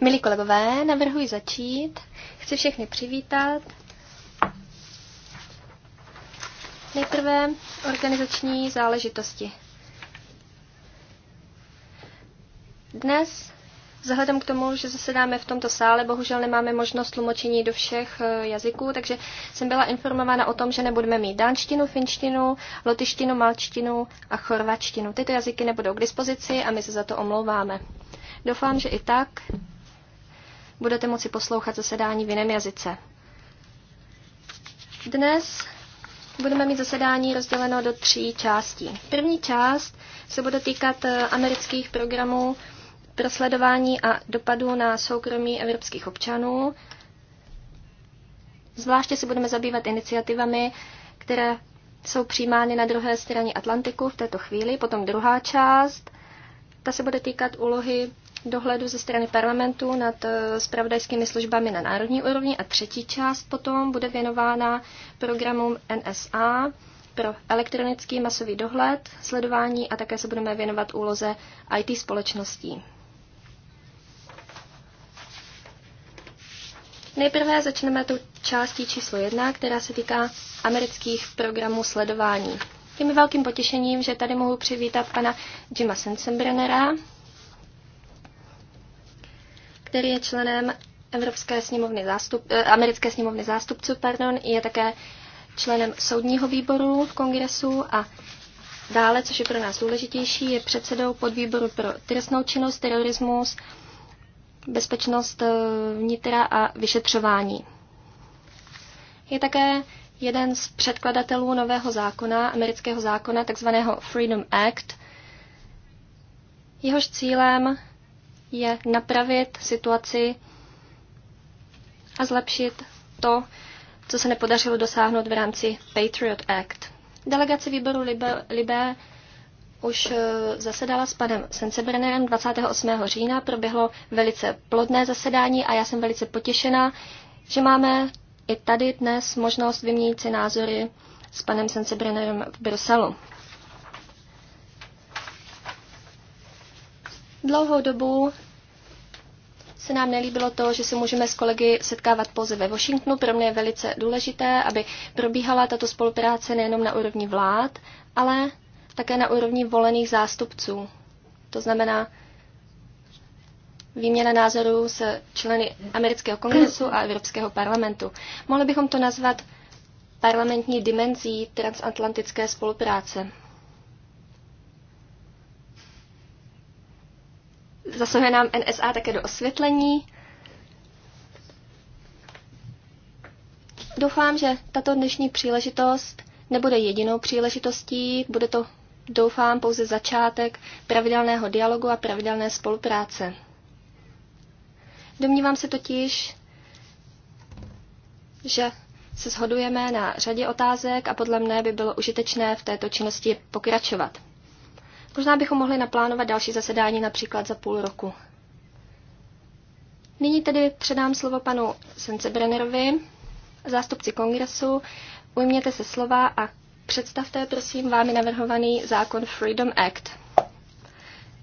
Milí kolegové, navrhuji začít. Chci všechny přivítat. Nejprve organizační záležitosti. Dnes Vzhledem k tomu, že zasedáme v tomto sále, bohužel nemáme možnost tlumočení do všech eh, jazyků, takže jsem byla informována o tom, že nebudeme mít dánštinu, finštinu, lotištinu, malčtinu a chorvačtinu. Tyto jazyky nebudou k dispozici a my se za to omlouváme. Doufám, že i tak budete moci poslouchat zasedání v jiném jazyce. Dnes budeme mít zasedání rozděleno do tří částí. První část se bude týkat eh, amerických programů pro sledování a dopadů na soukromí evropských občanů. Zvláště se budeme zabývat iniciativami, které jsou přijímány na druhé straně Atlantiku v této chvíli. Potom druhá část, ta se bude týkat úlohy dohledu ze strany parlamentu nad spravodajskými eh, službami na národní úrovni a třetí část potom bude věnována programům NSA pro elektronický masový dohled, sledování a také se budeme věnovat úloze IT společností. Nejprve začneme tu částí číslo jedna, která se týká amerických programů sledování. Je mi velkým potěšením, že tady mohu přivítat pana Jima Sensenbrennera, který je členem Evropské sněmovny zástup, eh, americké sněmovny zástupců, pardon, je také členem soudního výboru v kongresu a dále, což je pro nás důležitější, je předsedou podvýboru pro trestnou činnost, terorismus, bezpečnost eh, vnitra a vyšetřování. Je také jeden z předkladatelů nového zákona, amerického zákona, takzvaného Freedom Act. Jehož cílem je napravit situaci a zlepšit to, co se nepodařilo dosáhnout v rámci Patriot Act. Delegace výboru Libe, Libe už eh, zasedala s panem Sensebrennerem 28. října, proběhlo velice plodné zasedání a já jsem velice potěšena, že máme i tady dnes možnost vyměnit si názory s panem Sensebrennerem v Bruselu. Dlouhou dobu se nám nelíbilo to, že se můžeme s kolegy setkávat pouze ve Washingtonu. Pro mě je velice důležité, aby probíhala tato spolupráce nejenom na úrovni vlád, ale také na úrovni volených zástupců. To znamená výměna názorů se členy amerického kongresu a Evropského parlamentu. Mohli bychom to nazvat parlamentní dimenzí transatlantické spolupráce. Zasahuje nám NSA také do osvětlení. Doufám, že tato dnešní příležitost nebude jedinou příležitostí, bude to doufám, pouze začátek pravidelného dialogu a pravidelné spolupráce. Domnívám se totiž, že se shodujeme na řadě otázek a podle mne by bylo užitečné v této činnosti pokračovat. Možná bychom mohli naplánovat další zasedání například za půl roku. Nyní tedy předám slovo panu Sensebrennerovi, zástupci kongresu. Ujměte se slova a Představte, prosím, vámi navrhovaný zákon Freedom Act.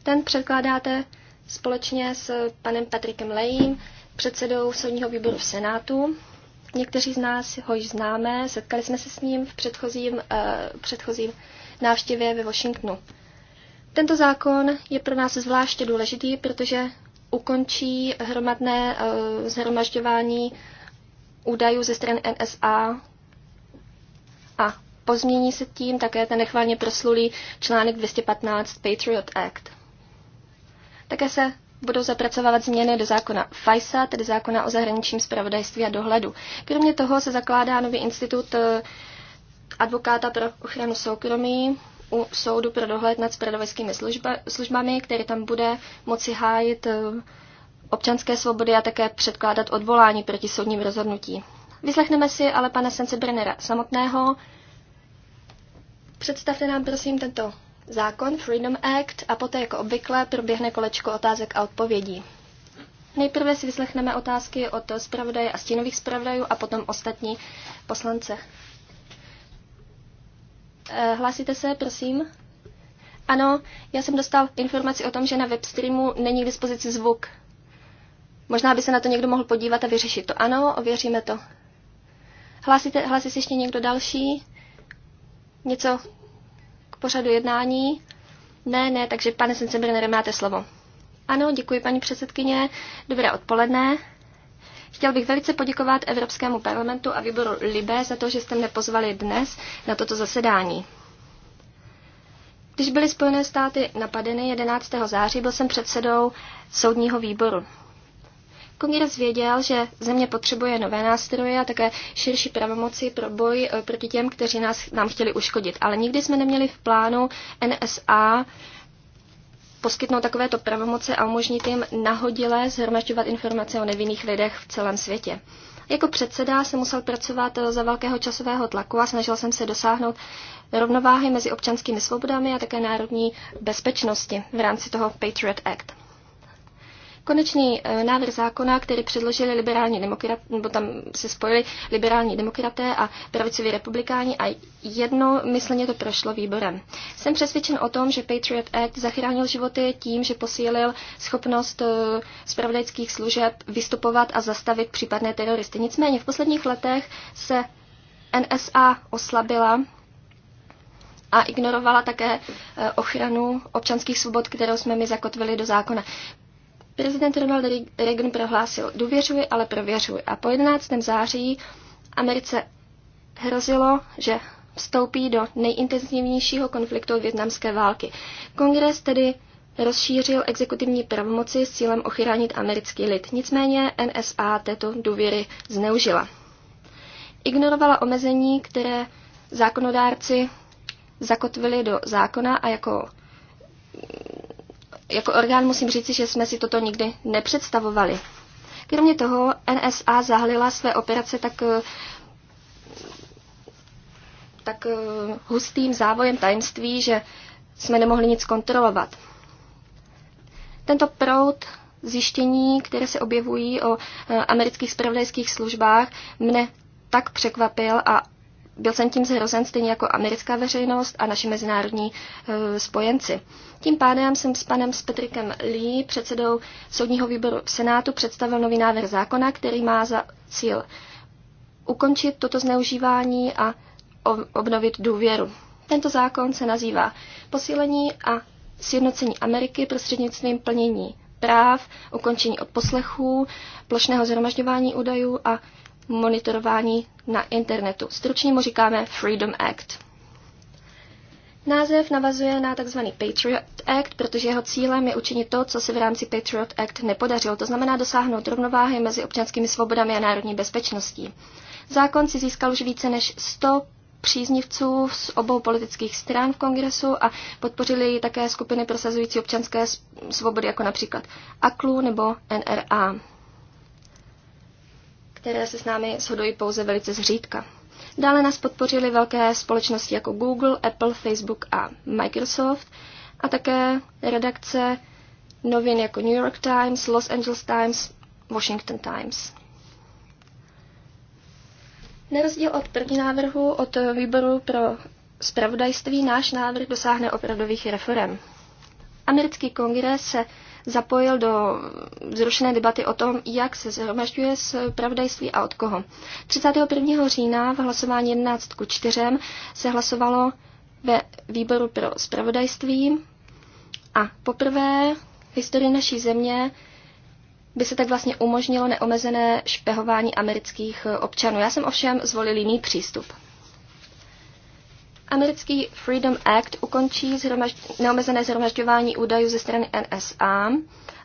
Ten předkládáte společně s panem Patrikem Lejím, předsedou soudního výboru v Senátu. Někteří z nás ho již známe, setkali jsme se s ním v předchozím, uh, předchozím návštěvě ve Washingtonu. Tento zákon je pro nás zvláště důležitý, protože ukončí hromadné uh, zhromažďování údajů ze strany NSA a pozmění se tím také ten nechvalně proslulý článek 215 Patriot Act. Také se budou zapracovávat změny do zákona FISA, tedy zákona o zahraničním spravodajství a dohledu. Kromě toho se zakládá nový institut eh, advokáta pro ochranu soukromí u soudu pro dohled nad spravodajskými služba, službami, který tam bude moci hájit eh, občanské svobody a také předkládat odvolání proti soudním rozhodnutí. Vyslechneme si ale pana Sensebrennera samotného, Představte nám prosím tento zákon Freedom Act a poté jako obvykle proběhne kolečko otázek a odpovědí. Nejprve si vyslechneme otázky od zpravodaje a stínových zpravodajů a potom ostatní poslance. Eh, hlásíte se, prosím? Ano, já jsem dostal informaci o tom, že na webstreamu není k dispozici zvuk. Možná by se na to někdo mohl podívat a vyřešit to. Ano, ověříme to. Hlásíte, hlásí se ještě někdo další? něco k pořadu jednání? Ne, ne, takže pane Sensenbrenner, máte slovo. Ano, děkuji paní předsedkyně, dobré odpoledne. Chtěl bych velice poděkovat Evropskému parlamentu a výboru libe za to, že jste mě pozvali dnes na toto zasedání. Když byly Spojené státy napadeny 11. září, byl jsem předsedou soudního výboru. Kongres věděl, že země potřebuje nové nástroje a také širší pravomoci pro boj eh, proti těm, kteří nás, nám chtěli uškodit. Ale nikdy jsme neměli v plánu NSA poskytnout takovéto pravomoce a umožnit jim nahodile zhromažďovat informace o nevinných lidech v celém světě. Jako předseda jsem musel pracovat eh, za velkého časového tlaku a snažil jsem se dosáhnout rovnováhy mezi občanskými svobodami a také národní bezpečnosti v rámci toho Patriot Act. Konečný eh, návrh zákona, který předložili liberální demokrat, nebo tam se spojili liberální demokraté a pravicoví republikáni a jedno mysleně to prošlo výborem. Jsem přesvědčen o tom, že Patriot Act zachránil životy tím, že posílil schopnost spravodajských eh, služeb vystupovat a zastavit případné teroristy. Nicméně v posledních letech se NSA oslabila a ignorovala také eh, ochranu občanských svobod, kterou jsme my zakotvili do zákona. Prezident Ronald Reagan prohlásil, důvěřuji, ale prověřuji. A po 11. září Americe hrozilo, že vstoupí do nejintenzivnějšího konfliktu větnamské války. Kongres tedy rozšířil exekutivní pravomoci s cílem ochránit americký lid. Nicméně NSA této důvěry zneužila. Ignorovala omezení, které zákonodárci zakotvili do zákona a jako jako orgán musím říci, že jsme si toto nikdy nepředstavovali. Kromě toho NSA zahlila své operace tak, eh, tak eh, hustým závojem tajemství, že jsme nemohli nic kontrolovat. Tento proud zjištění, které se objevují o eh, amerických spravodajských službách, mne tak překvapil a byl jsem tím zhrozen stejně jako americká veřejnost a naši mezinárodní e, spojenci. Tím pádem jsem s panem Petrikem Lee, předsedou soudního výboru v Senátu, představil nový návrh zákona, který má za cíl ukončit toto zneužívání a obnovit důvěru. Tento zákon se nazývá posílení a sjednocení Ameriky prostřednictvím plnění práv, ukončení odposlechů, plošného zhromažďování údajů a monitorování na internetu. Stručně mu říkáme Freedom Act. Název navazuje na tzv. Patriot Act, protože jeho cílem je učinit to, co se v rámci Patriot Act nepodařilo, to znamená dosáhnout rovnováhy mezi občanskými svobodami a národní bezpečností. Zákon si získal už více než 100 příznivců z obou politických stran v kongresu a podpořili ji také skupiny prosazující občanské svobody, jako například ACLU nebo NRA které se s námi shodují pouze velice zřídka. Dále nás podpořili velké společnosti jako Google, Apple, Facebook a Microsoft a také redakce novin jako New York Times, Los Angeles Times, Washington Times. Na rozdíl od první návrhu od výboru pro spravodajství náš návrh dosáhne opravdových reform. Americký kongres se zapojil do vzrušené debaty o tom, jak se zhromažďuje pravdajství a od koho. 31. října v hlasování 11 k 4 se hlasovalo ve výboru pro spravodajství a poprvé v historii naší země by se tak vlastně umožnilo neomezené špehování amerických občanů. Já jsem ovšem zvolil jiný přístup. Americký Freedom Act ukončí zhromaž- neomezené zhromažďování údajů ze strany NSA,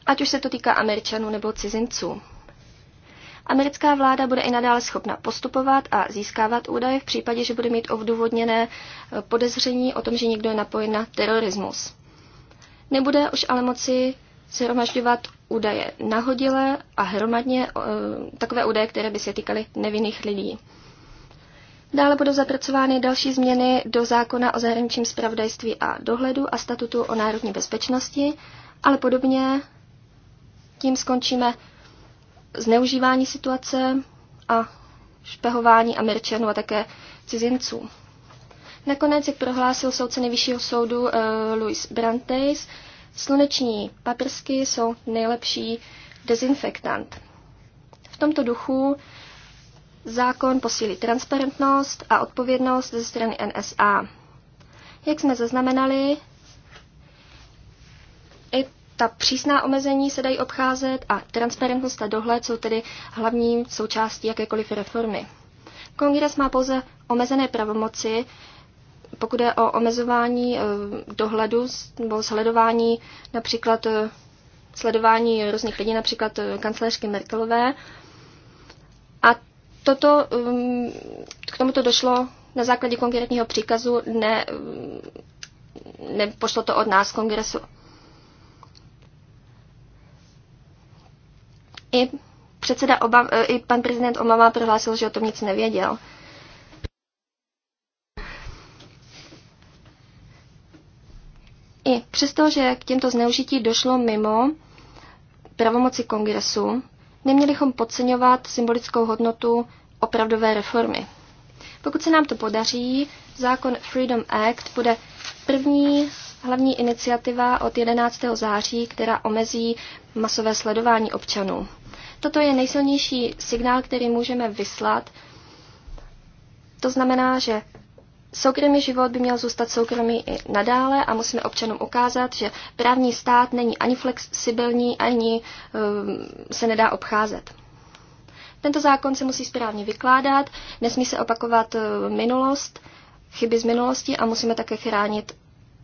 ať už se to týká Američanů nebo cizinců. Americká vláda bude i nadále schopna postupovat a získávat údaje v případě, že bude mít ovdůvodněné eh, podezření o tom, že někdo je napojen na terorismus. Nebude už ale moci zhromažďovat údaje nahodile a hromadně, eh, takové údaje, které by se týkaly nevinných lidí. Dále budou zapracovány další změny do zákona o zahraničním spravodajství a dohledu a statutu o národní bezpečnosti, ale podobně tím skončíme zneužívání situace a špehování Američanů a také cizinců. Nakonec, jak prohlásil soudce nejvyššího soudu uh, Louis Brantes, sluneční paprsky jsou nejlepší dezinfektant. V tomto duchu Zákon posílí transparentnost a odpovědnost ze strany NSA. Jak jsme zaznamenali, i ta přísná omezení se dají obcházet a transparentnost a dohled jsou tedy hlavní součástí jakékoliv reformy. Kongres má pouze omezené pravomoci, pokud je o omezování eh, dohledu nebo sledování například eh, sledování různých lidí, například eh, kancelářky Merkelové, toto, um, k tomuto došlo na základě konkrétního příkazu, ne, um, nepošlo to od nás kongresu. I předseda Obama, eh, i pan prezident Obama prohlásil, že o tom nic nevěděl. I přesto, že k těmto zneužití došlo mimo pravomoci kongresu, Neměli bychom podceňovat symbolickou hodnotu opravdové reformy. Pokud se nám to podaří, zákon Freedom Act bude první hlavní iniciativa od 11. září, která omezí masové sledování občanů. Toto je nejsilnější signál, který můžeme vyslat. To znamená, že Soukromý život by měl zůstat soukromý i nadále a musíme občanům ukázat, že právní stát není ani flexibilní, ani um, se nedá obcházet. Tento zákon se musí správně vykládat, nesmí se opakovat uh, minulost, chyby z minulosti a musíme také chránit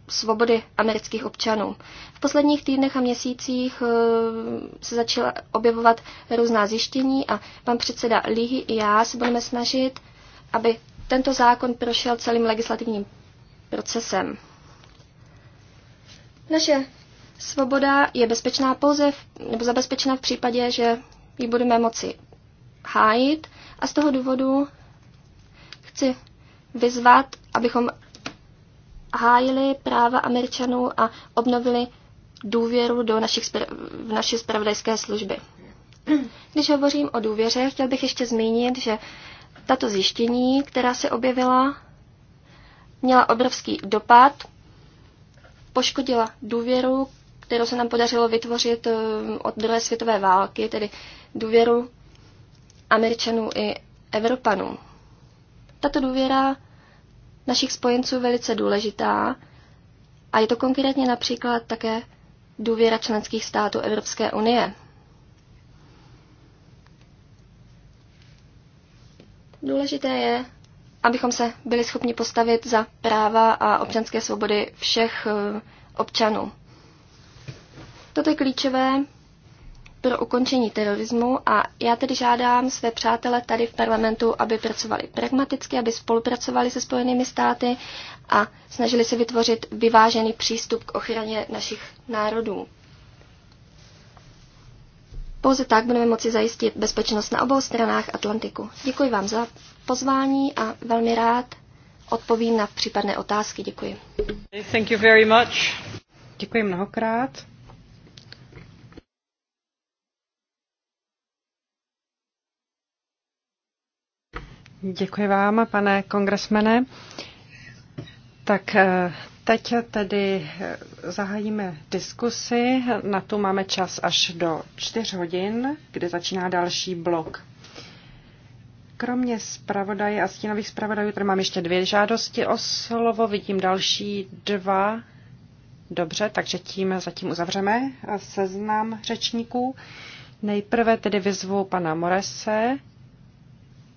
svobody amerických občanů. V posledních týdnech a měsících uh, se začala objevovat různá zjištění a pan předseda Líhy. i já se budeme snažit, aby tento zákon prošel celým legislativním procesem. Naše svoboda je bezpečná pouze, v, nebo zabezpečená v případě, že ji budeme moci hájit a z toho důvodu chci vyzvat, abychom hájili práva Američanů a obnovili důvěru do našich, v naše spravodajské služby. Když hovořím o důvěře, chtěl bych ještě zmínit, že tato zjištění, která se objevila, měla obrovský dopad, poškodila důvěru, kterou se nám podařilo vytvořit eh, od druhé světové války, tedy důvěru Američanů i Evropanů. Tato důvěra našich spojenců je velice důležitá a je to konkrétně například také důvěra členských států Evropské unie. Důležité je, abychom se byli schopni postavit za práva a občanské svobody všech eh, občanů. Toto je klíčové pro ukončení terorismu a já tedy žádám své přátele tady v parlamentu, aby pracovali pragmaticky, aby spolupracovali se Spojenými státy a snažili se vytvořit vyvážený přístup k ochraně našich národů. Pouze tak budeme moci zajistit bezpečnost na obou stranách Atlantiku. Děkuji vám za pozvání a velmi rád odpovím na případné otázky. Děkuji. Thank you very much. Děkuji mnohokrát. Děkuji vám, pane kongresmene. Tak eh, Teď tedy eh, zahájíme diskusi. Na tu máme čas až do čtyř hodin, kde začíná další blok. Kromě zpravodaje a stínových zpravodajů tady mám ještě dvě žádosti o slovo. Vidím další dva. Dobře, takže tím zatím uzavřeme seznam řečníků. Nejprve tedy vyzvu pana Morese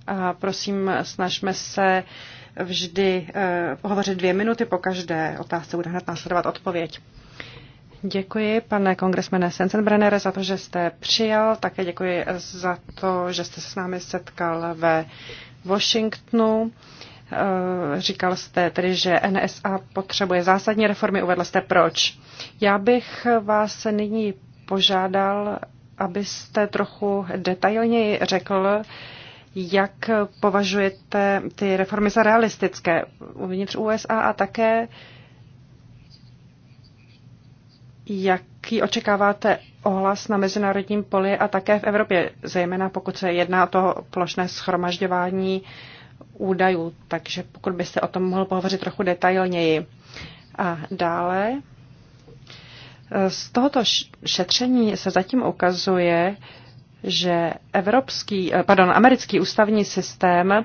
a prosím, snažme se uh, vždy eh, hovořit dvě minuty, po každé otázce bude hned následovat odpověď. Děkuji, pane kongresmene Sensenbrennere, za to, že jste přijal. Také děkuji za to, že jste se s námi setkal ve Washingtonu. Eh, říkal jste tedy, že NSA potřebuje zásadní reformy, uvedl jste proč. Já bych vás nyní požádal, abyste trochu detailněji řekl, jak považujete ty reformy za realistické uvnitř USA a také jaký očekáváte ohlas na mezinárodním poli a také v Evropě, zejména pokud se jedná o to plošné schromažďování údajů, takže pokud byste o tom mohl pohovořit trochu detailněji. A dále z tohoto šetření se zatím ukazuje, že evropský, eh, pardon, americký ústavní systém eh,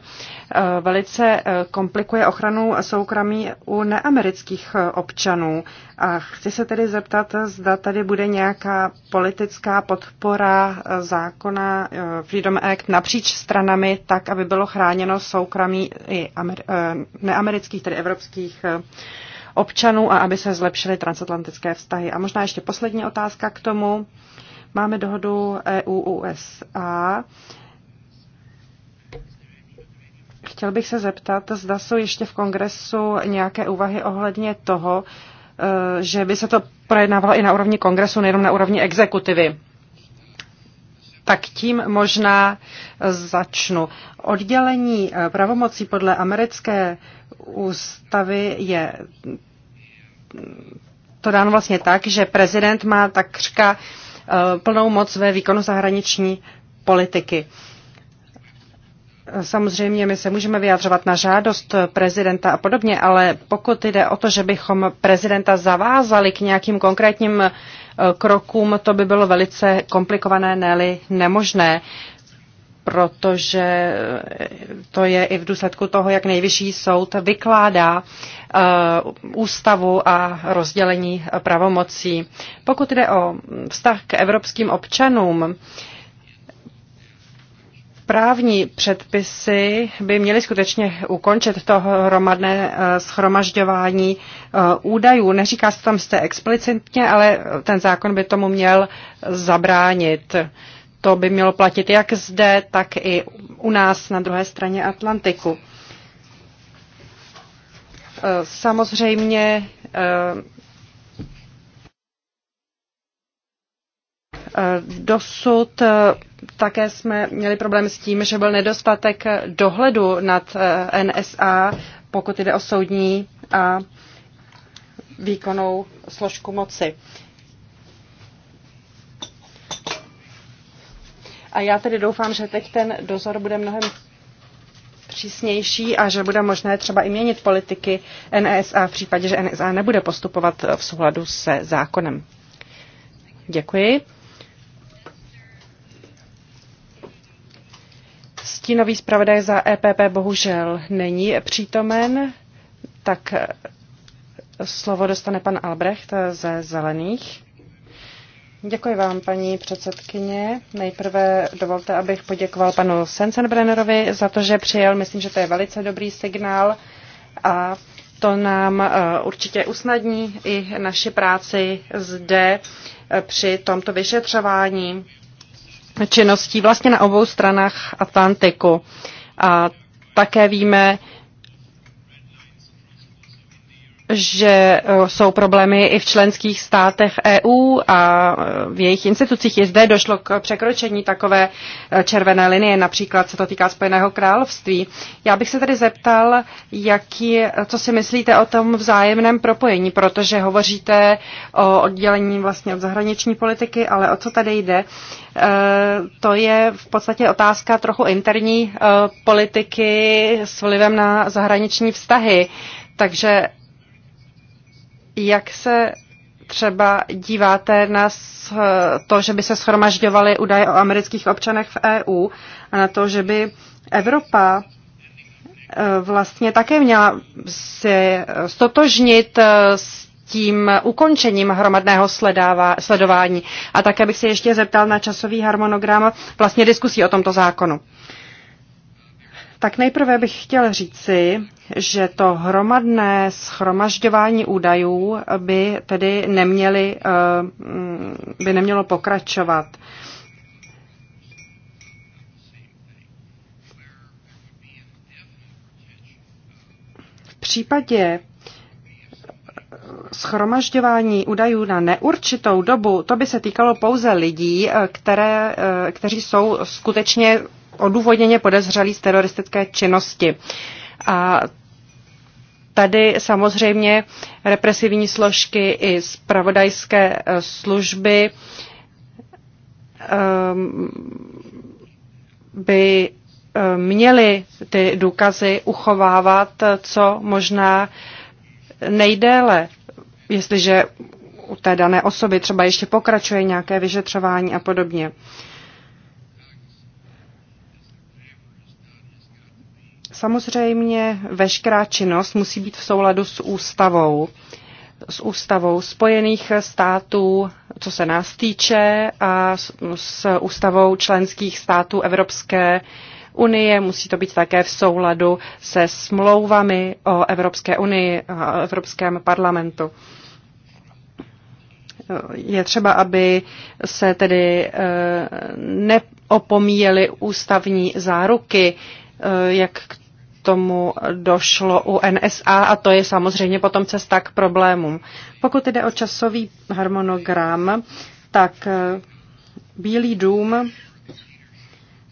velice eh, komplikuje ochranu soukromí u neamerických občanů. A chci se tedy zeptat, zda tady bude nějaká politická podpora zákona Freedom Act napříč stranami, tak, aby bylo chráněno soukromí i neamerických, tedy evropských občanů a aby se zlepšily transatlantické vztahy. A možná ještě poslední otázka k tomu Máme dohodu EU-USA. Chtěl bych se zeptat, zda jsou ještě v kongresu nějaké úvahy ohledně toho, eh, že by se to projednávalo i na úrovni kongresu, nejenom na úrovni exekutivy. Tak tím možná eh, začnu. Oddělení eh, pravomocí podle americké ústavy je mm, to dáno vlastně tak, že prezident má takřka Eh, plnou moc ve výkonu zahraniční politiky. Samozřejmě my se můžeme vyjadřovat na žádost prezidenta a podobně, ale pokud jde o to, že bychom prezidenta zavázali k nějakým konkrétním eh, krokům, to by bylo velice komplikované, ne nemožné protože to je i v důsledku toho, jak nejvyšší soud vykládá eh, ústavu a rozdělení pravomocí. Pokud jde o vztah k evropským občanům, právní předpisy by měly skutečně ukončit to hromadné eh, schromažďování eh, údajů. Neříká se tam zde explicitně, ale ten zákon by tomu měl zabránit to by mělo platit jak zde, tak i u nás na druhé straně Atlantiku. E, samozřejmě e, Dosud e, také jsme měli problém s tím, že byl nedostatek dohledu nad NSA, pokud jde o soudní a výkonnou složku moci. A já tedy doufám, že teď ten dozor bude mnohem přísnější a že bude možné třeba i měnit politiky NSA v případě, že NSA nebude postupovat v souladu se zákonem. Děkuji. Stínový zpravodaj za EPP bohužel není přítomen, tak slovo dostane pan Albrecht ze Zelených. Děkuji vám, paní předsedkyně. Nejprve dovolte, abych poděkoval panu Sensenbrennerovi za to, že přijel. Myslím, že to je velice dobrý signál a to nám eh, určitě usnadní i naši práci zde eh, při tomto vyšetřování činností vlastně na obou stranách Atlantiku. A také víme, že eh, jsou problémy i v členských státech EU a eh, v jejich institucích. I zde došlo k překročení takové eh, červené linie, například se to týká Spojeného království. Já bych se tedy zeptal, jaký, co si myslíte o tom vzájemném propojení, protože hovoříte o oddělení vlastně od zahraniční politiky, ale o co tady jde? To je v podstatě otázka trochu interní politiky s vlivem na zahraniční vztahy. Takže jak se třeba díváte na to, že by se schromažďovaly údaje o amerických občanech v EU a na to, že by Evropa e, vlastně také měla se stotožnit e, s tím ukončením hromadného sledování. A také bych se ještě zeptal na časový harmonogram vlastně diskusí o tomto zákonu. Tak nejprve bych chtěl říci, že to hromadné schromažďování údajů by tedy neměli, eh, by nemělo pokračovat. V případě schromažďování údajů na neurčitou dobu, to by se týkalo pouze lidí, eh, které, eh, kteří jsou skutečně odůvodněně podezřelí z teroristické činnosti. A tady samozřejmě represivní složky i zpravodajské eh, služby ehm, by eh, měly ty důkazy uchovávat co možná nejdéle, jestliže u té dané osoby třeba ještě pokračuje nějaké vyšetřování a podobně. Uh, Samozřejmě veškerá činnost musí být v souladu s ústavou s ústavou Spojených států, co se nás týče, a s ústavou členských států Evropské unie. Musí to být také v souladu se smlouvami o Evropské unii a Evropském parlamentu. Je třeba, aby se tedy e, neopomíjely ústavní záruky, e, jak tomu došlo u NSA a to je samozřejmě potom cesta k problémům. Pokud jde o časový harmonogram, tak eh, Bílý dům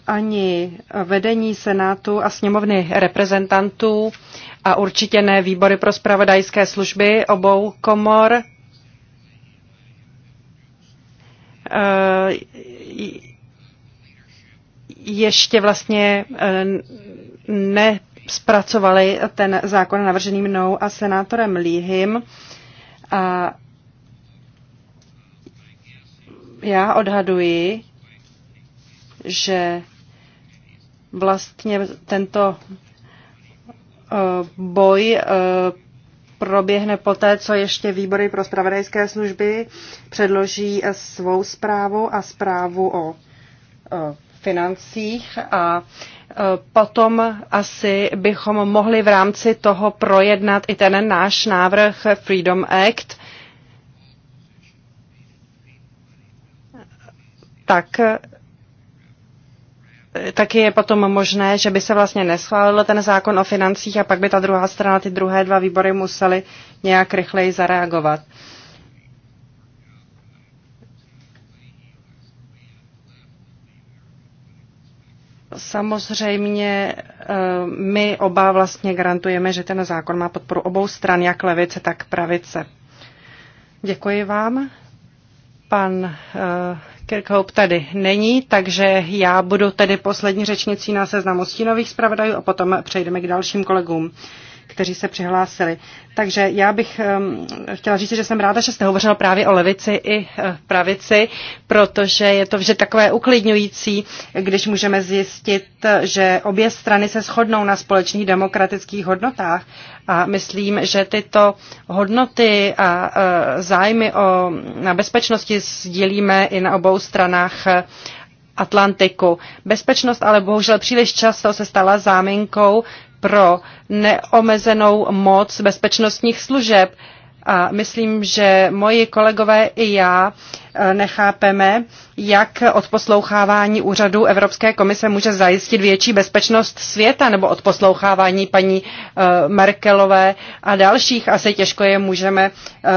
ani vedení Senátu a sněmovny reprezentantů a určitě ne výbory pro spravodajské služby obou komor eh, ještě vlastně eh, ne zpracovali ten zákon navržený mnou a senátorem Líhym. A já odhaduji, že vlastně tento eh, boj eh, proběhne poté, co ještě výbory pro spravodajské služby předloží eh, svou zprávu a zprávu o financích a Potom asi bychom mohli v rámci toho projednat i ten náš návrh Freedom Act, tak taky je potom možné, že by se vlastně neschválil ten zákon o financích a pak by ta druhá strana, ty druhé dva výbory musely nějak rychleji zareagovat. Samozřejmě eh, my oba vlastně garantujeme, že ten zákon má podporu obou stran, jak levice, tak pravice. Děkuji vám. Pan eh, Kirkhope tady není, takže já budu tedy poslední řečnicí na seznamu stínových zpravodajů a potom přejdeme k dalším kolegům kteří se přihlásili. Takže já bych chtěla říct, že jsem ráda, že jste hovořil právě o levici i eh, pravici, protože je to vždy takové uklidňující, když můžeme zjistit, že obě strany se shodnou na společných demokratických hodnotách. A myslím, že tyto hodnoty a eh, zájmy o, na bezpečnosti sdílíme i na obou stranách eh, Atlantiku. Bezpečnost ale bohužel příliš často se stala záminkou pro neomezenou moc bezpečnostních služeb. A myslím, že moji kolegové i já nechápeme, jak odposlouchávání úřadu Evropské komise může zajistit větší bezpečnost světa nebo odposlouchávání paní eh, Merkelové a dalších. Asi těžko je můžeme eh,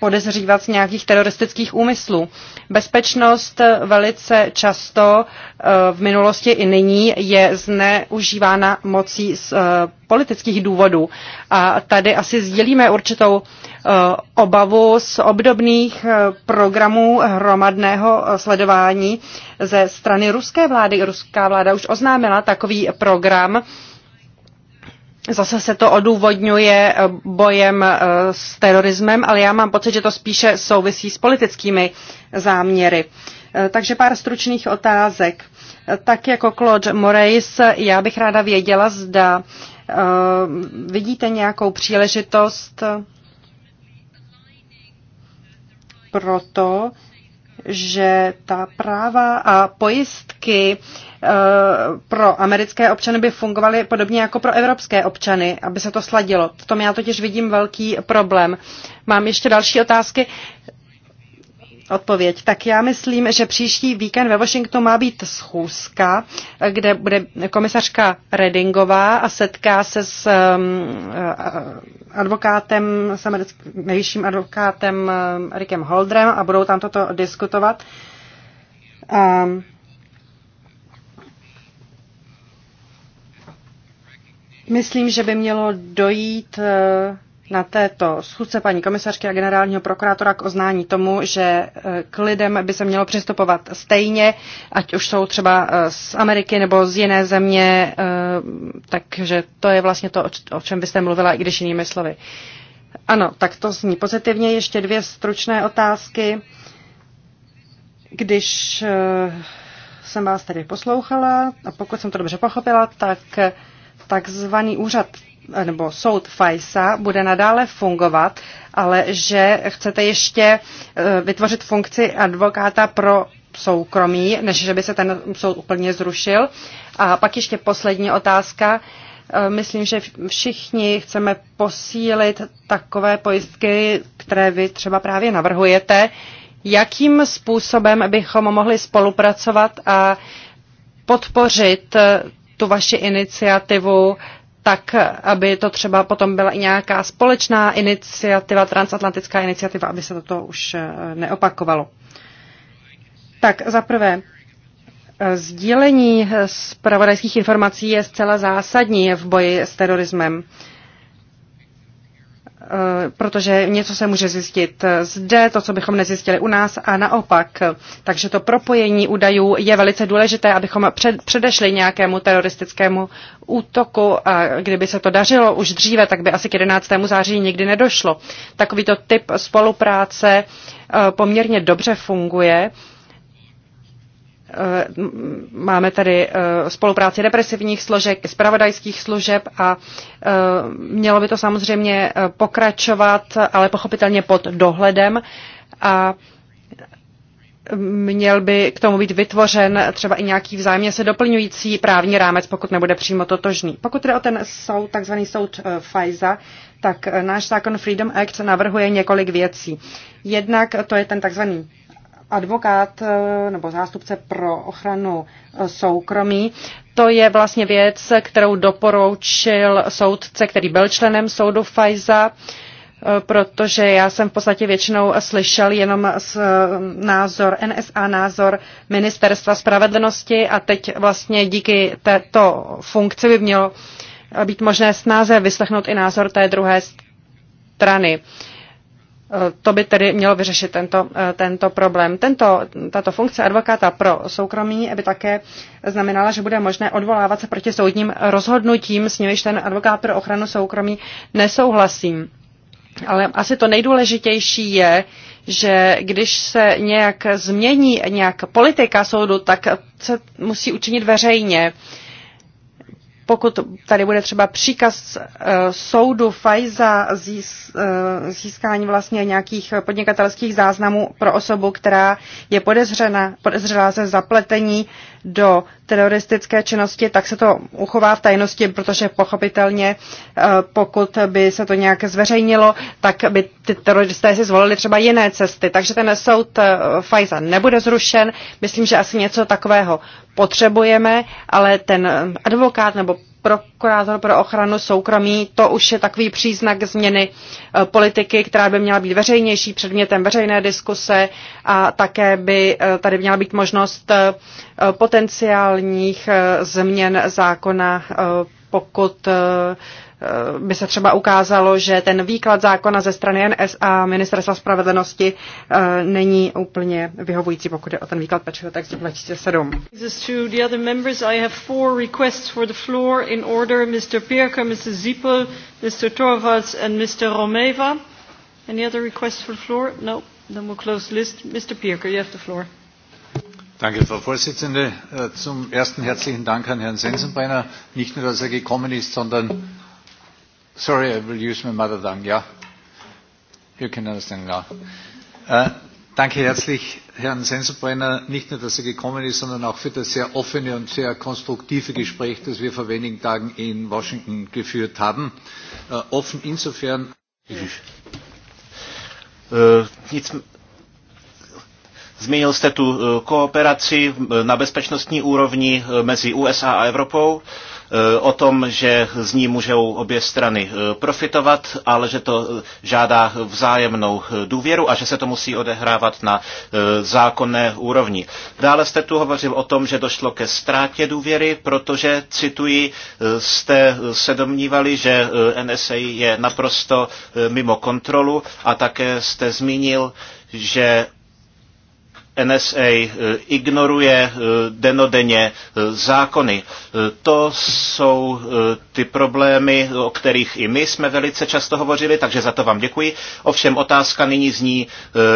podezřívat z nějakých teroristických úmyslů. Bezpečnost eh, velice často v minulosti i nyní je zneužívána mocí z politických důvodů. A tady asi sdílíme určitou obavu z obdobných programů, programů hromadného sledování ze strany ruské vlády. Ruská vláda už oznámila takový program. Zase se to odůvodňuje bojem eh, s terorismem, ale já mám pocit, že to spíše souvisí s politickými záměry. Eh, takže pár stručných otázek. Eh, tak jako Claude Moraes, já bych ráda věděla, zda vidíte nějakou příležitost proto, že ta práva a pojistky eh, pro americké občany by fungovaly podobně jako pro evropské občany, aby se to sladilo. V tom já totiž vidím velký problém. Mám ještě další otázky odpověď. Tak já myslím, že příští víkend ve Washingtonu má být schůzka, kde bude komisařka Redingová a setká se s um, eh, advokátem, s nejvyšším advokátem eh, Rickem Holdrem a budou tam toto diskutovat. Um, myslím, že by mělo dojít eh, na této schůzce paní komisařky a generálního prokurátora k oznání tomu, že e, k lidem by se mělo přistupovat stejně, ať už jsou třeba e, z Ameriky nebo z jiné země, e, takže to je vlastně to, o čem byste mluvila, i když jinými slovy. Ano, tak to zní pozitivně. Ještě dvě stručné otázky. Když jsem vás tady poslouchala, a pokud jsem to dobře pochopila, tak takzvaný úřad nebo soud Fajsa bude nadále fungovat, ale že chcete ještě eh, vytvořit funkci advokáta pro soukromí, než že by se ten soud úplně zrušil. A pak ještě poslední otázka. Eh, myslím, že všichni chceme posílit takové pojistky, které vy třeba právě navrhujete. Jakým způsobem bychom mohli spolupracovat a podpořit eh, tu vaši iniciativu tak aby to třeba potom byla i nějaká společná iniciativa, transatlantická iniciativa, aby se toto už eh, neopakovalo. Tak za prvé, eh, sdílení eh, zpravodajských informací je zcela zásadní v boji s terorismem. Eh, protože něco se může zjistit zde, to, co bychom nezjistili u nás a naopak. Takže to propojení údajů je velice důležité, abychom předešli nějakému teroristickému útoku a kdyby se to dařilo už dříve, tak by asi k 11. září nikdy nedošlo. Takovýto typ spolupráce eh, poměrně dobře funguje Eh, máme tady eh, spolupráci represivních složek, spravodajských služeb a eh, mělo by to samozřejmě pokračovat, ale pochopitelně pod dohledem a měl by k tomu být vytvořen třeba i nějaký vzájemně se doplňující právní rámec, pokud nebude přímo totožný. Pokud jde o ten soud, takzvaný soud FISA, tak náš zákon Freedom Act navrhuje několik věcí. Jednak to je ten takzvaný advokát eh, nebo zástupce pro ochranu eh, soukromí. To je vlastně věc, kterou doporučil soudce, který byl členem soudu FISA, eh, protože já jsem v podstatě většinou slyšel jenom názor NSA, názor Ministerstva spravedlnosti a teď vlastně díky této funkci by mělo být možné snáze vyslechnout i názor té druhé strany. Uh, to by tedy mělo vyřešit tento, eh, tento problém. Tento, tato funkce advokáta pro soukromí by také znamenala, že bude možné odvolávat se proti soudním rozhodnutím, s nimiž ten advokát pro ochranu soukromí nesouhlasí. Ale asi to nejdůležitější je, že když se nějak změní nějak politika soudu, tak se musí učinit veřejně. Uh, pokud tady bude třeba příkaz eh, soudu Fajza eh, získání vlastně nějakých podnikatelských záznamů pro osobu, která je podezřena, podezřelá ze zapletení do teroristické činnosti, tak se to uchová v tajnosti, protože pochopitelně, eh, pokud by se to nějak zveřejnilo, tak by ty teroristé si zvolili třeba jiné cesty. Takže ten soud eh, Fajza nebude zrušen. Myslím, že asi něco takového potřebujeme, ale ten advokát nebo prokurátor jako pro ochranu soukromí, to už je takový příznak změny eh, politiky, která by měla být veřejnější, předmětem veřejné diskuse a také by eh, tady měla být možnost eh, potenciálních změn zákona, pokud Eh, by se třeba ukázalo, že ten výklad zákona ze strany NS a Ministerstva spravedlnosti eh, není úplně vyhovující, pokud je o ten výklad pečeho textu 2007. Mr. Torvalds and Mr. Romeva. Any other requests for the floor? No. Then we'll close the list. Mr. Pirker, you have the floor. Danke, Frau Vorsitzende. Äh, zum ersten herzlichen Dank an Herrn Sensenbrenner. Nicht nur, dass er gekommen ist, sondern Sorry, I will use my mother tongue, yeah. You can understand now. Uh, danke herzlich Herrn Sensenbrenner, nicht nur, dass er gekommen ist, sondern auch für das sehr offene und sehr konstruktive Gespräch, das wir vor wenigen Tagen in Washington geführt haben. Uh, offen insofern. Uh, nic, Zmínil jste tu kooperaci na bezpečnostní úrovni e, mezi USA a Evropou. Eh, o tom, že z ní můžou obě strany eh, profitovat, ale že to eh, žádá vzájemnou důvěru a že se to musí odehrávat na zákonné úrovni. Dále jste tu hovořil o tom, že došlo ke ztrátě důvěry, protože, cituji, jste se domnívali, že NSA je naprosto mimo kontrolu a také jste zmínil, že NSA eh, ignoruje eh, denodenně eh, zákony. To jsou ty problémy, o kterých i my jsme velice často hovořili, takže za to vám děkuji. Ovšem otázka nyní zní,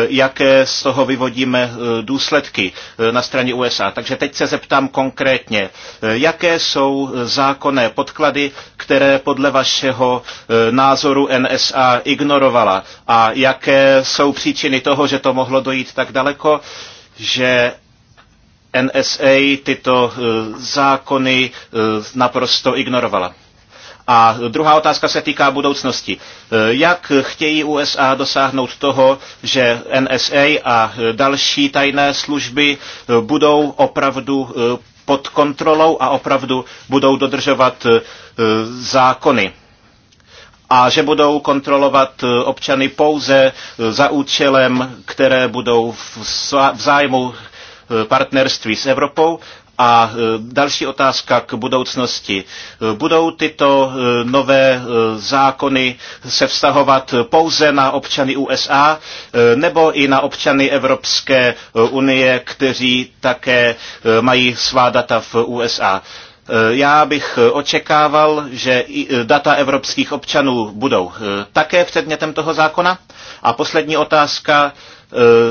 jaké z toho vyvodíme důsledky na straně USA. Takže teď se zeptám konkrétně, jaké jsou zákonné podklady, které podle vašeho názoru NSA ignorovala a jaké jsou příčiny toho, že to mohlo dojít tak daleko že NSA tyto eh, zákony eh, naprosto ignorovala. A druhá otázka se týká budoucnosti. Eh, jak chtějí USA dosáhnout toho, že NSA a další tajné služby budou opravdu pod kontrolou a opravdu budou dodržovat zákony? a že budou kontrolovat eh, občany pouze eh, za účelem, které budou v zájmu eh, partnerství s Evropou. A další otázka k budoucnosti. Budou tyto nové zákony se vztahovat pouze na občany USA nebo i na občany Evropské unie, kteří také mají svá data v USA? Eh, já bych eh, očekával, že eh, data evropských občanů budou také předmětem toho zákona. A poslední otázka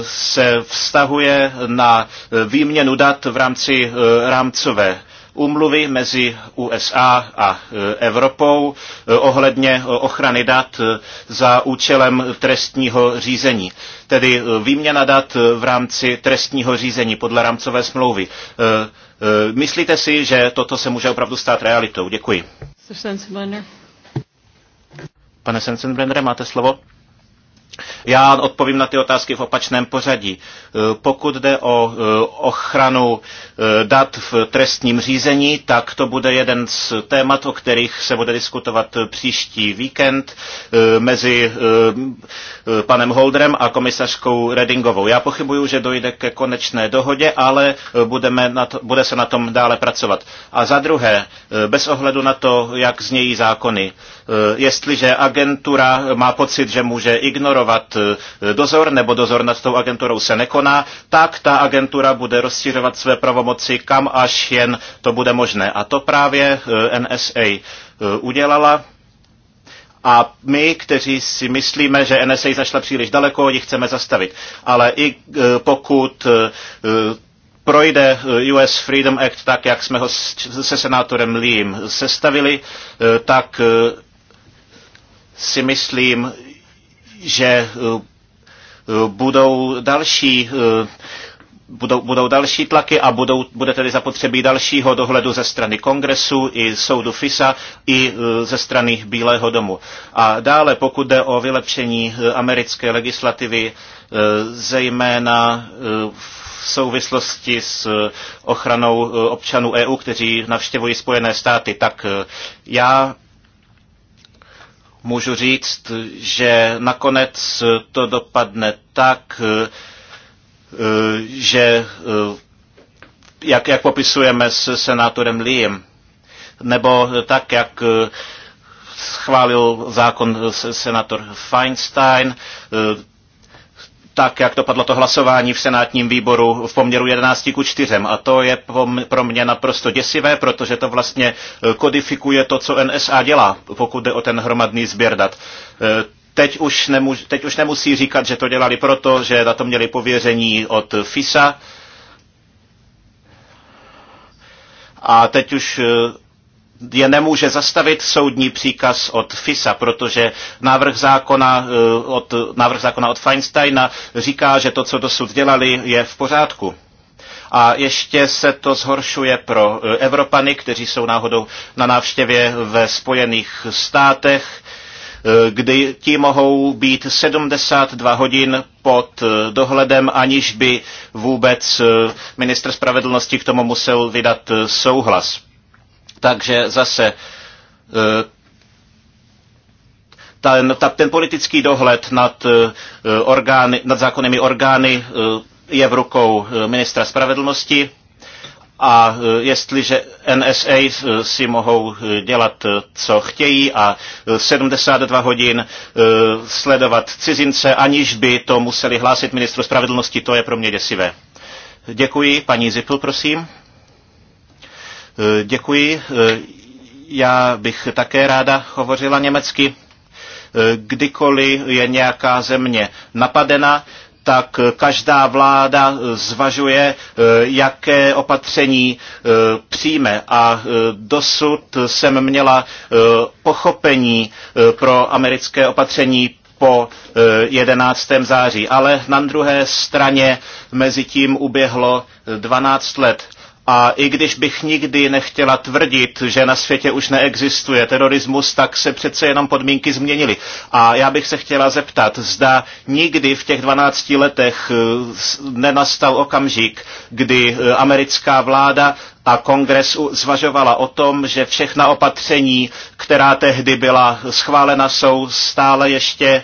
se vztahuje na výměnu dat v rámci rámcové úmluvy mezi USA a e, Evropou e, ohledně e, ochrany dat za účelem trestního řízení. Tedy výměna dat v rámci trestního řízení podle rámcové smlouvy. Myslíte si, že toto se může opravdu stát realitou? Děkuji. Pane Sensenbrenner, máte slovo? Já odpovím na ty otázky v opačném pořadí. E, pokud jde o e, ochranu e, dat v trestním řízení, tak to bude jeden z témat, o kterých se bude diskutovat příští víkend mezi panem Holdrem a komisařkou Redingovou. Já pochybuju, že dojde ke konečné dohodě, ale budeme na to, bude se na tom dále pracovat. A za druhé, bez ohledu na to, jak znějí zákony, Eh, jestliže agentura má pocit, že může ignorovat eh, dozor nebo dozor nad tou agenturou se nekoná, tak ta agentura bude rozšiřovat své pravomoci kam až jen to bude možné. A to právě eh, NSA udělala. A my, kteří si myslíme, že NSA zašla příliš daleko, ji chceme zastavit. Ale i pokud projde US Freedom Act tak, jak jsme ho se senátorem Leem sestavili, tak si myslím, že eh, eh, budou další eh, budou, budou další tlaky a budou, bude tedy zapotřebí dalšího dohledu ze strany kongresu i soudu FISA i ze strany Bílého domu. A dále, pokud jde o vylepšení americké legislativy, zejména v souvislosti s ochranou občanů EU, kteří navštěvují Spojené státy, tak já můžu říct, že nakonec to dopadne tak, eh, že eh, jak, jak popisujeme s senátorem Liem, nebo tak, jak eh, schválil zákon senátor Feinstein, tak, jak dopadlo to hlasování v senátním výboru v poměru 11 ku 4. A to je pro mě naprosto děsivé, protože to vlastně eh, kodifikuje to, co NSA dělá, pokud jde o ten hromadný sběr dat. Eh, teď už, nemu, teď už nemusí říkat, že to dělali proto, že na to měli pověření od FISA. A teď už eh, je nemůže zastavit soudní příkaz od FISA, protože návrh zákona eh, od, návrh zákona od Feinsteina říká, že to, co dosud dělali, je v pořádku. A ještě se to zhoršuje pro eh, Evropany, kteří jsou náhodou na návštěvě ve Spojených státech, eh, kdy ti mohou být 72 hodin pod dohledem, aniž by vůbec ministr spravedlnosti k tomu musel vydat souhlas. Takže zase e, ten, ten politický dohled nad, e, orgány, nad zákonnými orgány e, je v rukou ministra spravedlnosti a jestliže NSA si mohou dělat, co chtějí a 72 hodin sledovat cizince, aniž by to museli hlásit ministru spravedlnosti, to je pro mě děsivé. Děkuji. Paní Zipl, prosím. Eh, děkuji. Eh, já bych také ráda hovořila německy. Eh, kdykoliv je nějaká země napadena, tak každá vláda zvažuje, jaké opatření přijme. A dosud jsem měla pochopení pro americké opatření po 11. září. Ale na druhé straně mezi tím uběhlo 12 let. A i když bych nikdy nechtěla tvrdit, že na světě už neexistuje terorismus, tak se přece jenom podmínky změnily. A já bych se chtěla zeptat, zda nikdy v těch 12 letech eh, nenastal okamžik, kdy eh, americká vláda a kongres zvažovala o tom, že všechna opatření, která tehdy byla schválena, jsou stále ještě e,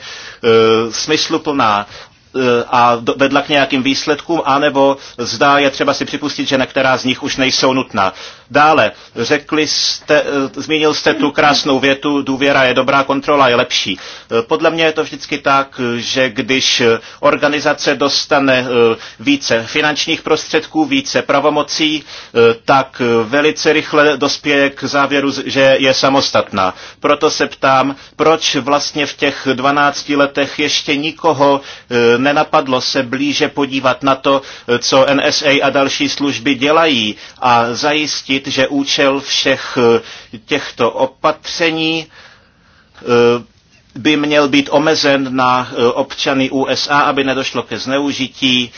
smysluplná Eh, a vedla k nějakým výsledkům, anebo zdá je třeba si připustit, že některá z nich už nejsou nutná. Dále, řekli jste, eh, zmínil jste tu krásnou větu, důvěra je dobrá, kontrola je lepší. Eh, podle mě je to vždycky tak, že když eh, organizace dostane více finančních prostředků, více pravomocí, tak velice rychle dospěje k závěru, že je samostatná. Proto se ptám, proč vlastně v těch 12 letech ještě nikoho nenapadlo se blíže podívat na to, co NSA a další služby dělají a zajistit, zdůraznit, že účel všech eh, těchto opatření eh, by měl být omezen na eh, občany USA, aby nedošlo ke zneužití.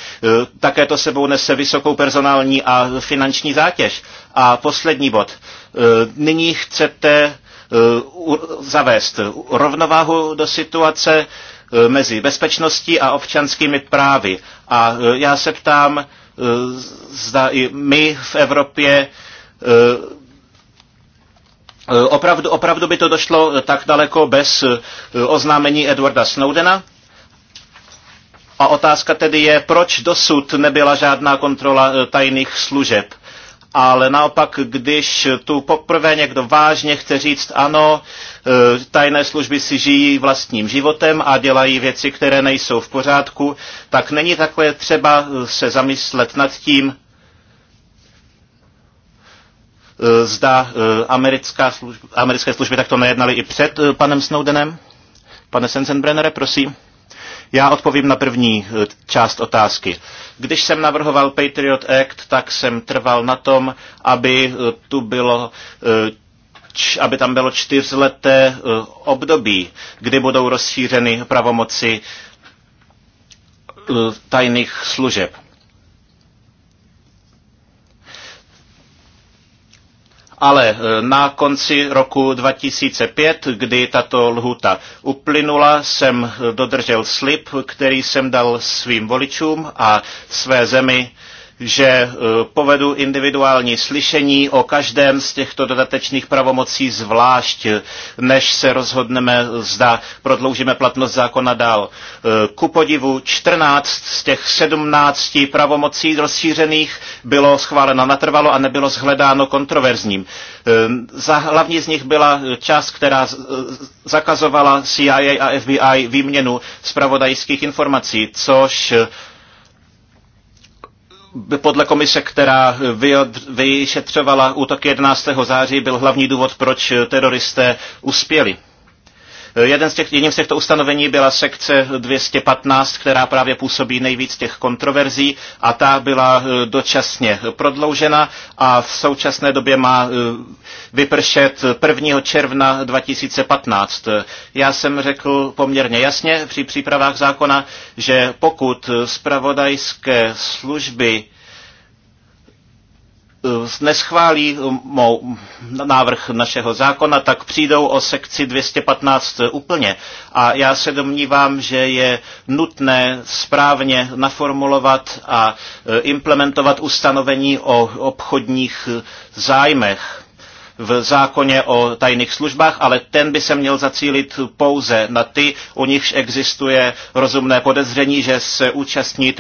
Také to sebou nese vysokou personální a finanční zátěž. A poslední bod. Nyní chcete zavést rovnováhu do situace mezi bezpečností a občanskými právy. A já se ptám, zda i my v Evropě Eh, eh, opravdu, opravdu by to došlo eh, tak daleko bez oznámení Edwarda Snowdena? A otázka tedy je, proč dosud nebyla žádná kontrola tajných služeb? ale naopak, když tu poprvé někdo vážně chce říct ano, tajné služby si žijí vlastním životem a dělají věci, které nejsou v pořádku, tak není takhle třeba se zamyslet nad tím, Eh, zda eh, americká služba, americké služby takto nejednaly i před eh, panem Snowdenem. Pane Sensenbrennere, prosím. Já odpovím na první část otázky. Když jsem navrhoval Patriot Act, tak jsem trval na tom, aby tu bylo aby tam bylo čtyřleté období, kdy budou rozšířeny pravomoci tajných služeb. ale eh, na konci roku 2005, kdy tato lhuta uplynula, jsem eh, dodržel slib, který jsem dal svým voličům a své zemi že eh, povedu individuální slyšení o každém z těchto dodatečných pravomocí zvlášť, eh, než se rozhodneme, zda prodloužíme platnost zákona dál. Eh, ku podivu 14 z těch 17 pravomocí rozšířených bylo schváleno natrvalo a nebylo zhledáno kontroverzním. Za hlavní z nich byla část, která zakazovala CIA a FBI výměnu zpravodajských informací, což podle komise, která vyšetřovala útok 11. září, byl hlavní důvod, proč teroristé uspěli. Jeden z těch, jedním z těchto ustanovení byla sekce 215, která právě působí nejvíc těch kontroverzí a ta byla eh, dočasně prodloužena a v současné době má eh, vypršet 1. června 2015. Já jsem řekl poměrně jasně při přípravách zákona, že pokud zpravodajské služby Eh, neschválí eh, mou návrh našeho zákona, tak přijdou o sekci 215 eh, úplně. A já se domnívám, že je nutné správně naformulovat a implementovat ustanovení o obchodních zájmech v zákoně o tajných službách, ale ten by se měl zacílit pouze na ty, u nichž existuje rozumné podezření, že se účastní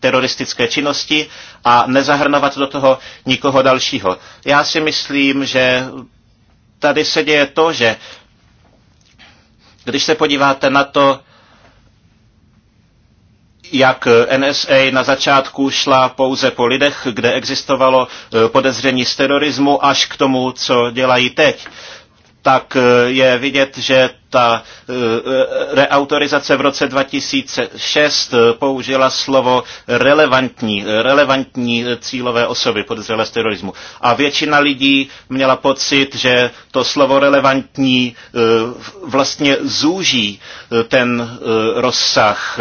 teroristické činnosti a nezahrnovat do toho nikoho dalšího. Já si myslím, že tady se děje to, že když se podíváte na to, jak NSA na začátku šla pouze po lidech, kde existovalo eh, podezření z terorismu, až k tomu, co dělají teď tak eh, je vidět, že ta eh, reautorizace v roce 2006 použila slovo relevantní, relevantní cílové osoby podezřelé z terorismu. A většina lidí měla pocit, že to slovo relevantní vlastně zúží ten rozsah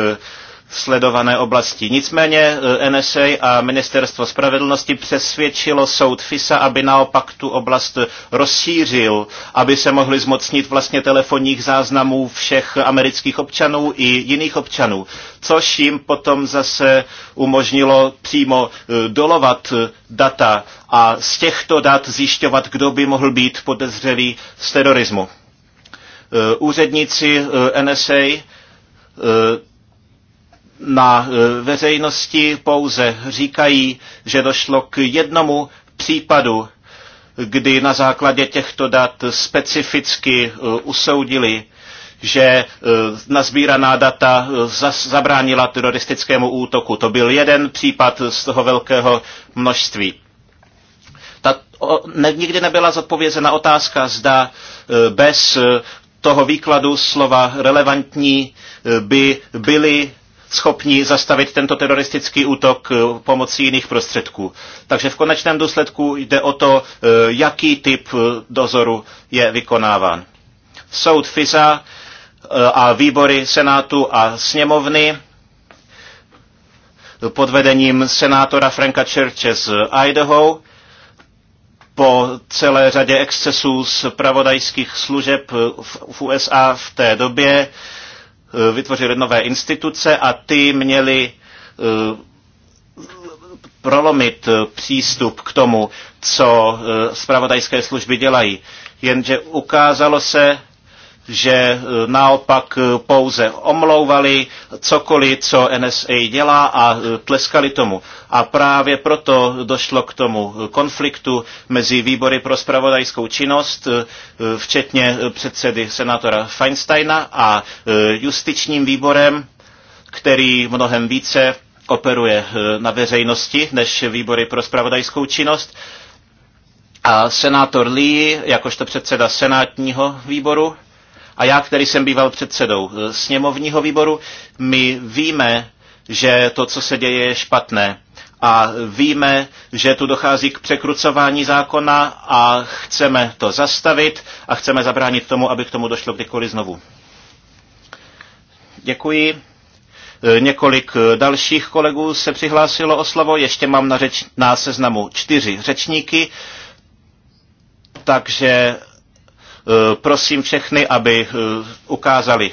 sledované oblasti. Nicméně eh, NSA a Ministerstvo spravedlnosti přesvědčilo soud FISA, aby naopak tu oblast rozšířil, aby se mohli zmocnit vlastně telefonních záznamů všech amerických občanů i jiných občanů, což jim potom zase umožnilo přímo eh, dolovat eh, data a z těchto dat zjišťovat, kdo by mohl být podezřelý z terorismu. Úředníci NSA na e, veřejnosti pouze říkají, že došlo k jednomu případu, kdy na základě těchto dat specificky e, usoudili, že e, nazbíraná data zabránila teroristickému útoku. To byl jeden případ z toho velkého množství. Ta, o, ne, nikdy nebyla zodpovězena otázka, zda bez toho výkladu slova relevantní by byly schopni zastavit tento teroristický útok eh, pomocí jiných prostředků. Takže v konečném důsledku jde o to, eh, jaký typ eh, dozoru je vykonáván. Soud FISA a výbory Senátu a sněmovny pod vedením senátora Franka Churche z Idaho po celé řadě excesů z pravodajských služeb v USA v té době Eh, vytvořili nové instituce a ty měly eh, prolomit eh, přístup k tomu, co zpravodajské služby dělají. Jenže ukázalo se, že e, naopak e, pouze omlouvali cokoliv, co NSA dělá a e, tleskali tomu. A právě proto došlo k tomu konfliktu mezi výbory pro spravodajskou činnost, včetně předsedy senátora Feinsteina a justičním výborem, který mnohem více operuje na veřejnosti než výbory pro spravodajskou činnost. A senátor Lee, jakožto předseda senátního výboru, a já, který jsem býval předsedou eh, sněmovního výboru, my víme, že to, co se děje, je špatné. A víme, že tu dochází k překrucování zákona a chceme to zastavit a chceme zabránit tomu, aby k tomu došlo kdykoliv znovu. Děkuji. Eh, několik eh, dalších kolegů se přihlásilo o slovo. Ještě mám na, řeč, na seznamu čtyři řečníky, takže Eh, prosím všechny, aby eh, ukázali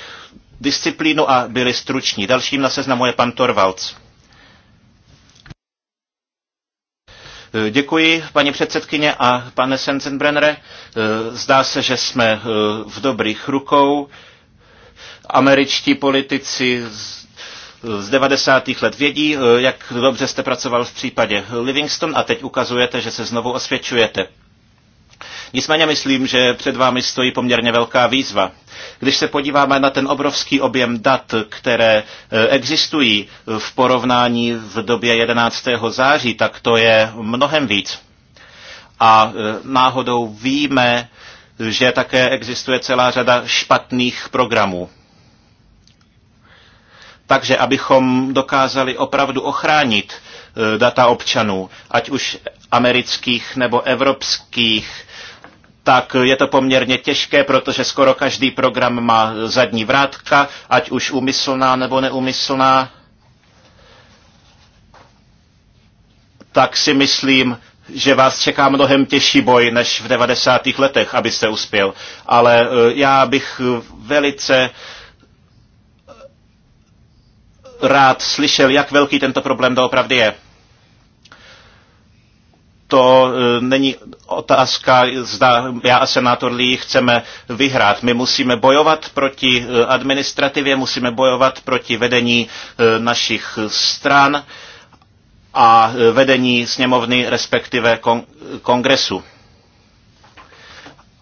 disciplínu a byli struční. Dalším na seznamu je pan Torvalc. Eh, děkuji, paní předsedkyně a pane Senzenbrennere. Zdá se, že jsme v dobrých rukou. Američtí politici z 90. let vědí, jak dobře jste pracoval v případě Livingston a teď ukazujete, že se znovu osvědčujete. Nicméně myslím, že před vámi stojí poměrně velká výzva. Když se podíváme na ten obrovský objem dat, které e, existují v porovnání v době 11. září, tak to je mnohem víc. A e, náhodou víme, že také existuje celá řada špatných programů. Takže abychom dokázali opravdu ochránit e, data občanů, ať už amerických nebo evropských, tak je to poměrně těžké, protože skoro každý program má zadní vrátka, ať už umyslná nebo neumyslná. Tak si myslím, že vás čeká mnohem těžší boj než v 90. letech, abyste uspěl. Ale eh, já bych velice eh, rád slyšel, jak velký tento problém doopravdy je to e, není otázka, zda já a senátor Lee chceme vyhrát. My musíme bojovat proti e, administrativě, musíme bojovat proti vedení e, našich stran a vedení sněmovny, respektive kongresu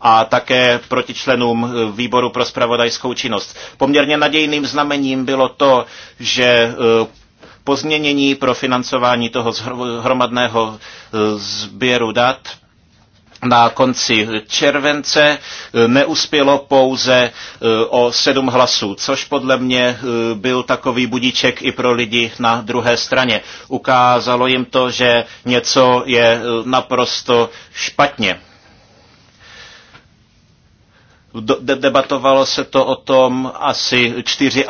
a také proti členům výboru pro spravodajskou činnost. Poměrně nadějným znamením bylo to, že pozměnění pro financování toho hromadného e, sběru dat na konci července e, neuspělo pouze e, o sedm hlasů, což podle mě byl takový budíček i pro lidi na druhé straně. Ukázalo jim to, že něco je naprosto špatně. Debatovalo se to o tom asi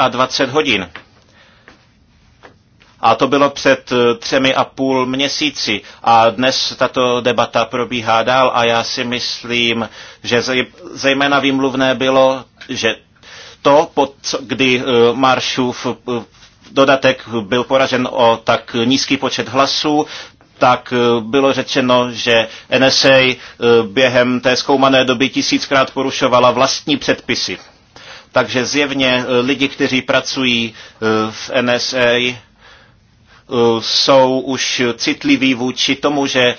24 hodin. A to bylo před eh, třemi a půl měsíci. A dnes tato debata probíhá dál a já si myslím, že zejména výmluvné bylo, že to, kdy eh, Maršův eh, dodatek byl poražen o tak nízký počet hlasů, tak bylo řečeno, že NSA během té zkoumané doby tisíckrát porušovala vlastní předpisy. Takže zjevně lidi, kteří pracují v NSA, Eh, jsou už citliví vůči tomu, že eh,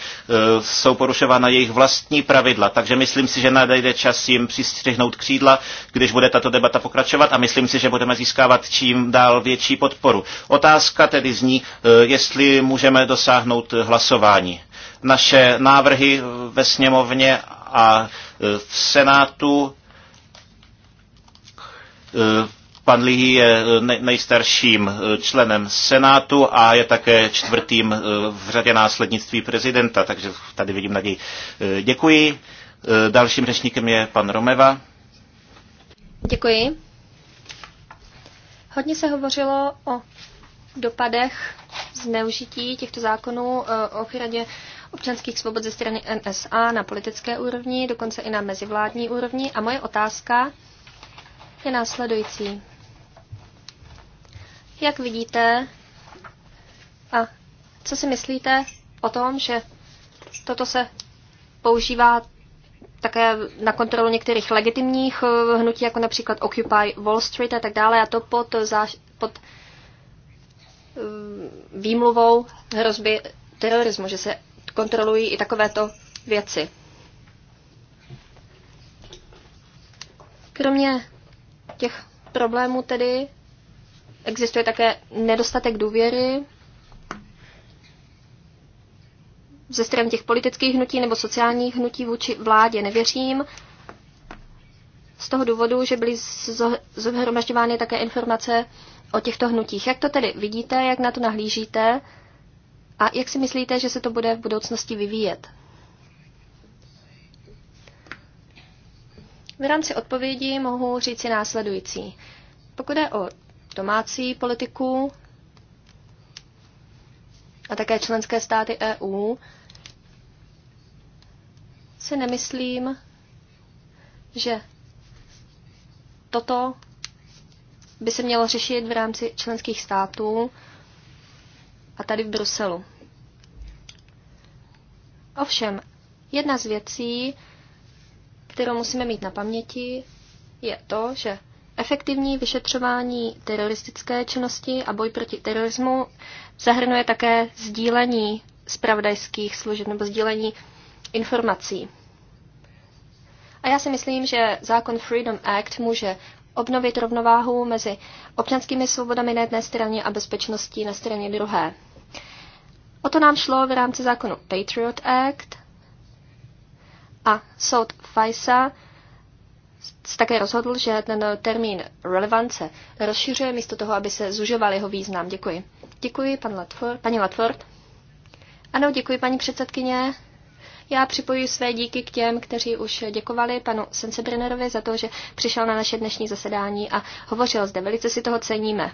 jsou porušována jejich vlastní pravidla. Takže myslím si, že nadejde čas jim přistřihnout křídla, když bude tato debata pokračovat a myslím si, že budeme získávat čím dál větší podporu. Otázka tedy zní, eh, jestli můžeme dosáhnout hlasování. Naše návrhy ve sněmovně a v Senátu Pan Lihy je eh, nejstarším eh, členem Senátu a je také čtvrtým eh, v řadě následnictví prezidenta, takže tady vidím naději. Děkuji. Dalším řečníkem je pan Romeva. Děkuji. Hodně se hovořilo o dopadech zneužití těchto zákonů o ochraně občanských svobod ze strany NSA na politické úrovni, dokonce i na mezivládní úrovni. A moje otázka je následující. Jak vidíte a co si myslíte o tom, že toto se používá také na kontrolu některých legitimních eh, hnutí, jako například Occupy Wall Street a tak dále, a to pod, záš- pod eh, výmluvou hrozby terorismu, že se kontrolují i takovéto věci. Kromě těch problémů tedy Existuje také nedostatek důvěry ze strany těch politických hnutí nebo sociálních hnutí vůči vládě. Nevěřím, z toho důvodu, že byly zhromažďovány také informace o těchto hnutích. Jak to tedy vidíte, jak na to nahlížíte a jak si myslíte, že se to bude v budoucnosti vyvíjet? V rámci odpovědi mohu říci následující. Pokud je o domácí politiku a také členské státy EU, si nemyslím, že toto by se mělo řešit v rámci členských států a tady v Bruselu. Ovšem, jedna z věcí, kterou musíme mít na paměti, je to, že Efektivní vyšetřování teroristické činnosti a boj proti terorismu zahrnuje také sdílení zpravodajských služeb nebo sdílení informací. A já si myslím, že zákon Freedom Act může obnovit rovnováhu mezi občanskými svobodami na jedné straně a bezpečností na straně druhé. O to nám šlo v rámci zákonu Patriot Act a soud FISA také rozhodl, že ten termín relevance rozšiřuje místo toho, aby se zužoval jeho význam. Děkuji. Děkuji, pan Latford, paní Latford. Ano, děkuji, paní předsedkyně. Já připojuji své díky k těm, kteří už děkovali panu Sensebrennerovi za to, že přišel na naše dnešní zasedání a hovořil zde. Velice si toho ceníme.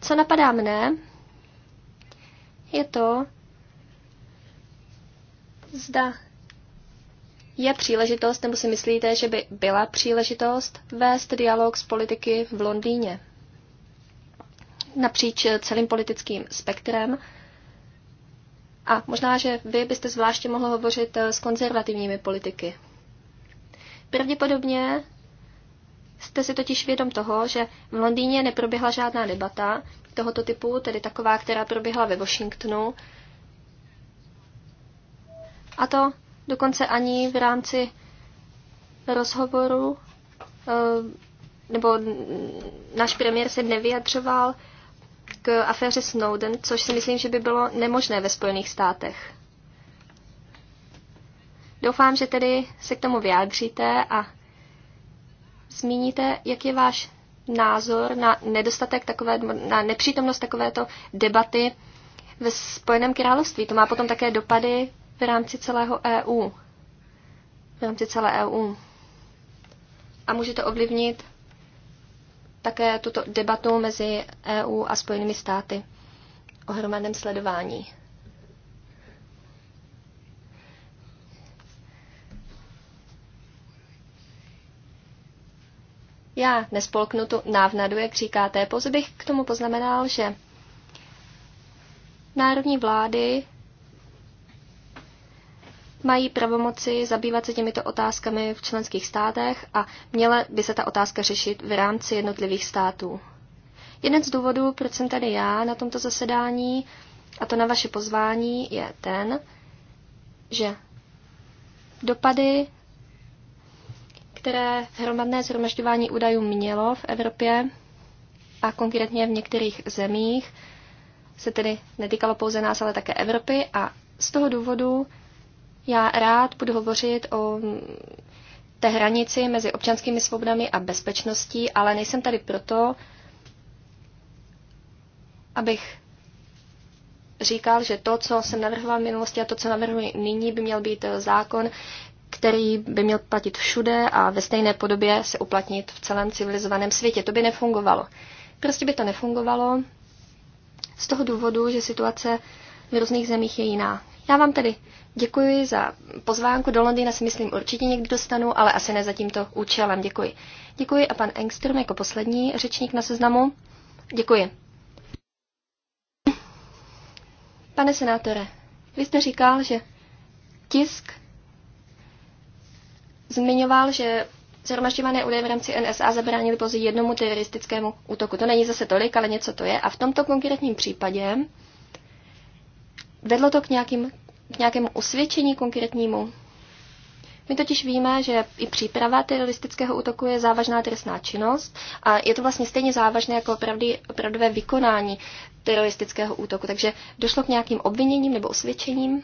Co napadá mne, je to, zda je příležitost, nebo si myslíte, že by byla příležitost vést dialog s politiky v Londýně? Napříč celým politickým spektrem. A možná, že vy byste zvláště mohl hovořit s konzervativními politiky. Pravděpodobně jste si totiž vědom toho, že v Londýně neproběhla žádná debata tohoto typu, tedy taková, která proběhla ve Washingtonu. A to dokonce ani v rámci rozhovoru, eh, nebo náš premiér se nevyjadřoval k aféře Snowden, což si myslím, že by bylo nemožné ve Spojených státech. Doufám, že tedy se k tomu vyjádříte a zmíníte, jak je váš názor na nedostatek takové, na nepřítomnost takovéto debaty ve Spojeném království. To má potom také dopady v rámci celého EU. V rámci celé EU. A může to ovlivnit také tuto debatu mezi EU a Spojenými státy o hromadném sledování. Já nespolknu tu návnadu, jak říkáte, pouze bych k tomu poznamenal, že národní vlády mají pravomoci zabývat se těmito otázkami v členských státech a měla by se ta otázka řešit v rámci jednotlivých států. Jeden z důvodů, proč jsem tady já na tomto zasedání, a to na vaše pozvání, je ten, že dopady, které hromadné zhromažďování údajů mělo v Evropě a konkrétně v některých zemích, se tedy netýkalo pouze nás, ale také Evropy a z toho důvodu já rád budu hovořit o té hranici mezi občanskými svobodami a bezpečností, ale nejsem tady proto, abych říkal, že to, co jsem navrhoval v minulosti a to, co navrhuji nyní, by měl být zákon, který by měl platit všude a ve stejné podobě se uplatnit v celém civilizovaném světě. To by nefungovalo. Prostě by to nefungovalo z toho důvodu, že situace v různých zemích je jiná. Já vám tedy Děkuji za pozvánku. Do Londýna si myslím určitě někdy dostanu, ale asi ne za tímto účelem. Děkuji. Děkuji a pan Engström jako poslední řečník na seznamu. Děkuji. Pane senátore, vy jste říkal, že tisk zmiňoval, že Zhromažďované údaje v rámci NSA zabránili pouze jednomu teroristickému útoku. To není zase tolik, ale něco to je. A v tomto konkrétním případě vedlo to k nějakým k nějakému osvědčení konkrétnímu. My totiž víme, že i příprava teroristického útoku je závažná trestná činnost a je to vlastně stejně závažné jako opravdy, opravdové vykonání teroristického útoku. Takže došlo k nějakým obviněním nebo osvědčením?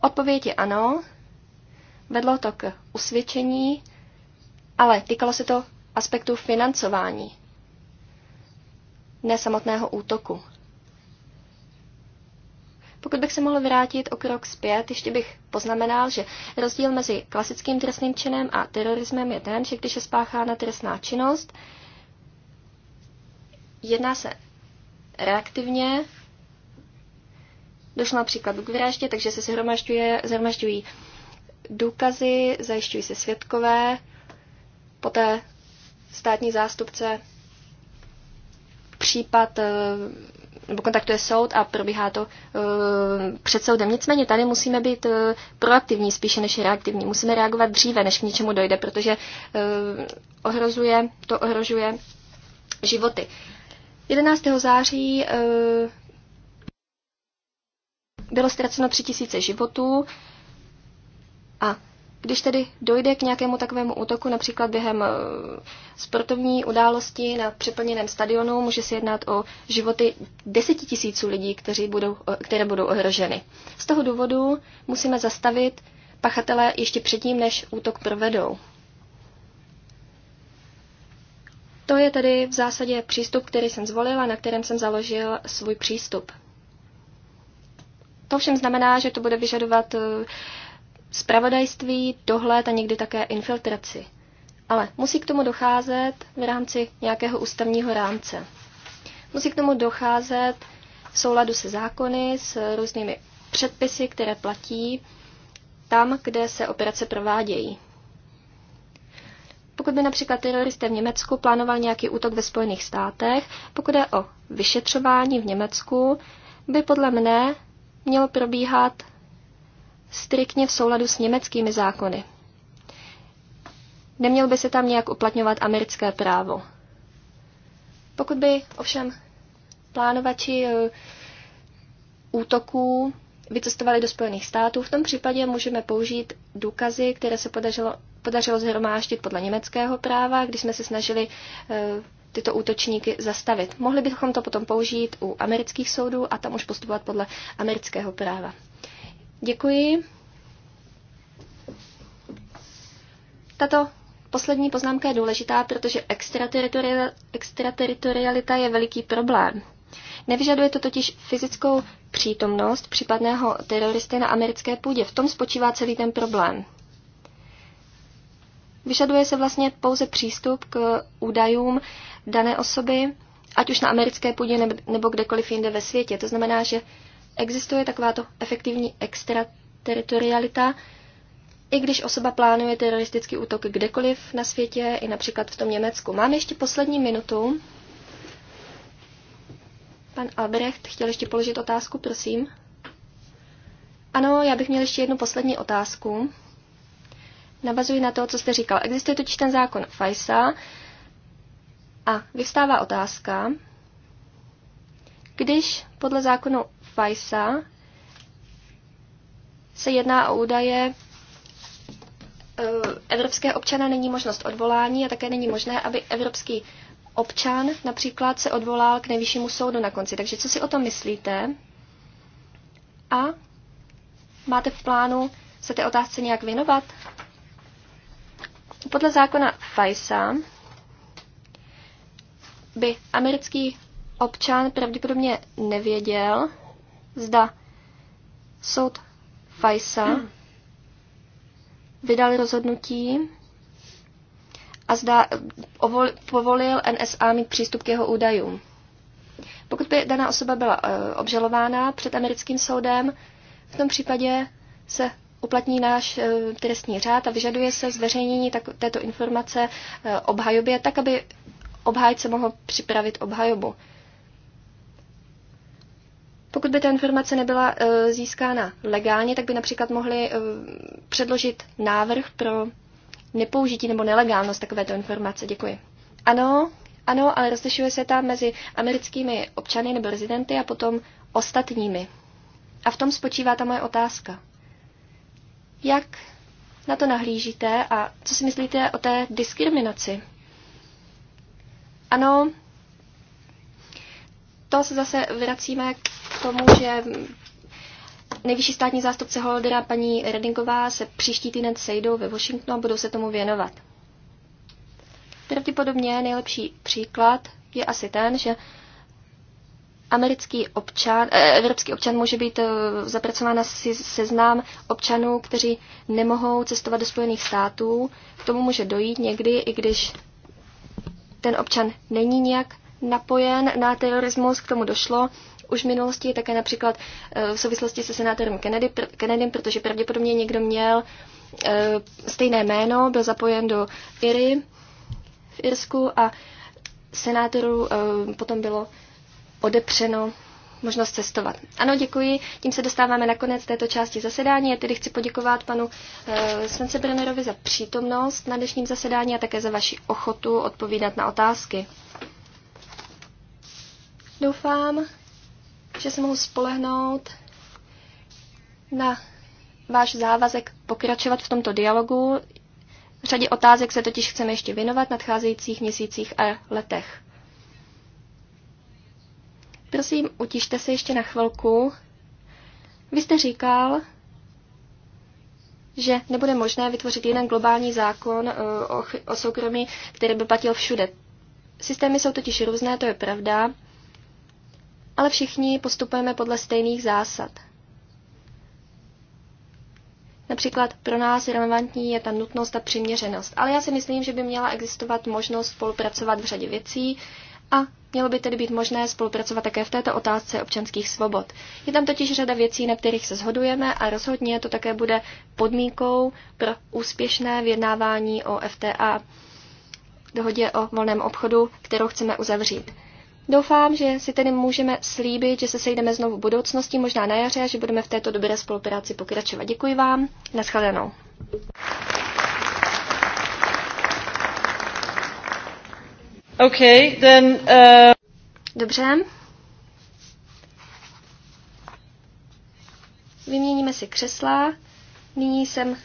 Odpověď je ano. Vedlo to k usvědčení, ale týkalo se to aspektu financování, ne samotného útoku. Pokud bych se mohl vrátit o krok zpět, ještě bych poznamenal, že rozdíl mezi klasickým trestným činem a terorismem je ten, že když je spáchána trestná činnost, jedná se reaktivně, došlo například k vraždě, takže se zhromažďují důkazy, zajišťují se svědkové, poté státní zástupce případ eh, nebo kontaktuje soud a probíhá to e, před soudem. Nicméně tady musíme být e, proaktivní spíše než reaktivní. Musíme reagovat dříve, než k něčemu dojde, protože e, ohrozuje, to ohrožuje životy. 11. září e, bylo ztraceno 3000 životů a když tedy dojde k nějakému takovému útoku, například během eh, sportovní události na přeplněném stadionu, může se jednat o životy desetitisíců lidí, kteří budou, eh, které budou ohroženy. Z toho důvodu musíme zastavit pachatele ještě předtím, než útok provedou. To je tedy v zásadě přístup, který jsem zvolil a na kterém jsem založil svůj přístup. To všem znamená, že to bude vyžadovat eh, spravodajství, dohled a někdy také infiltraci. Ale musí k tomu docházet v rámci nějakého ústavního rámce. Musí k tomu docházet v souladu se zákony, s různými předpisy, které platí tam, kde se operace provádějí. Pokud by například teroristé v Německu plánoval nějaký útok ve Spojených státech, pokud je o vyšetřování v Německu, by podle mne mělo probíhat striktně v souladu s německými zákony. Neměl by se tam nějak uplatňovat americké právo. Pokud by ovšem plánovači e, útoků vycestovali do Spojených států, v tom případě můžeme použít důkazy, které se podařilo, podařilo zhromáždit podle německého práva, když jsme se snažili e, tyto útočníky zastavit. Mohli bychom to potom použít u amerických soudů a tam už postupovat podle amerického práva. Děkuji. Tato poslední poznámka je důležitá, protože extrateritorialita je veliký problém. Nevyžaduje to totiž fyzickou přítomnost případného teroristy na americké půdě. V tom spočívá celý ten problém. Vyžaduje se vlastně pouze přístup k údajům dané osoby, ať už na americké půdě nebo kdekoliv jinde ve světě. To znamená, že existuje takováto efektivní extrateritorialita, i když osoba plánuje teroristický útok kdekoliv na světě, i například v tom Německu. Mám ještě poslední minutu. Pan Albrecht chtěl ještě položit otázku, prosím. Ano, já bych měl ještě jednu poslední otázku. Navazuji na to, co jste říkal. Existuje totiž ten zákon FISA a vyvstává otázka, když podle zákonu Weissa se jedná o údaje eh, evropské občana není možnost odvolání a také není možné, aby evropský občan například se odvolal k nejvyššímu soudu na konci. Takže co si o tom myslíte? A máte v plánu se té otázce nějak věnovat? Podle zákona FISA by americký občan pravděpodobně nevěděl, zda soud Faisal vydal rozhodnutí a zda povolil NSA mít přístup k jeho údajům. Pokud by daná osoba byla eh, obžalována před americkým soudem, v tom případě se uplatní náš eh, trestní řád a vyžaduje se zveřejnění této informace eh, obhajobě, tak aby obhájce mohl připravit obhajobu. Pokud by ta informace nebyla eh, získána legálně, tak by například mohli eh, předložit návrh pro nepoužití nebo nelegálnost takovéto informace. Děkuji. Ano, ano, ale rozlišuje se tam mezi americkými občany nebo rezidenty a potom ostatními. A v tom spočívá ta moje otázka. Jak na to nahlížíte a co si myslíte o té diskriminaci? Ano, to se zase vracíme k tomu, že nejvyšší státní zástupce Holdera paní Redingová se příští týden sejdou ve Washingtonu a budou se tomu věnovat. Pravděpodobně nejlepší příklad je asi ten, že americký občan, eh, evropský občan může být eh, zapracován na seznam občanů, kteří nemohou cestovat do Spojených států. K tomu může dojít někdy, i když ten občan není nějak napojen na terorismus, k tomu došlo už v minulosti také například eh, v souvislosti se senátorem Kennedy, Kennedym, protože pravděpodobně někdo měl eh, stejné jméno, byl zapojen do Iry v Irsku a senátorů eh, potom bylo odepřeno možnost cestovat. Ano, děkuji. Tím se dostáváme na konec této části zasedání. Já tedy chci poděkovat panu Svence Brennerovi za přítomnost na dnešním zasedání a také za vaši ochotu odpovídat na otázky. Doufám, že se mohu spolehnout na váš závazek pokračovat v tomto dialogu. V řadě otázek se totiž chceme ještě věnovat v nadcházejících měsících a letech. Prosím, utište se ještě na chvilku. Vy jste říkal, že nebude možné vytvořit jeden globální zákon eh, o, o soukromí, který by platil všude. Systémy jsou totiž různé, to je pravda ale všichni postupujeme podle stejných zásad. Například pro nás relevantní je ta nutnost a přiměřenost, ale já si myslím, že by měla existovat možnost spolupracovat v řadě věcí a mělo by tedy být možné spolupracovat také v této otázce občanských svobod. Je tam totiž řada věcí, na kterých se shodujeme a rozhodně to také bude podmínkou pro úspěšné vyjednávání o FTA, dohodě o volném obchodu, kterou chceme uzavřít. Doufám, že si tedy můžeme slíbit, že se sejdeme znovu v budoucnosti, možná na jaře, a že budeme v této dobré spolupráci pokračovat. Děkuji vám, Naschledanou. Okay, then, uh... Dobře. Vyměníme si křesla. Nyní jsem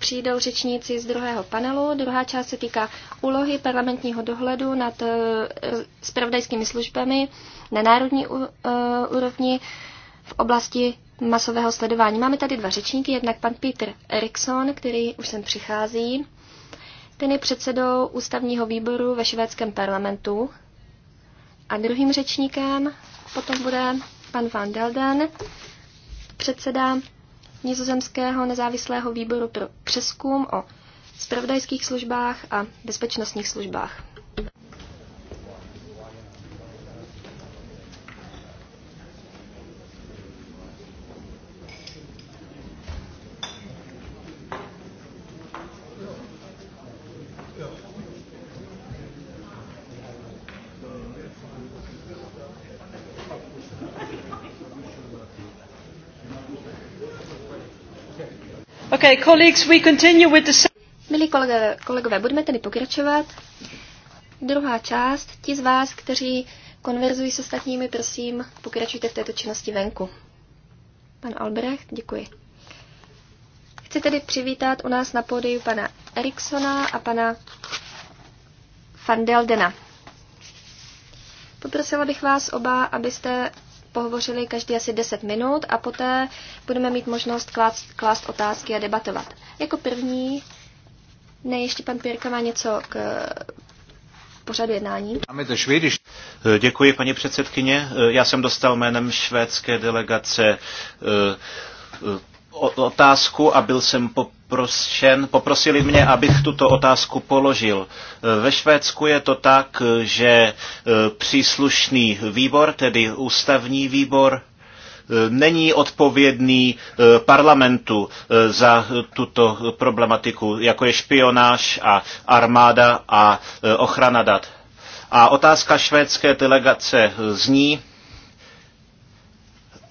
přijdou řečníci z druhého panelu. Druhá část se týká úlohy parlamentního dohledu nad eh, spravodajskými službami na národní eh, úrovni v oblasti masového sledování. Máme tady dva řečníky, jednak pan Peter Eriksson, který už sem přichází. Ten je předsedou ústavního výboru ve švédském parlamentu. A druhým řečníkem potom bude pan Van Delden, předseda nizozemského nezávislého výboru pro přeskum o spravodajských službách a bezpečnostních službách. Okay, colleagues, we continue with the... Milí kolegové, kolegové, budeme tedy pokračovat. Druhá část. Ti z vás, kteří konverzují s ostatními, prosím, pokračujte v této činnosti venku. Pan Albrecht, děkuji. Chci tedy přivítat u nás na pódiu pana Eriksona a pana Fandeldena. Poprosila bych vás oba, abyste pohovořili každý asi 10 minut a poté budeme mít možnost klást, klást otázky a debatovat. Jako první, ne, ještě pan Pírka má něco k eh, pořadu jednání. Eh, děkuji, paní předsedkyně. Eh, já jsem dostal jménem švédské delegace otázku a byl jsem po poprošen, poprosili mě, abych tuto otázku položil. E, ve Švédsku je to tak, že e, příslušný výbor, tedy ústavní výbor, e, není odpovědný parlamentu za tuto problematiku, jako je špionáž a armáda a ochrana dat. A otázka švédské delegace zní,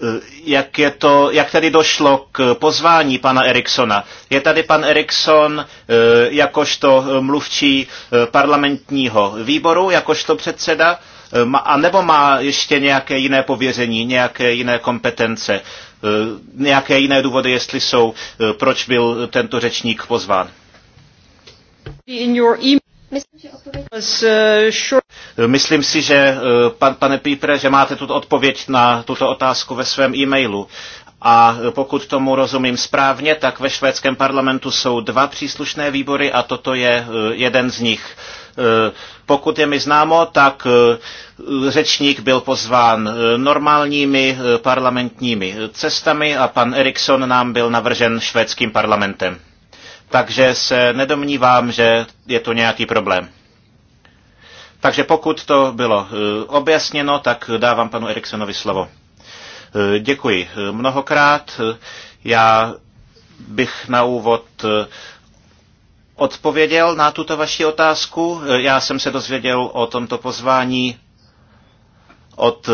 Eh, jak, je to, jak tady došlo k pozvání pana Eriksona. Je tady pan Erikson eh, jakožto mluvčí eh, parlamentního výboru, jakožto předseda, a nebo má ještě nějaké jiné pověření, nějaké jiné kompetence, nějaké jiné důvody, jestli jsou, proč byl tento řečník pozván? Myslím, si, že, eh, pan, pane Pípre, že máte tuto odpověď na tuto otázku ve svém e-mailu. A eh, pokud tomu rozumím správně, tak ve švédském parlamentu jsou dva příslušné výbory a toto je eh, jeden z nich. Pokud je mi známo, tak řečník byl pozván normálními parlamentními cestami a pan Eriksson nám byl navržen švédským parlamentem takže se nedomnívám, že je to nějaký problém. Takže pokud to bylo eh, objasněno, tak dávám panu Eriksonovi slovo. Eh, děkuji eh, mnohokrát. Já bych na úvod odpověděl na tuto vaši otázku. Já jsem se dozvěděl o tomto pozvání od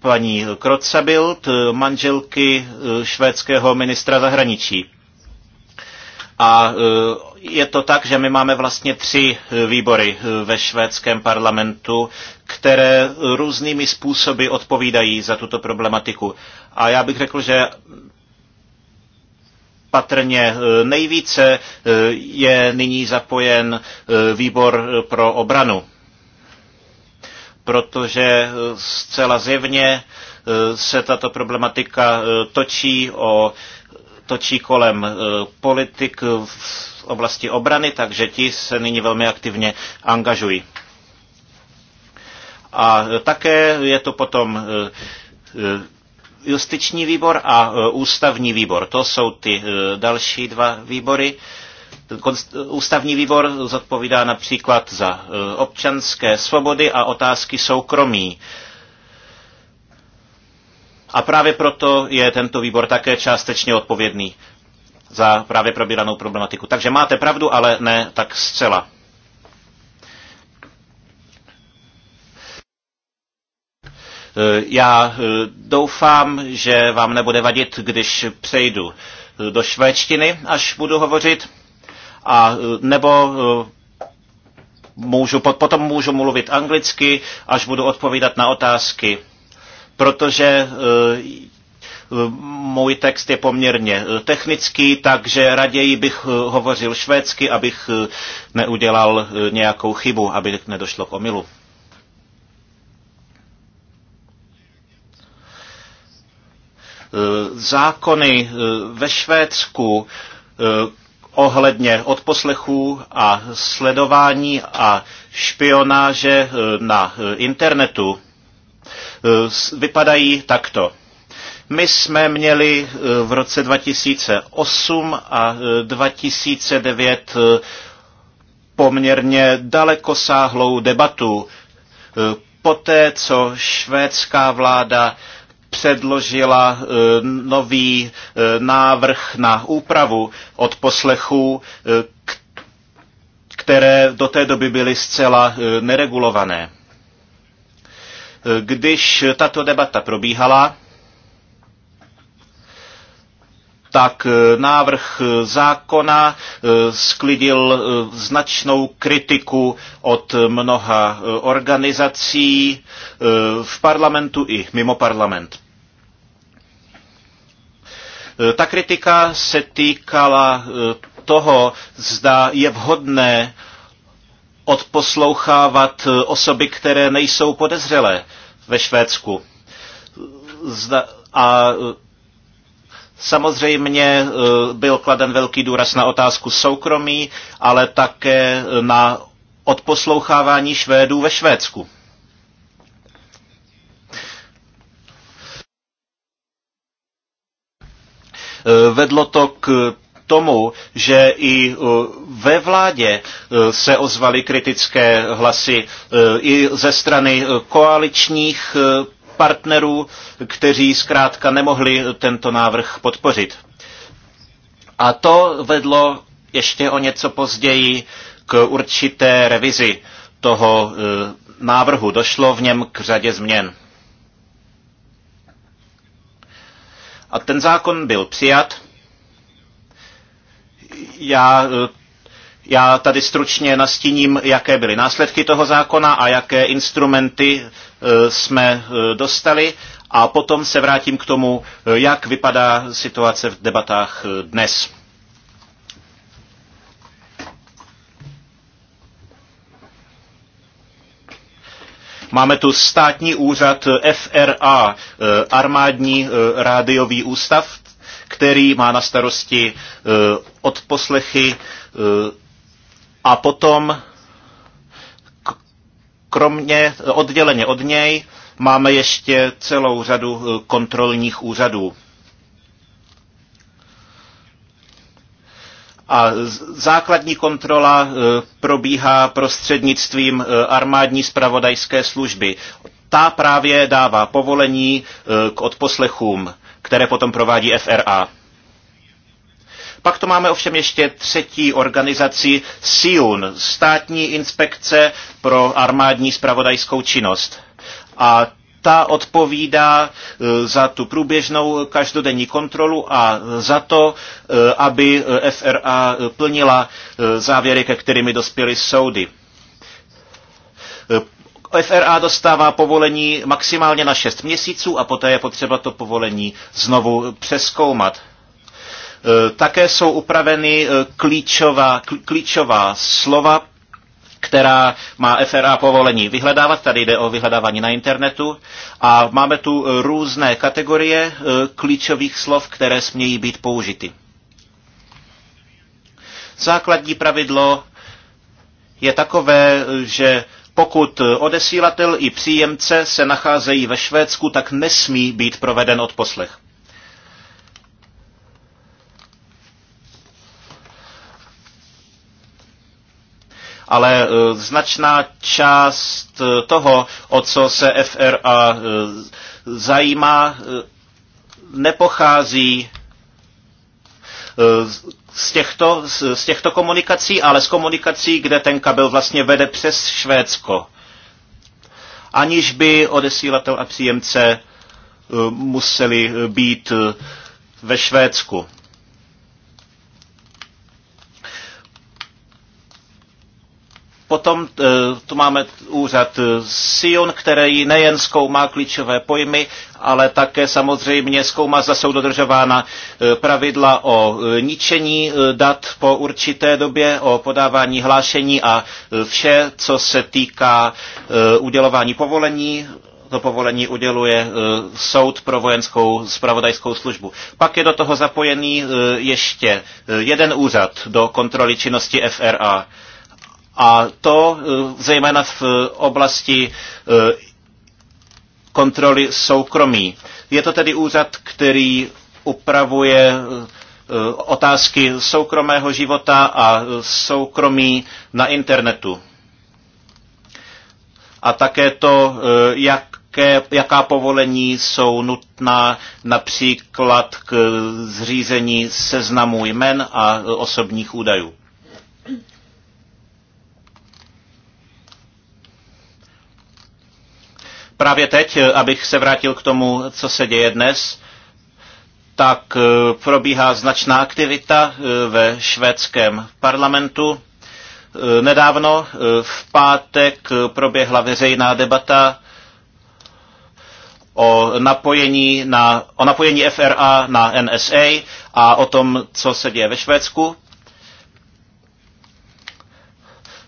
paní Krotsabild, manželky švédského ministra zahraničí. A eh, je to tak, že my máme vlastně tři eh, výbory eh, ve švédském parlamentu, které různými způsoby odpovídají za tuto problematiku. A já bych řekl, že patrně nejvíce je nyní zapojen výbor pro obranu, protože zcela zjevně se tato problematika točí o točí kolem eh, politik v oblasti obrany, takže ti se nyní velmi aktivně angažují. A eh, také je to potom eh, justiční výbor a ústavní výbor. To jsou ty další dva výbory. Ústavní výbor zodpovídá například za občanské svobody a otázky soukromí. A právě proto je tento výbor také částečně odpovědný za právě probíranou problematiku. Takže máte pravdu, ale ne tak zcela. Eh, já eh, doufám, že vám nebude vadit, když přejdu eh, do švédštiny, až budu hovořit, a nebo můžu, potom můžu mluvit anglicky, až budu odpovídat na otázky protože e, můj text je poměrně e, technický, takže raději bych e, hovořil švédsky, abych neudělal nějakou chybu, aby nedošlo k omilu. Zákony ve Švédsku ohledně odposlechů a sledování a špionáže na internetu Eh, vypadají takto. My jsme měli eh, v roce 2008 a 2009 eh, poměrně dalekosáhlou debatu. Poté, co švédská vláda předložila nový návrh na úpravu od poslechů, které do té doby byly zcela neregulované. Když tato debata probíhala, tak eh, návrh eh, zákona eh, sklidil značnou kritiku od mnoha organizací v parlamentu i mimo parlament. Ta kritika se týkala toho, zda je vhodné odposlouchávat eh, osoby, které nejsou podezřelé ve Švédsku. Zda, a eh, Samozřejmě eh, byl kladen velký důraz na otázku soukromí, ale také na odposlouchávání Švédů ve Švédsku. Vedlo to k tomu, že i e, ve vládě e, se ozvaly kritické hlasy e, i ze strany koaličních partnerů, kteří zkrátka nemohli tento návrh podpořit. A to vedlo ještě o něco později k určité revizi toho návrhu. Došlo v něm k řadě změn. A ten zákon byl přijat já eh, já tady stručně nastíním, jaké byly následky toho zákona a jaké instrumenty eh, jsme eh, dostali a potom se vrátím k tomu, jak vypadá situace v debatách dnes. Máme tu státní úřad FRA, armádní rádiový ústav, který má na starosti e, odposlechy e, a potom kromě e, odděleně od něj máme ještě celou řadu kontrolních úřadů. A základní kontrola probíhá prostřednictvím armádní spravodajské služby. Ta právě dává povolení k odposlechům které potom provádí FRA. Pak tu máme ovšem ještě třetí organizaci SIUN, státní inspekce pro armádní spravodajskou činnost. A ta odpovídá eh, za tu průběžnou každodenní kontrolu a za to, eh, aby FRA eh, plnila závěry, ke kterými dospěly soudy FRA dostává povolení maximálně na 6 měsíců a poté je potřeba to povolení znovu přeskoumat. E, také jsou upraveny e, klíčová, klíčová slova, která má FRA povolení vyhledávat. Tady jde o vyhledávání na internetu. A máme tu různé kategorie e, klíčových slov, které smějí být použity. Základní pravidlo je takové, že pokud odesílatel i příjemce se nacházejí ve Švédsku, tak nesmí být proveden odposlech. ale e, značná část e, toho, o co se FRA e, zajímá, nepochází z těchto, z těchto komunikací, ale z komunikací, kde ten kabel vlastně vede přes Švédsko, aniž by odesílatel a příjemce eh, museli eh, být eh, ve Švédsku. Potom eh, tu máme úřad eh, Sion, který nejen zkoumá klíčové pojmy, ale také samozřejmě zkoumá, zda jsou dodržována eh, pravidla o ničení dat po určité době, o podávání hlášení a vše, co se týká udělování povolení to povolení uděluje soud pro vojenskou spravodajskou službu. Pak je do toho zapojený ještě jeden úřad do kontroly činnosti FRA. A to eh, zejména v eh, oblasti eh, kontroly soukromí. Je to tedy úřad, který upravuje otázky soukromého života a soukromí na internetu. A také to, jaké, jaká povolení jsou nutná například k zřízení seznamu jmen a osobních údajů. právě teď, eh, abych se vrátil k tomu, co se děje dnes, tak eh, probíhá značná aktivita eh, ve švédském parlamentu. Nedávno v pátek proběhla veřejná debata o napojení, na, o napojení FRA na NSA a o tom, co se děje ve Švédsku.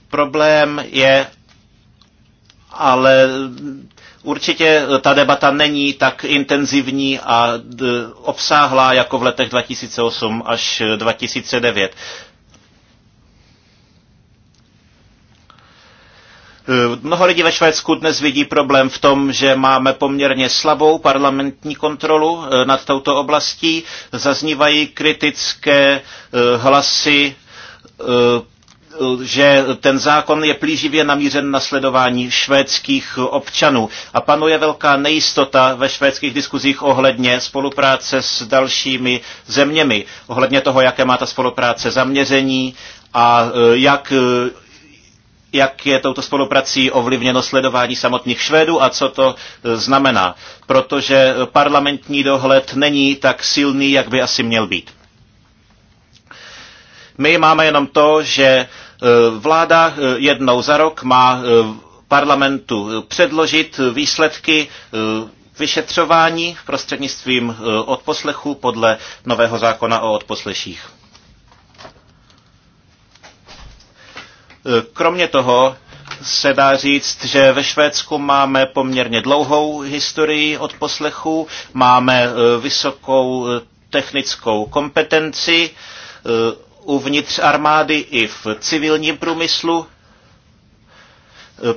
Problém je ale Určitě eh, ta debata není tak intenzivní a obsáhlá jako v letech 2008 až 2009. Eh, eh, mnoho lidí ve Švédsku dnes vidí problém v tom, že máme poměrně slabou parlamentní kontrolu nad touto oblastí. Zaznívají kritické hlasy že ten zákon je plíživě namířen na sledování švédských občanů a panuje velká nejistota ve švédských diskuzích ohledně spolupráce s dalšími zeměmi, ohledně toho, jaké má ta spolupráce zaměření a eh, jak eh, jak je touto spoluprací ovlivněno sledování samotných Švédů a co to eh, znamená, protože parlamentní dohled není tak silný, jak by asi měl být. My máme jenom to, že e, vláda e, jednou za rok má e, parlamentu předložit výsledky vyšetřování prostřednictvím odposlechu podle nového zákona o odposleších. Kromě toho se dá říct, že ve Švédsku máme poměrně dlouhou historii odposlechu, máme vysokou technickou kompetenci, uvnitř armády i v civilním průmyslu.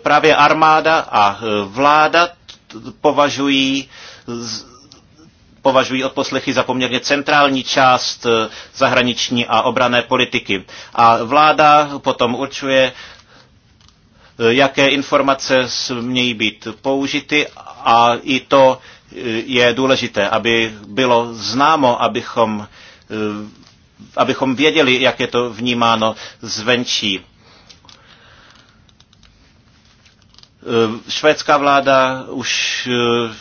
Právě armáda a vláda považují považují odposlechy za poměrně centrální část eh, zahraniční a obrané politiky. A vláda potom určuje, eh, jaké informace smějí být použity a i to eh, je důležité, aby bylo známo, abychom abychom věděli, jak je to vnímáno zvenčí. Eh, švédská vláda už eh,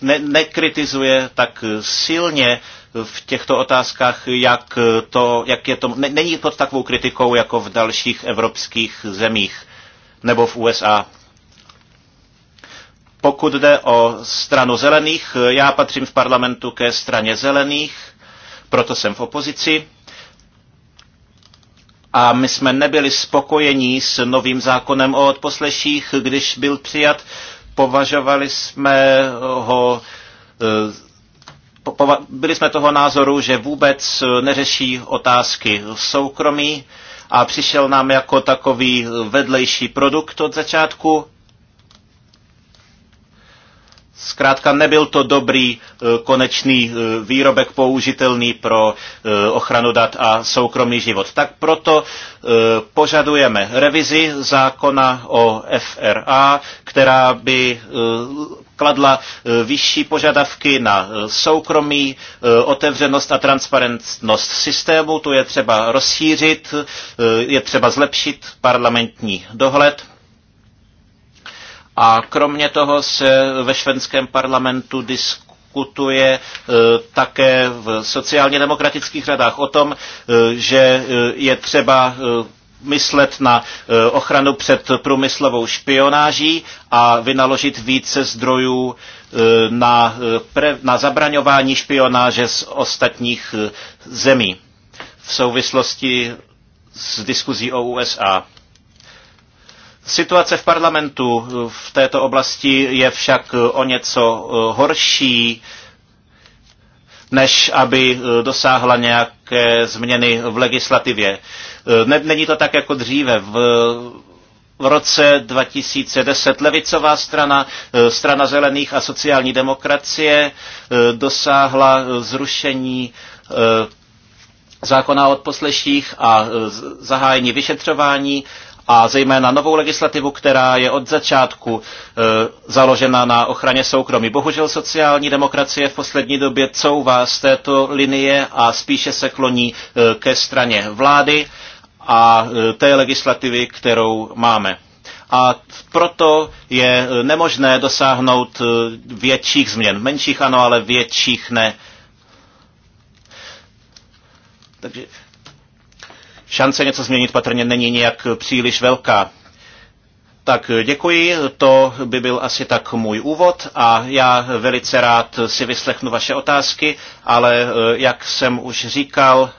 ne, nekritizuje tak silně v těchto otázkách, jak, to, jak je to, ne, není pod takovou kritikou jako v dalších evropských zemích nebo v USA. Pokud jde o stranu zelených, eh, já patřím v parlamentu ke straně zelených, proto jsem v opozici a my jsme nebyli spokojení s novým zákonem o odposleších, když byl přijat. Považovali jsme ho eh, byli jsme toho názoru, že vůbec neřeší otázky soukromí a přišel nám jako takový vedlejší produkt od začátku Zkrátka nebyl to dobrý e, konečný e, výrobek použitelný pro e, ochranu dat a soukromý život. Tak proto požadujeme revizi zákona o FRA, která by kladla vyšší požadavky na soukromí, otevřenost a transparentnost systému. To je třeba rozšířit, je třeba zlepšit parlamentní dohled a kromě toho se ve švenském parlamentu diskutuje e, také v sociálně demokratických radách o tom, e, že e, je třeba myslet na ochranu před průmyslovou špionáží a vynaložit více zdrojů na, pre, na zabraňování špionáže z ostatních zemí v souvislosti s diskuzí o USA. Situace v parlamentu v této oblasti je však eh, o něco eh, horší, než aby eh, dosáhla nějaké změny v legislativě. Není to tak jako dříve. V v roce 2010 levicová strana, strana zelených a sociální demokracie dosáhla zrušení zákona o odposleších a zahájení vyšetřování a zejména novou legislativu, která je od začátku e, založena na ochraně soukromí. Bohužel sociální demokracie v poslední době couvá z této linie a spíše se kloní e, ke straně vlády a e, té legislativy, kterou máme a proto je nemožné dosáhnout větších změn. Menších ano, ale větších ne. Takže šance něco změnit patrně není nějak příliš velká. Tak děkuji, to by byl asi tak můj úvod a já velice rád si vyslechnu vaše otázky, ale eh, jak jsem už říkal,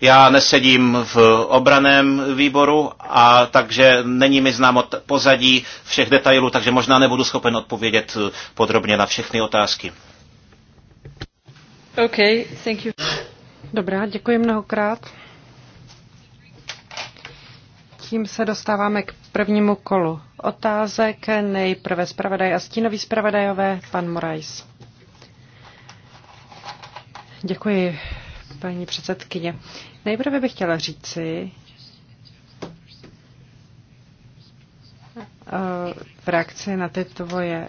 já nesedím v obraném výboru a takže není mi známo pozadí všech detailů, takže možná nebudu schopen odpovědět eh, podrobně na všechny otázky. Okay, thank you. Dobrá, děkuji mnohokrát. Tím se dostáváme k prvnímu kolu otázek. Nejprve zpravodaj a stínový zpravodajové, pan Morais. Děkuji, paní předsedkyně. Nejprve bych chtěla říci, v reakci na ty, tvoje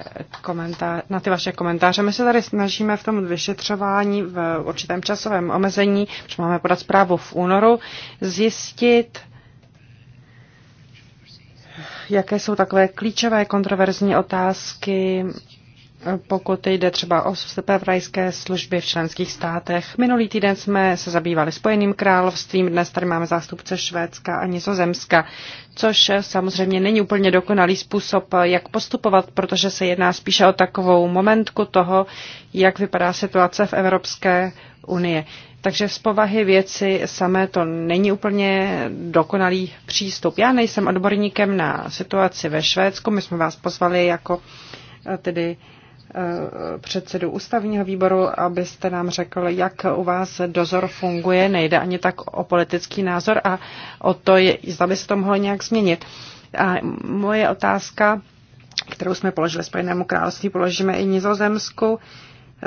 na ty vaše komentáře. My se tady snažíme v tom vyšetřování v určitém časovém omezení, protože máme podat zprávu v únoru, zjistit, jaké jsou takové klíčové kontroverzní otázky pokud jde třeba o sebevrajské služby v členských státech. Minulý týden jsme se zabývali Spojeným královstvím, dnes tady máme zástupce Švédska a Nizozemska, což samozřejmě není úplně dokonalý způsob, jak postupovat, protože se jedná spíše o takovou momentku toho, jak vypadá situace v Evropské unii. Takže z povahy věci samé to není úplně dokonalý přístup. Já nejsem odborníkem na situaci ve Švédsku, my jsme vás pozvali jako tedy předsedu ústavního výboru, abyste nám řekl, jak u vás dozor funguje. Nejde ani tak o politický názor a o to, je zda by se to mohlo nějak změnit. A moje otázka, kterou jsme položili Spojenému království, položíme i Nizozemsku.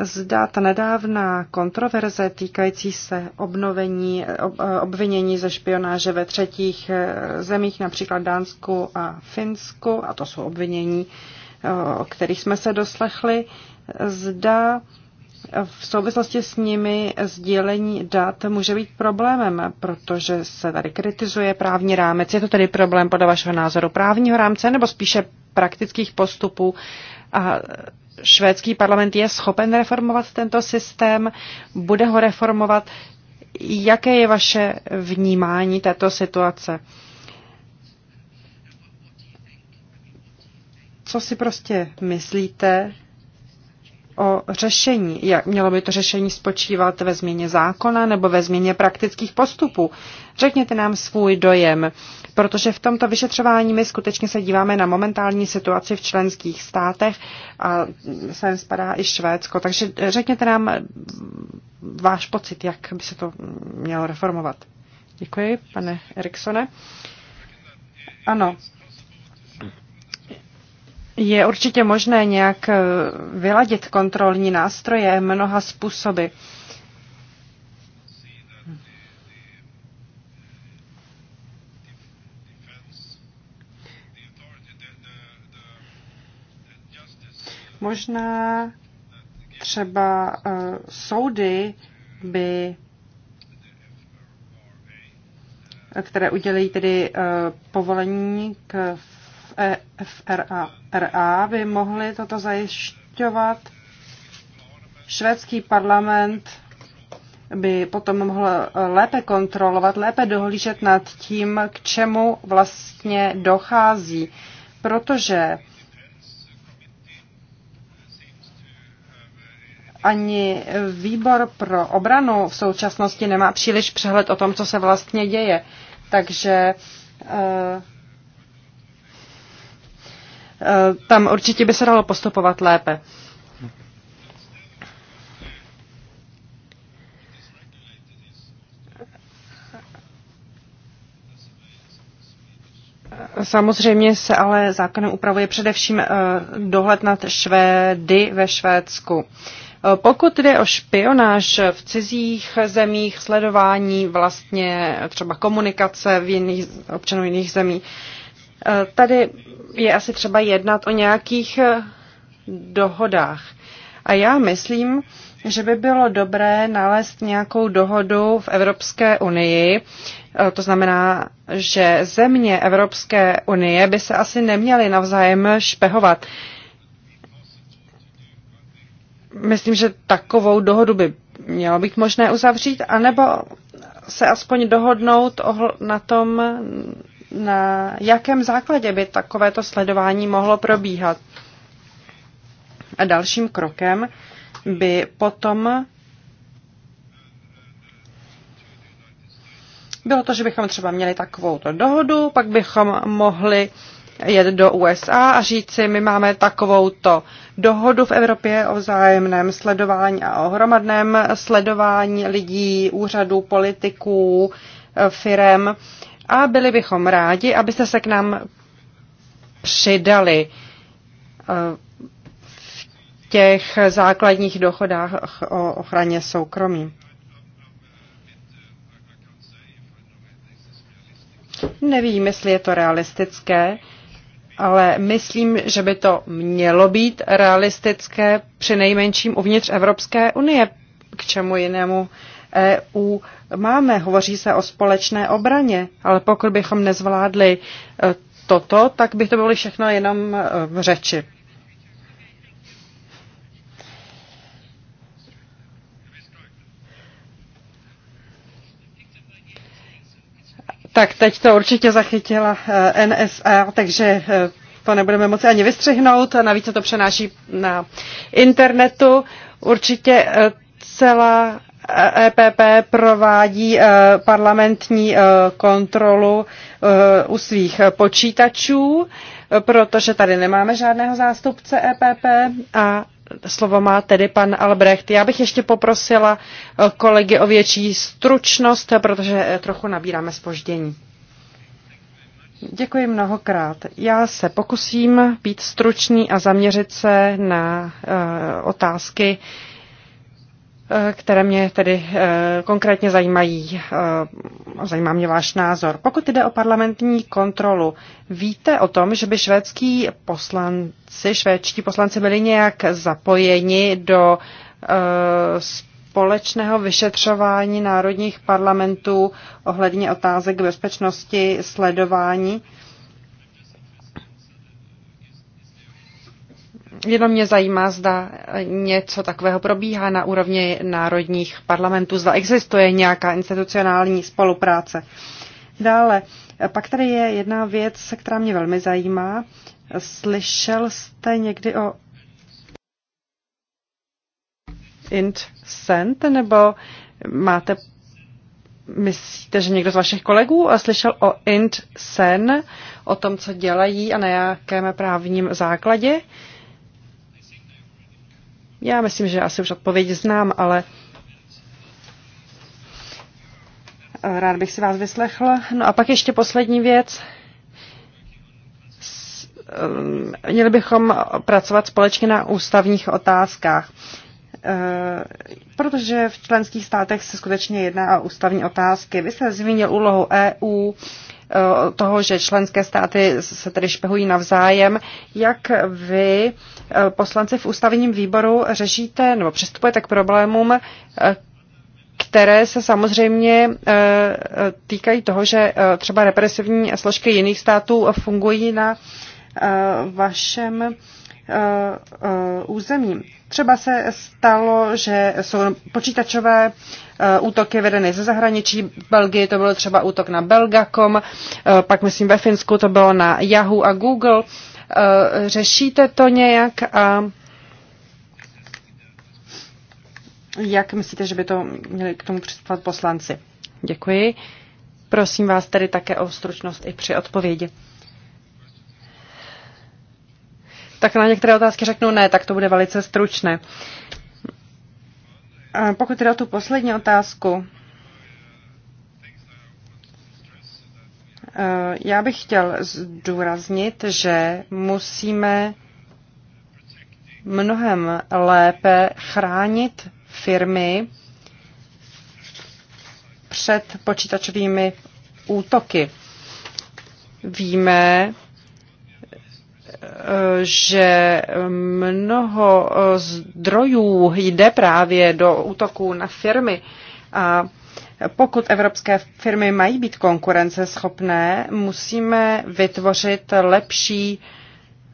Zda ta nedávná kontroverze týkající se obnovení, obvinění ze špionáže ve třetích eh, zemích, například Dánsku a Finsku, a to jsou obvinění, o kterých jsme se doslechli, zda v souvislosti s nimi sdílení dat může být problémem, protože se tady kritizuje právní rámec. Je to tedy problém podle vašeho názoru právního rámce nebo spíše praktických postupů a švédský parlament je schopen reformovat tento systém, bude ho reformovat. Jaké je vaše vnímání této situace? co si prostě myslíte o řešení. Jak mělo by to řešení spočívat ve změně zákona nebo ve změně praktických postupů? Řekněte nám svůj dojem, protože v tomto vyšetřování my skutečně se díváme na momentální situaci v členských státech a sem spadá i Švédsko. Takže řekněte nám váš pocit, jak by se to mělo reformovat. Děkuji, pane Eriksone. Ano, je určitě možné nějak eh, vyladit kontrolní nástroje mnoha způsoby. Možná třeba uh, soudy by které udělí tedy eh, povolení k E FRA by mohli toto zajišťovat. Švédský parlament by potom mohl lépe kontrolovat, lépe dohlížet nad tím, k čemu vlastně dochází. Protože ani výbor pro obranu v současnosti nemá příliš přehled o tom, co se vlastně děje. Takže e, Eh, tam určitě by se dalo postupovat lépe. Samozřejmě se ale zákonem upravuje především eh, dohled nad Švédy ve Švédsku. Eh, pokud jde o špionáž v cizích zemích, sledování vlastně třeba komunikace v jiných, občanů jiných zemí, Tady je asi třeba jednat o nějakých eh, dohodách. A já myslím, že by bylo dobré nalézt nějakou dohodu v Evropské unii. Eh, to znamená, že země Evropské unie by se asi neměly navzájem špehovat. Myslím, že takovou dohodu by mělo být možné uzavřít, anebo se aspoň dohodnout na tom, na jakém základě by takovéto sledování mohlo probíhat. A dalším krokem by potom bylo to, že bychom třeba měli takovou dohodu, pak bychom mohli jet do USA a říct si, my máme takovouto dohodu v Evropě o vzájemném sledování a o hromadném sledování lidí, úřadů, politiků, firem a byli bychom rádi, abyste se k nám přidali eh, v těch základních dohodách o ochraně soukromí. Nevím, jestli je to realistické, ale myslím, že by to mělo být realistické při nejmenším uvnitř Evropské unie, k čemu jinému EU máme. Hovoří se o společné obraně, ale pokud bychom nezvládli eh, toto, tak by to bylo všechno jenom eh, v řeči. Tak teď to určitě zachytila eh, NSA, takže to nebudeme moci ani vystřihnout. Navíc se to přenáší na internetu. Určitě celá EPP provádí e, parlamentní e, kontrolu e, u svých počítačů, protože tady nemáme žádného zástupce EPP a slovo má tedy pan Albrecht. Já bych ještě poprosila kolegy o větší stručnost, protože trochu nabíráme spoždění. Děkuji mnohokrát. Já se pokusím být stručný a zaměřit se na uh, otázky uh, Eh, které mě tedy eh, konkrétně zajímají. Eh, zajímá mě váš názor. Pokud jde o parlamentní kontrolu, víte o tom, že by švédský poslanci, švédští poslanci byli nějak zapojeni do společného vyšetřování národních parlamentů ohledně otázek bezpečnosti sledování? Jenom mě zajímá, zda něco takového probíhá na úrovni národních parlamentů, zda existuje nějaká institucionální spolupráce. Dále, pak tady je jedna věc, která mě velmi zajímá. Slyšel jste někdy o Intcent, nebo máte, myslíte, že někdo z vašich kolegů slyšel o IntSen, o tom, co dělají a na jakém právním základě? Uh, já myslím, že asi už odpověď znám, ale rád bych si vás vyslechl. No a pak ještě poslední věc. Um, měli bychom pracovat společně na ústavních otázkách eh, protože v členských státech se skutečně jedná o ústavní otázky. Vy jste zmínil úlohu EU, Eh, toho, že členské státy se tedy špehují navzájem, jak vy, eh, poslanci v ústavním výboru, řešíte nebo přistupujete k problémům, eh, které se samozřejmě týkají toho, že třeba represivní složky jiných států fungují na vašem Eh, eh, území. Třeba se stalo, že jsou počítačové eh, útoky vedeny ze zahraničí. V Belgii to byl třeba útok na Belgacom, pak myslím ve Finsku to bylo na Yahoo a Google. Řešíte to nějak a jak myslíte, že by to měli k tomu přistupovat poslanci? Děkuji. Prosím vás tedy také o stručnost i při odpovědi. tak na některé otázky řeknu ne, tak to bude velice stručné. A pokud jde o tu poslední otázku, eh, já bych chtěl zdůraznit, že musíme mnohem lépe chránit firmy před počítačovými útoky. Víme, že mnoho zdrojů jde právě do útoků na firmy a pokud evropské firmy mají být konkurenceschopné, musíme vytvořit lepší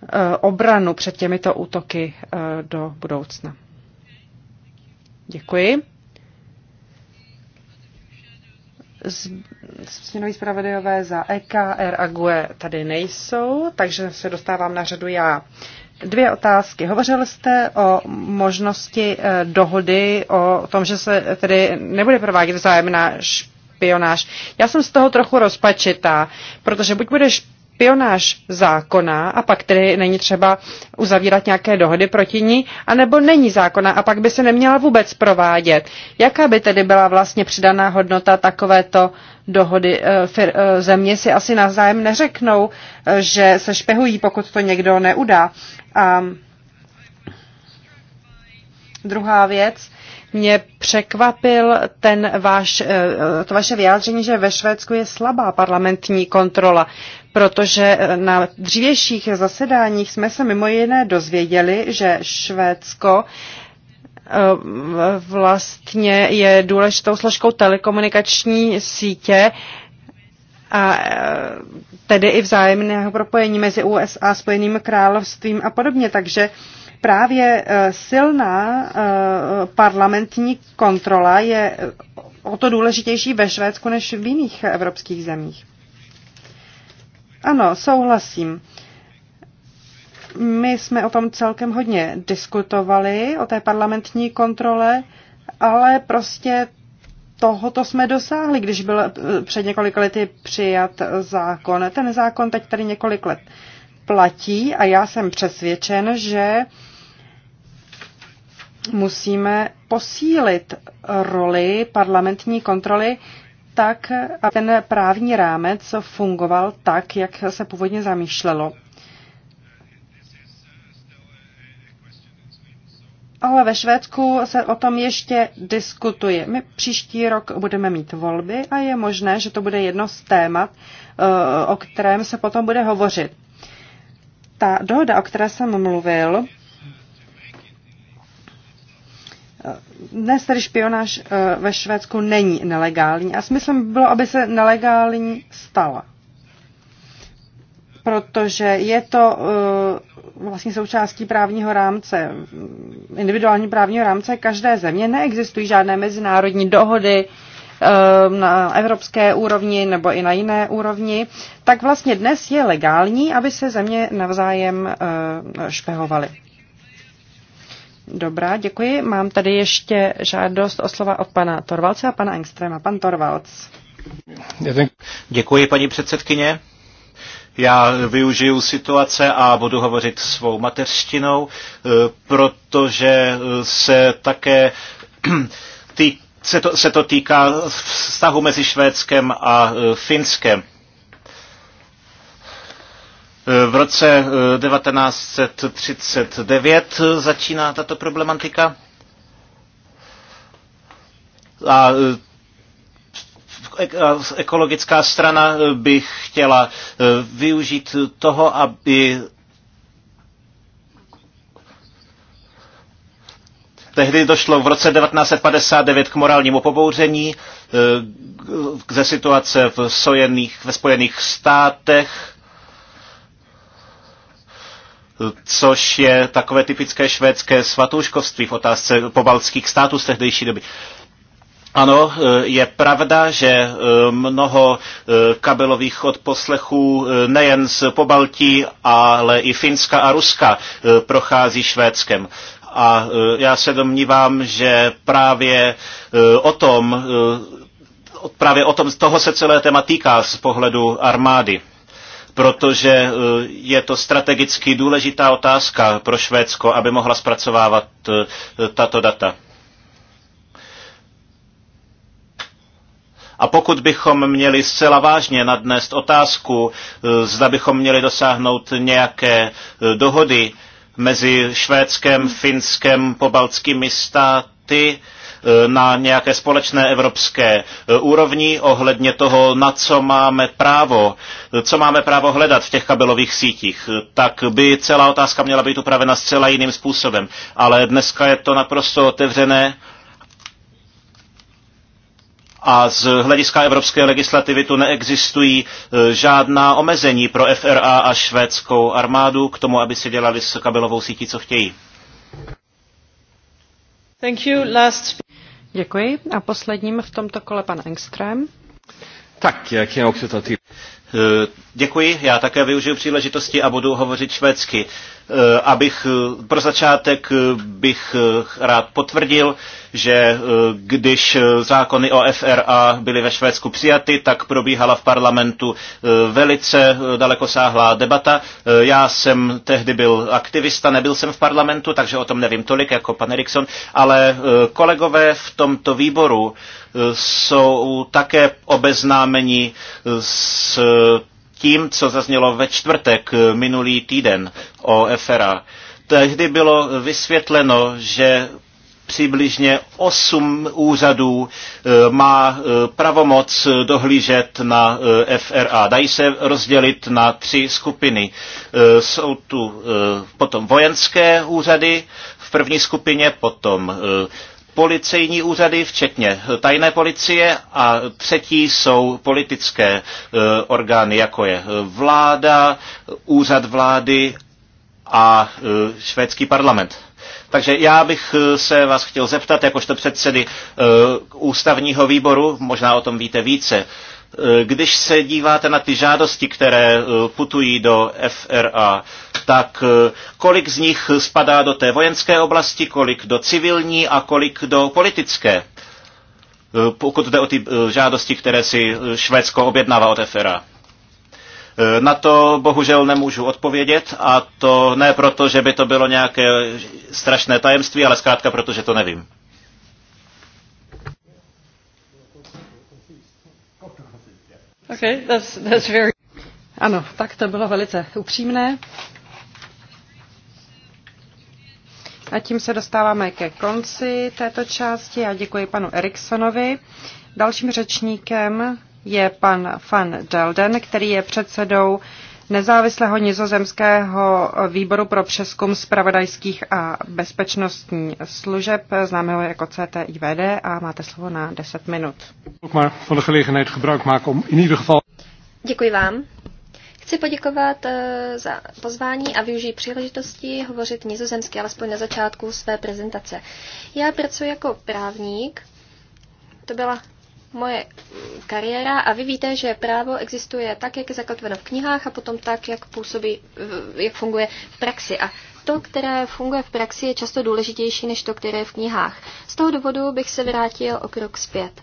eh, obranu před těmito útoky eh, do budoucna. Děkuji. Směnoví zpravodajové za EKR a GUE tady nejsou, takže se dostávám na řadu já. Dvě otázky. Hovořil jste o možnosti eh, dohody, o tom, že se tedy nebude provádět vzájemná špionáž. Já jsem z toho trochu rozpačitá, protože buď bude špionáž zákona a pak tedy není třeba uzavírat nějaké dohody proti ní, anebo není zákona a pak by se neměla vůbec provádět. Jaká by tedy byla vlastně přidaná hodnota takovéto dohody? Eh, eh, země si asi navzájem neřeknou, eh, že se špehují, pokud to někdo neudá. A druhá věc, mě překvapil ten váš, to vaše vyjádření, že ve Švédsku je slabá parlamentní kontrola protože eh, na dřívějších zasedáních jsme se mimo jiné dozvěděli, že Švédsko eh, vlastně je důležitou složkou telekomunikační sítě, a eh, tedy i vzájemného propojení mezi USA, Spojeným královstvím a podobně. Takže právě silná parlamentní kontrola je o to důležitější ve Švédsku než v jiných evropských zemích. Ano, souhlasím. My jsme o tom celkem hodně diskutovali, o té parlamentní kontrole, ale prostě tohoto jsme dosáhli, když byl eh, před několik lety přijat zákon. Ten zákon teď tady několik let platí a já jsem přesvědčen, že musíme posílit roli parlamentní kontroly tak, aby ten právní rámec fungoval tak, jak se původně zamýšlelo. Ale ve Švédsku se o tom ještě diskutuje. My příští rok budeme mít volby a je možné, že to bude jedno z témat, eh, o kterém se potom bude hovořit. Ta dohoda, o které jsem mluvil, Dnes tedy špionáž eh, ve Švédsku není nelegální a smyslem by bylo, aby se nelegální stala. Protože je to eh, vlastně součástí právního rámce, individuální právního rámce každé země. Neexistují žádné mezinárodní dohody, eh, na evropské úrovni nebo i na jiné úrovni, tak vlastně dnes je legální, aby se země navzájem špehovaly. Dobrá, děkuji. Mám tady ještě žádost o slova od pana Torvalce a pana Engstrema. Pan Torvalc. Děkuji, paní předsedkyně. Já využiju situace a budu hovořit svou mateřštinou, eh, protože eh, se také ty se, to, se to týká vztahu mezi Švédskem a eh, Finskem. V roce 1939 eh, začíná tato problematika. A eh, ekologická strana eh, by chtěla využít toho, aby Tehdy došlo v roce 1959 k morálnímu pobouření ze situace v, sojených, ve Spojených státech což je takové typické švédské svatouškovství v otázce pobaltských států z tehdejší doby. Ano, e, je pravda, že e, mnoho e, kabelových odposlechů nejen z Pobaltí, ale i Finska a Ruska prochází Švédskem. A já se domnívám, že právě o tom, právě o tom, toho se celé téma týká z pohledu armády protože eh, je to strategicky důležitá otázka pro Švédsko, aby mohla zpracovávat eh, tato data. A pokud bychom měli zcela vážně nadnést otázku, eh, zda bychom měli dosáhnout nějaké dohody mezi Švédskem, Finskem, pobaltskými státy, Eh, na nějaké společné evropské eh, úrovni ohledně toho, na co máme právo, eh, co máme právo hledat v těch kabelových sítích, tak by celá otázka měla být upravena zcela jiným způsobem. Ale dneska je to naprosto otevřené a z hlediska evropské legislativy tu neexistují žádná omezení pro FRA a švédskou armádu k tomu, aby si dělali s kabelovou sítí, co chtějí. Thank you. Last... Děkuji. A posledním v tomto kole pan Engström. Tak, jak je obsah Děkuji, já také využiju příležitosti a budu hovořit švédsky. E, abych e, pro začátek e, bych rád potvrdil, že když zákony o FRA byly ve Švédsku přijaty, tak probíhala v parlamentu velice dalekosáhlá debata. Já jsem tehdy byl aktivista, nebyl jsem v parlamentu, takže o tom nevím tolik jako pan Erikson, ale kolegové v tomto výboru jsou také obeznámeni s tím, co zaznělo ve čtvrtek eh, minulý týden o FRA. Tehdy bylo vysvětleno, že přibližně osm úřadů eh, má eh, pravomoc dohlížet na FRA. Dají se rozdělit na tři skupiny. Jsou tu potom vojenské úřady v první skupině, potom policejní úřady, včetně eh, tajné policie, a třetí jsou politické eh, orgány, jako je eh, vláda, úřad vlády a švédský parlament. Takže já bych se vás chtěl zeptat, jakožto předsedy ústavního výboru, možná o tom víte více, Eh, když se díváte na ty žádosti, které eh, putují do FRA, tak eh, kolik z nich spadá do té vojenské oblasti, kolik do civilní a kolik do politické? Pokud jde o ty žádosti, které si Švédsko objednává od FRA. Na to bohužel nemůžu odpovědět a to ne proto, že by to bylo nějaké strašné tajemství, ale zkrátka proto, že to nevím. Okay, that's, that's very... Ano, tak to bylo velice upřímné. A tím se dostáváme ke konci této části. Já děkuji panu Eriksonovi. Dalším řečníkem je pan Van Delden, který je předsedou nezávislého nizozemského výboru pro přeskum zpravodajských a bezpečnostní služeb, známého jako CTIVD a máte slovo na 10 minut. Děkuji vám. Chci poděkovat eh, za pozvání a využít příležitosti hovořit nizozemsky, alespoň na začátku své prezentace. Já pracuji jako právník, to byla moje kariéra a vy víte, že právo existuje tak, jak je zakotveno v knihách a potom tak, jak působí, jak funguje v praxi. A to, které funguje v praxi, je často důležitější než to, které je v knihách. Z toho důvodu bych se vrátil o krok zpět.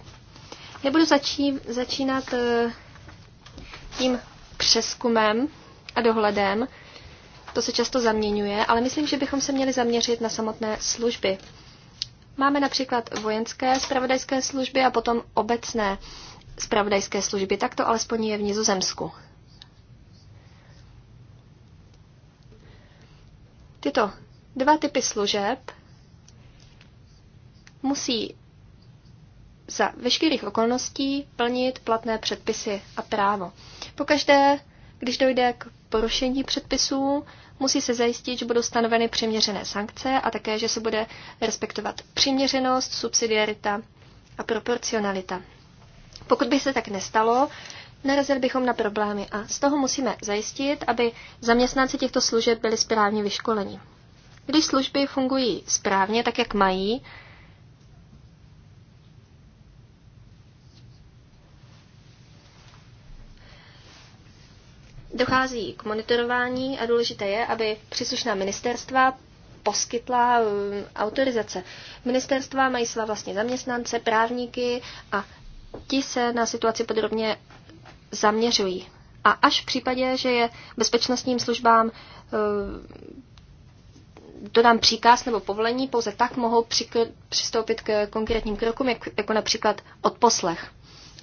Nebudu začí, začínat eh, tím přeskumem a dohledem, to se často zaměňuje, ale myslím, že bychom se měli zaměřit na samotné služby. Máme například vojenské spravodajské služby a potom obecné spravodajské služby. Tak to alespoň je v Nizozemsku. Tyto dva typy služeb musí za veškerých okolností plnit platné předpisy a právo. Pokaždé, když dojde k porušení předpisů, Musí se zajistit, že budou stanoveny přiměřené sankce a také, že se bude respektovat přiměřenost, subsidiarita a proporcionalita. Pokud by se tak nestalo, narazili bychom na problémy a z toho musíme zajistit, aby zaměstnanci těchto služeb byli správně vyškoleni. Když služby fungují správně, tak jak mají, Dochází k monitorování a důležité je, aby příslušná ministerstva poskytla eh, autorizace. Ministerstva mají své vlastně zaměstnance, právníky a ti se na situaci podrobně zaměřují. A až v případě, že je bezpečnostním službám eh, dodám příkaz nebo povolení, pouze tak mohou přistoupit k konkrétním krokům, jak, jako například odposlech.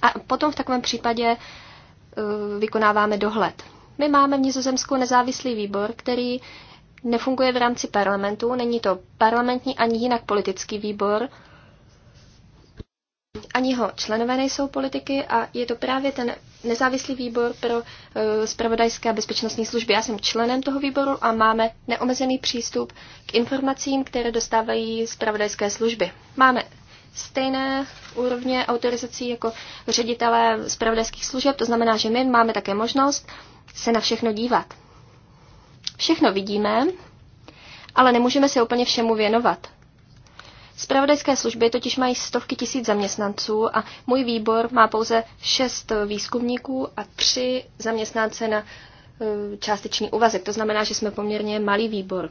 A potom v takovém případě eh, vykonáváme dohled. My máme v Nizozemsku nezávislý výbor, který nefunguje v rámci parlamentu, není to parlamentní ani jinak politický výbor, ani jeho členové nejsou politiky a je to právě ten nezávislý výbor pro uh, eh, spravodajské a bezpečnostní služby. Já jsem členem toho výboru a máme neomezený přístup k informacím, které dostávají spravodajské služby. Máme stejné úrovně autorizací jako ředitelé spravodajských služeb, to znamená, že my máme také možnost uh, se na všechno dívat. Všechno vidíme, ale nemůžeme se úplně všemu věnovat. Spravodajské služby totiž mají stovky tisíc zaměstnanců a můj výbor má pouze šest výzkumníků a tři zaměstnance na e, částečný úvazek. To znamená, že jsme poměrně malý výbor.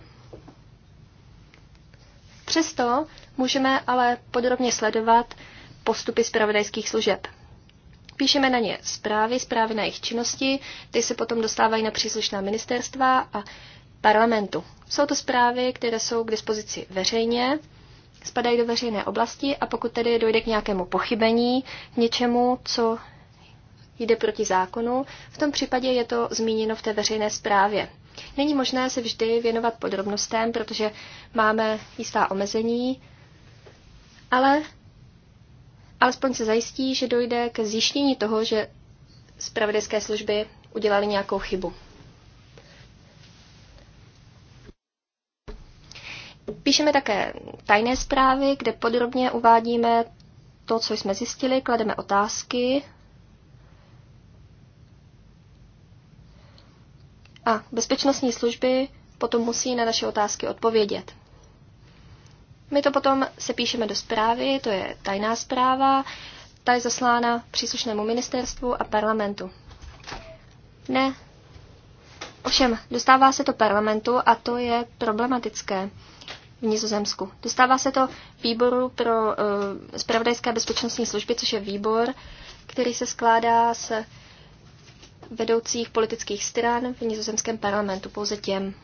Přesto můžeme ale podrobně sledovat postupy spravodajských služeb. Píšeme na ně zprávy, zprávy na jejich činnosti, ty se potom dostávají na příslušná ministerstva a parlamentu. Jsou to zprávy, které jsou k dispozici veřejně, spadají do veřejné oblasti a pokud tedy dojde k nějakému pochybení, něčemu, co jde proti zákonu, v tom případě je to zmíněno v té veřejné zprávě. Není možné se vždy věnovat podrobnostem, protože máme jistá omezení, ale alespoň se zajistí, že dojde ke zjištění toho, že zpravodajské služby udělali nějakou chybu. Píšeme také tajné zprávy, kde podrobně uvádíme to, co jsme zjistili, klademe otázky. A bezpečnostní služby potom musí na naše otázky odpovědět. My to potom se píšeme do zprávy, to je tajná zpráva, ta je zaslána příslušnému ministerstvu a parlamentu. Ne. Ovšem, dostává se to parlamentu a to je problematické v Nizozemsku. Dostává se to výboru pro uh, eh, spravodajské bezpečnostní služby, což je výbor, který se skládá z vedoucích politických stran v nizozemském parlamentu, pouze těm.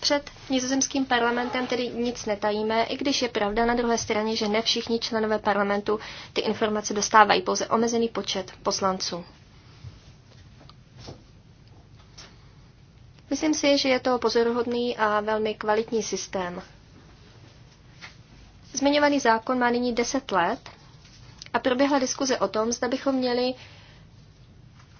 Před nizozemským parlamentem tedy nic netajíme, i když je pravda na druhé straně, že ne všichni členové parlamentu ty informace dostávají pouze omezený počet poslanců. Myslím si, že je to pozoruhodný a velmi kvalitní systém. Zmiňovaný zákon má nyní 10 let a proběhla diskuze o tom, zda bychom měli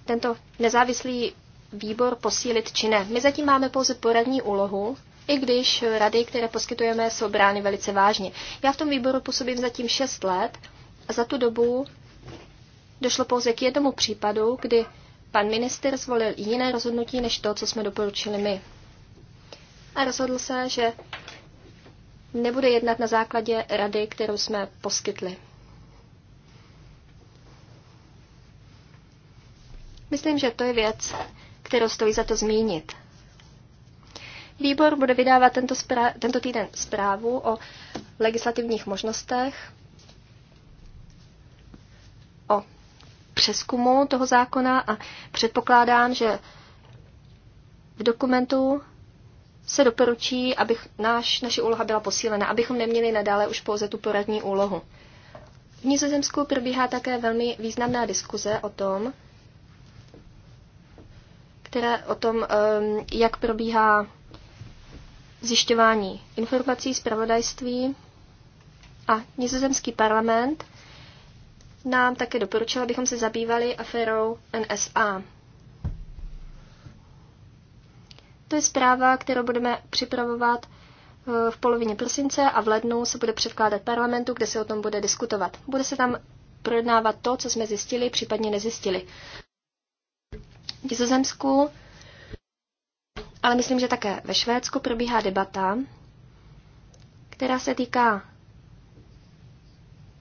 tento nezávislý výbor posílit či ne. My zatím máme pouze poradní úlohu, i když rady, které poskytujeme, jsou brány velice vážně. Já v tom výboru působím zatím 6 let a za tu dobu došlo pouze k jednomu případu, kdy pan minister zvolil jiné rozhodnutí než to, co jsme doporučili my. A rozhodl se, že nebude jednat na základě rady, kterou jsme poskytli. Myslím, že to je věc, kterou stojí za to zmínit. Výbor bude vydávat tento, zpráv, tento týden zprávu o legislativních možnostech, o přeskumu toho zákona a předpokládám, že v dokumentu se doporučí, aby náš, naše úloha byla posílena, abychom neměli nadále už pouze tu poradní úlohu. V Nizozemsku probíhá také velmi významná diskuze o tom, které o tom, ehm, jak probíhá zjišťování informací, zpravodajství a nizozemský parlament nám také doporučil, abychom se zabývali aférou NSA. To je zpráva, kterou budeme připravovat eh, v polovině prosince a v lednu se bude předkládat parlamentu, kde se o tom bude diskutovat. Bude se tam projednávat to, co jsme zjistili, případně nezjistili. Nizozemsku, ale myslím, že také ve Švédsku probíhá debata, která se týká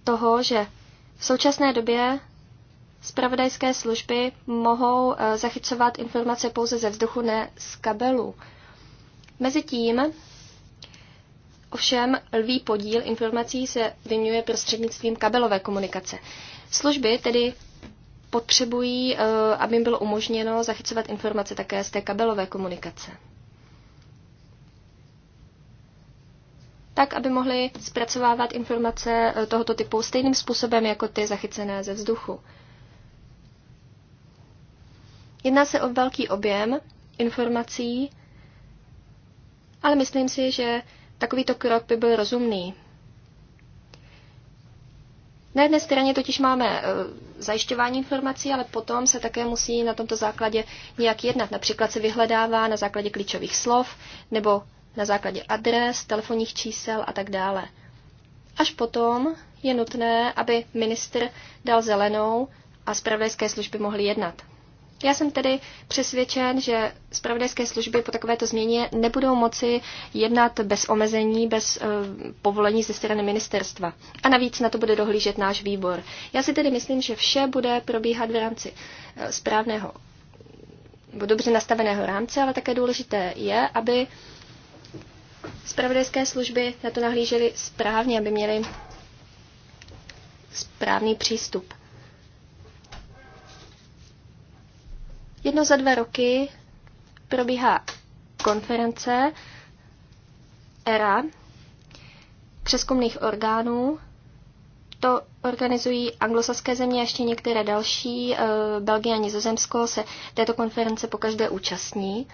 toho, že v současné době zpravodajské služby mohou eh, zachycovat informace pouze ze vzduchu, ne z kabelu. Mezitím ovšem lví podíl informací se vyměňuje prostřednictvím kabelové komunikace. Služby tedy potřebují, eh, aby jim bylo umožněno zachycovat informace také z té kabelové komunikace. tak, aby mohli zpracovávat informace eh, tohoto typu stejným způsobem jako ty zachycené ze vzduchu. Jedná se o velký objem informací, ale myslím si, že takovýto krok by byl rozumný. Na jedné straně totiž máme eh, zajišťování informací, ale potom se také musí na tomto základě nějak jednat. Například se vyhledává na základě klíčových slov nebo na základě adres, telefonních čísel a tak dále. Až potom je nutné, aby ministr dal zelenou a zpravodajské služby mohly jednat. Já jsem tedy přesvědčen, že zpravodajské služby po takovéto změně nebudou moci jednat bez omezení, bez e, povolení ze strany ministerstva. A navíc na to bude dohlížet náš výbor. Já si tedy myslím, že vše bude probíhat v rámci e, správného dobře nastaveného rámce, ale také důležité je, aby zpravodajské služby na to nahlížely správně, aby měly správný přístup. Jedno za dva roky probíhá konference ERA přeskumných orgánů. To organizují anglosaské země a ještě některé další. Eh, Belgie a Nizozemsko se této konference pokaždé účastní.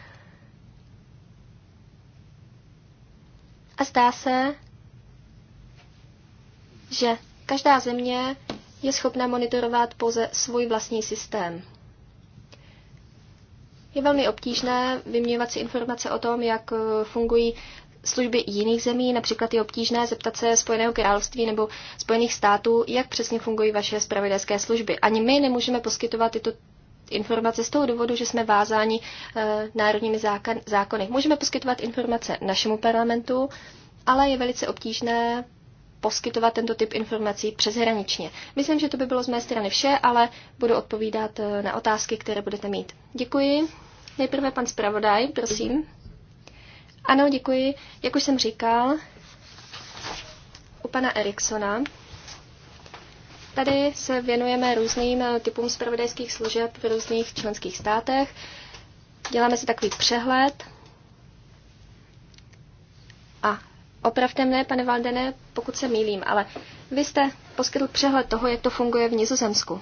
A zdá se, že každá země je schopná monitorovat pouze svůj vlastní systém. Je velmi obtížné vyměňovat si informace o tom, jak eh, fungují služby jiných zemí, například je obtížné zeptat se Spojeného království nebo Spojených států, jak přesně fungují vaše spravedlské služby. Ani my nemůžeme poskytovat tyto informace z toho důvodu, že jsme vázáni e, národními zákon, zákony. Můžeme poskytovat informace našemu parlamentu, ale je velice obtížné poskytovat tento typ informací přeshraničně. Myslím, že to by bylo z mé strany vše, ale budu odpovídat eh, na otázky, které budete mít. Děkuji. Nejprve pan zpravodaj, prosím. Ano, děkuji. Jak už jsem říkal, u pana Eriksona. Tady se věnujeme různým typům zpravodajských služeb v různých členských státech. Děláme si takový přehled. A opravdu ne, pane Valdene, pokud se mýlím, ale vy jste poskytl přehled toho, jak to funguje v Nizozemsku.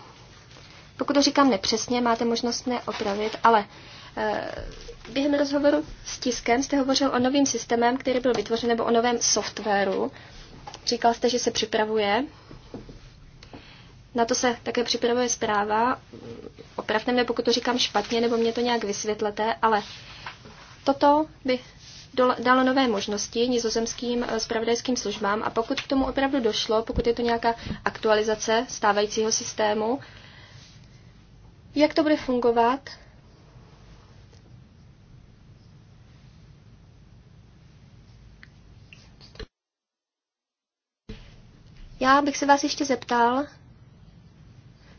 Pokud to říkám nepřesně, máte možnost mě opravit, ale Eh, během rozhovoru s tiskem jste hovořil o novým systémem, který byl vytvořen, nebo o novém softwaru. Říkal jste, že se připravuje. Na to se také připravuje zpráva. Opravte mě, pokud to říkám špatně, nebo mě to nějak vysvětlete, ale toto by dalo nové možnosti nizozemským spravodajským eh, službám a pokud k tomu opravdu došlo, pokud je to nějaká aktualizace stávajícího systému, jak to bude fungovat Já bych se vás ještě zeptal,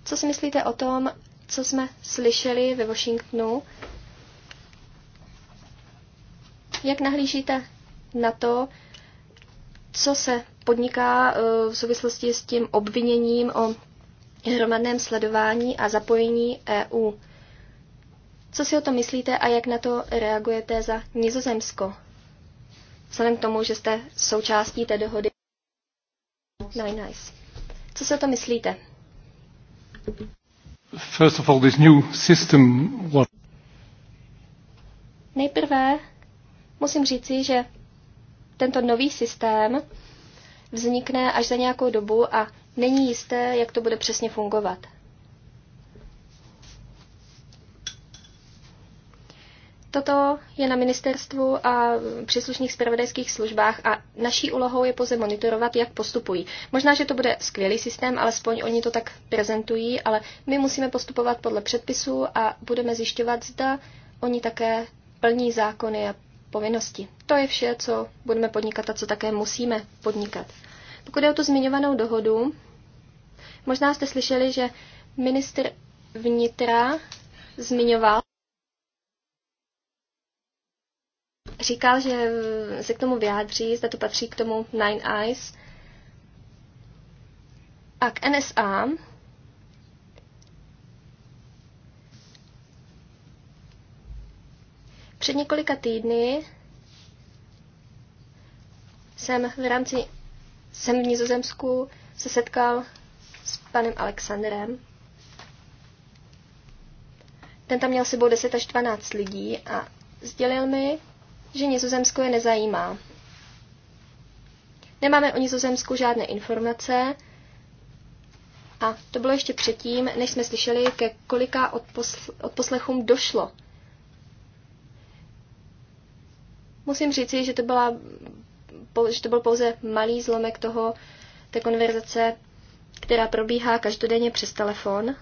co si myslíte o tom, co jsme slyšeli ve Washingtonu? Jak nahlížíte na to, co se podniká eh, v souvislosti s tím obviněním o hromadném sledování a zapojení EU? Co si o to myslíte a jak na to reagujete za Nizozemsko? Vzhledem k tomu, že jste součástí té dohody. Nine Eyes. Co si o to myslíte? First of all, this new system was... Nejprve musím říci, že tento nový systém vznikne až za nějakou dobu a není jisté, jak to bude přesně fungovat. Toto je na ministerstvu a příslušných zpravodajských službách a naší úlohou je pouze monitorovat, jak postupují. Možná, že to bude skvělý systém, alespoň oni to tak prezentují, ale my musíme postupovat podle předpisů a budeme zjišťovat, zda oni také plní zákony a povinnosti. To je vše, co budeme podnikat a co také musíme podnikat. Pokud je o tu zmiňovanou dohodu, možná jste slyšeli, že minister vnitra zmiňoval, říkal, že mm, se k tomu vyjádří, zda to patří k tomu Nine Eyes. A k NSA Před několika týdny jsem v rámci, jsem v Nizozemsku se setkal s panem Alexandrem. Ten tam měl sebou 10 až 12 lidí a sdělil mi, že Nizozemsko je nezajímá. Nemáme o Nizozemsku žádné informace a to bylo ještě předtím, než jsme slyšeli, ke kolika odposlechům došlo. Musím říci, že to, byla, že to byl pouze malý zlomek toho, té konverzace, která probíhá každodenně přes telefon.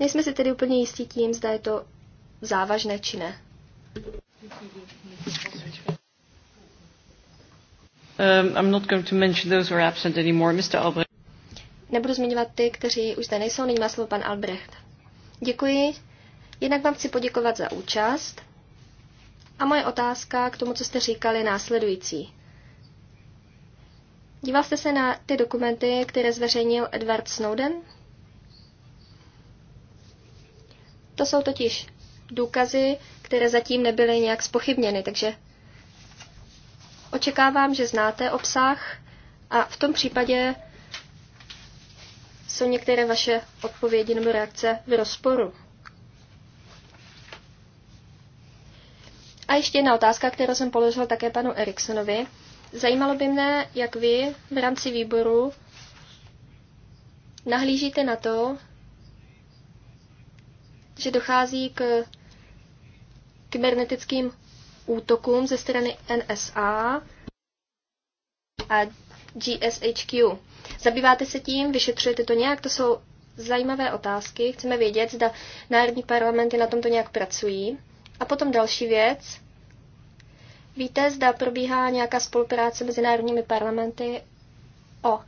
Nejsme si tedy úplně jistí tím, zda je to závažné či ne. Um, I'm not going to mention those who are absent anymore. Mr. Albrecht. Nebudu zmiňovat ty, kteří už zde nejsou, nyní má slovo pan Albrecht. Děkuji. Jednak vám chci poděkovat za účast. A moje otázka k tomu, co jste říkali, následující. Díval jste se na ty dokumenty, které zveřejnil Edward Snowden? To jsou totiž důkazy, které zatím nebyly nějak spochybněny, takže očekávám, že znáte obsah a v tom případě jsou některé vaše odpovědi nebo reakce v rozporu. A ještě jedna otázka, kterou jsem položil také panu Eriksonovi. Zajímalo by mne, jak vy v rámci výboru nahlížíte na to, že dochází k kybernetickým útokům ze strany NSA a GSHQ. Zabýváte se tím, vyšetřujete to nějak, to jsou zajímavé otázky. Chceme vědět, zda národní parlamenty na tomto nějak pracují. A potom další věc. Víte, zda probíhá nějaká spolupráce mezi národními parlamenty o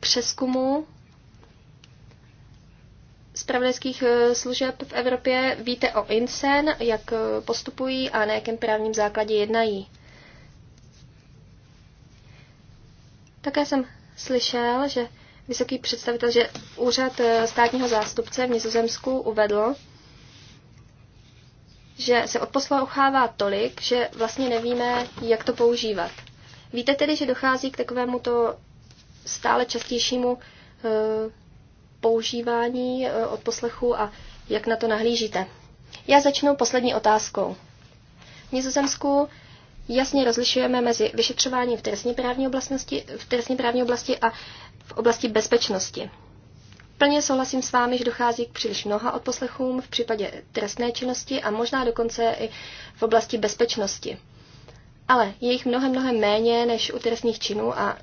přeskumu spravodajských eh, služeb v Evropě. Víte o INSEN, jak eh, postupují a na jakém právním základě jednají. Také jsem slyšel, že vysoký představitel, že úřad eh, státního zástupce v Nizozemsku uvedl, že se odposlouchává tolik, že vlastně nevíme, jak to používat. Víte tedy, že dochází k takovému to stále častějšímu používání eh, od poslechu a jak na to nahlížíte. Já začnu poslední otázkou. V Nizozemsku jasně rozlišujeme mezi vyšetřováním v trestní právní oblasti, v trestní právní oblasti a v oblasti bezpečnosti. Plně souhlasím s vámi, že dochází k příliš mnoha odposlechům v případě trestné činnosti a možná dokonce i v oblasti bezpečnosti. Ale je jich mnohem, mnohem méně než u trestných činů a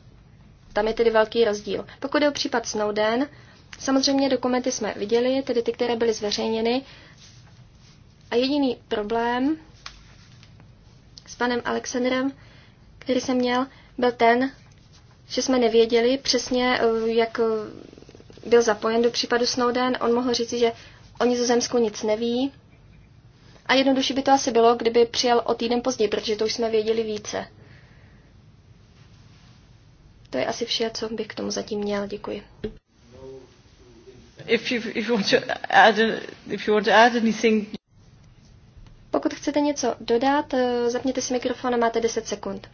tam je tedy velký rozdíl. Pokud je o případ Snowden, Samozřejmě dokumenty jsme viděli, tedy ty, které byly zveřejněny. A jediný problém s panem Alexandrem, který jsem měl, byl ten, že jsme nevěděli přesně, eh, jak eh, byl zapojen do případu Snowden. On mohl říct, že o Nizozemsku nic neví. A jednodušší by to asi bylo, kdyby přijel o týden později, protože to už jsme věděli více. To je asi vše, co bych k tomu zatím měl. Děkuji. Pokud chcete něco dodat, eh, zapněte si mikrofon a máte 10 sekund.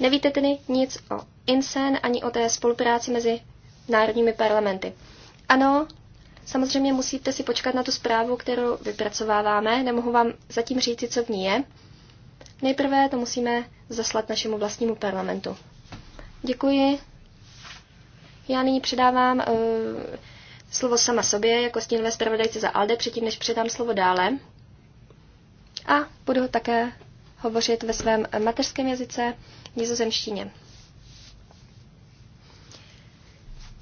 Nevíte tedy nic o INSEN ani o té spolupráci mezi národními parlamenty. Ano, samozřejmě musíte si počkat na tu zprávu, kterou vypracováváme. Nemohu vám zatím říci, co v ní je. Nejprve to musíme zaslat našemu vlastnímu parlamentu. Děkuji. Já nyní předávám uh, slovo sama sobě jako stínové zpravodajce za ALDE předtím, než předám slovo dále. A budu také hovořit ve svém mateřském jazyce nizozemštině.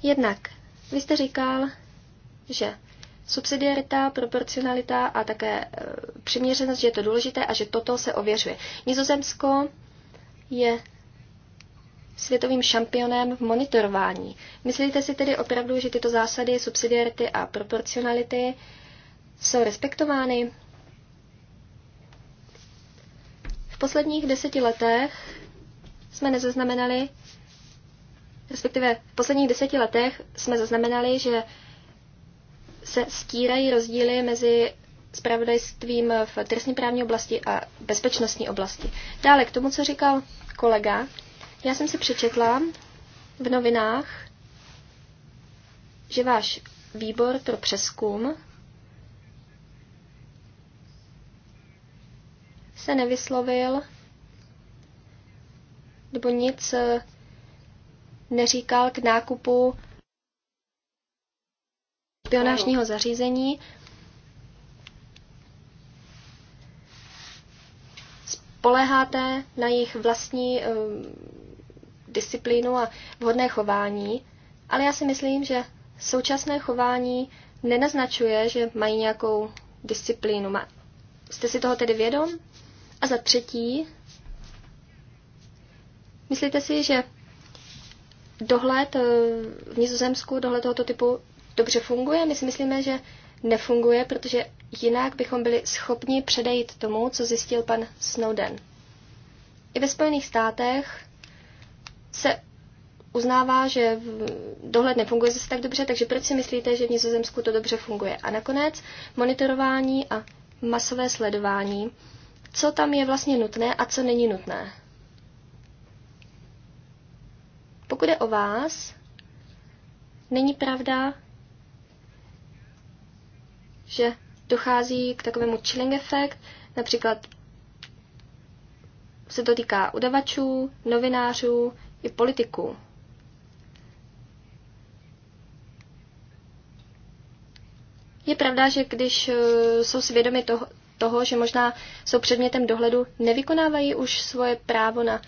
Jednak, vy jste říkal, že subsidiarita, proporcionalita a také e, přiměřenost, že je to důležité a že toto se ověřuje. Nizozemsko je světovým šampionem v monitorování. Myslíte si tedy opravdu, že tyto zásady subsidiarity a proporcionality jsou respektovány? V posledních deseti letech jsme nezaznamenali, respektive v posledních deseti letech jsme zaznamenali, že se stírají rozdíly mezi spravodajstvím v trestní právní oblasti a bezpečnostní oblasti. Dále k tomu, co říkal kolega, já jsem si přečetla v novinách, že váš výbor pro přeskum se nevyslovil nebo nic eh, neříkal k nákupu špionážního zařízení. Spoleháte na jejich vlastní eh, disciplínu a vhodné chování, ale já si myslím, že současné chování nenaznačuje, že mají nějakou disciplínu. Jste si toho tedy vědom? A za třetí, myslíte si, že dohled eh, v Nizozemsku, dohled tohoto typu dobře funguje? My si myslíme, že nefunguje, protože jinak bychom byli schopni předejít tomu, co zjistil pan Snowden. I ve Spojených státech se uznává, že dohled nefunguje zase tak dobře, takže proč si myslíte, že v Nizozemsku to dobře funguje? A nakonec monitorování a masové sledování. Co tam je vlastně nutné a co není nutné? Pokud je o vás, není pravda, že dochází k takovému chilling effect, například se to týká udavačů, novinářů, i politiků. Je pravda, že když eh, jsou vědomi toho, toho, že možná jsou předmětem dohledu, nevykonávají už svoje právo na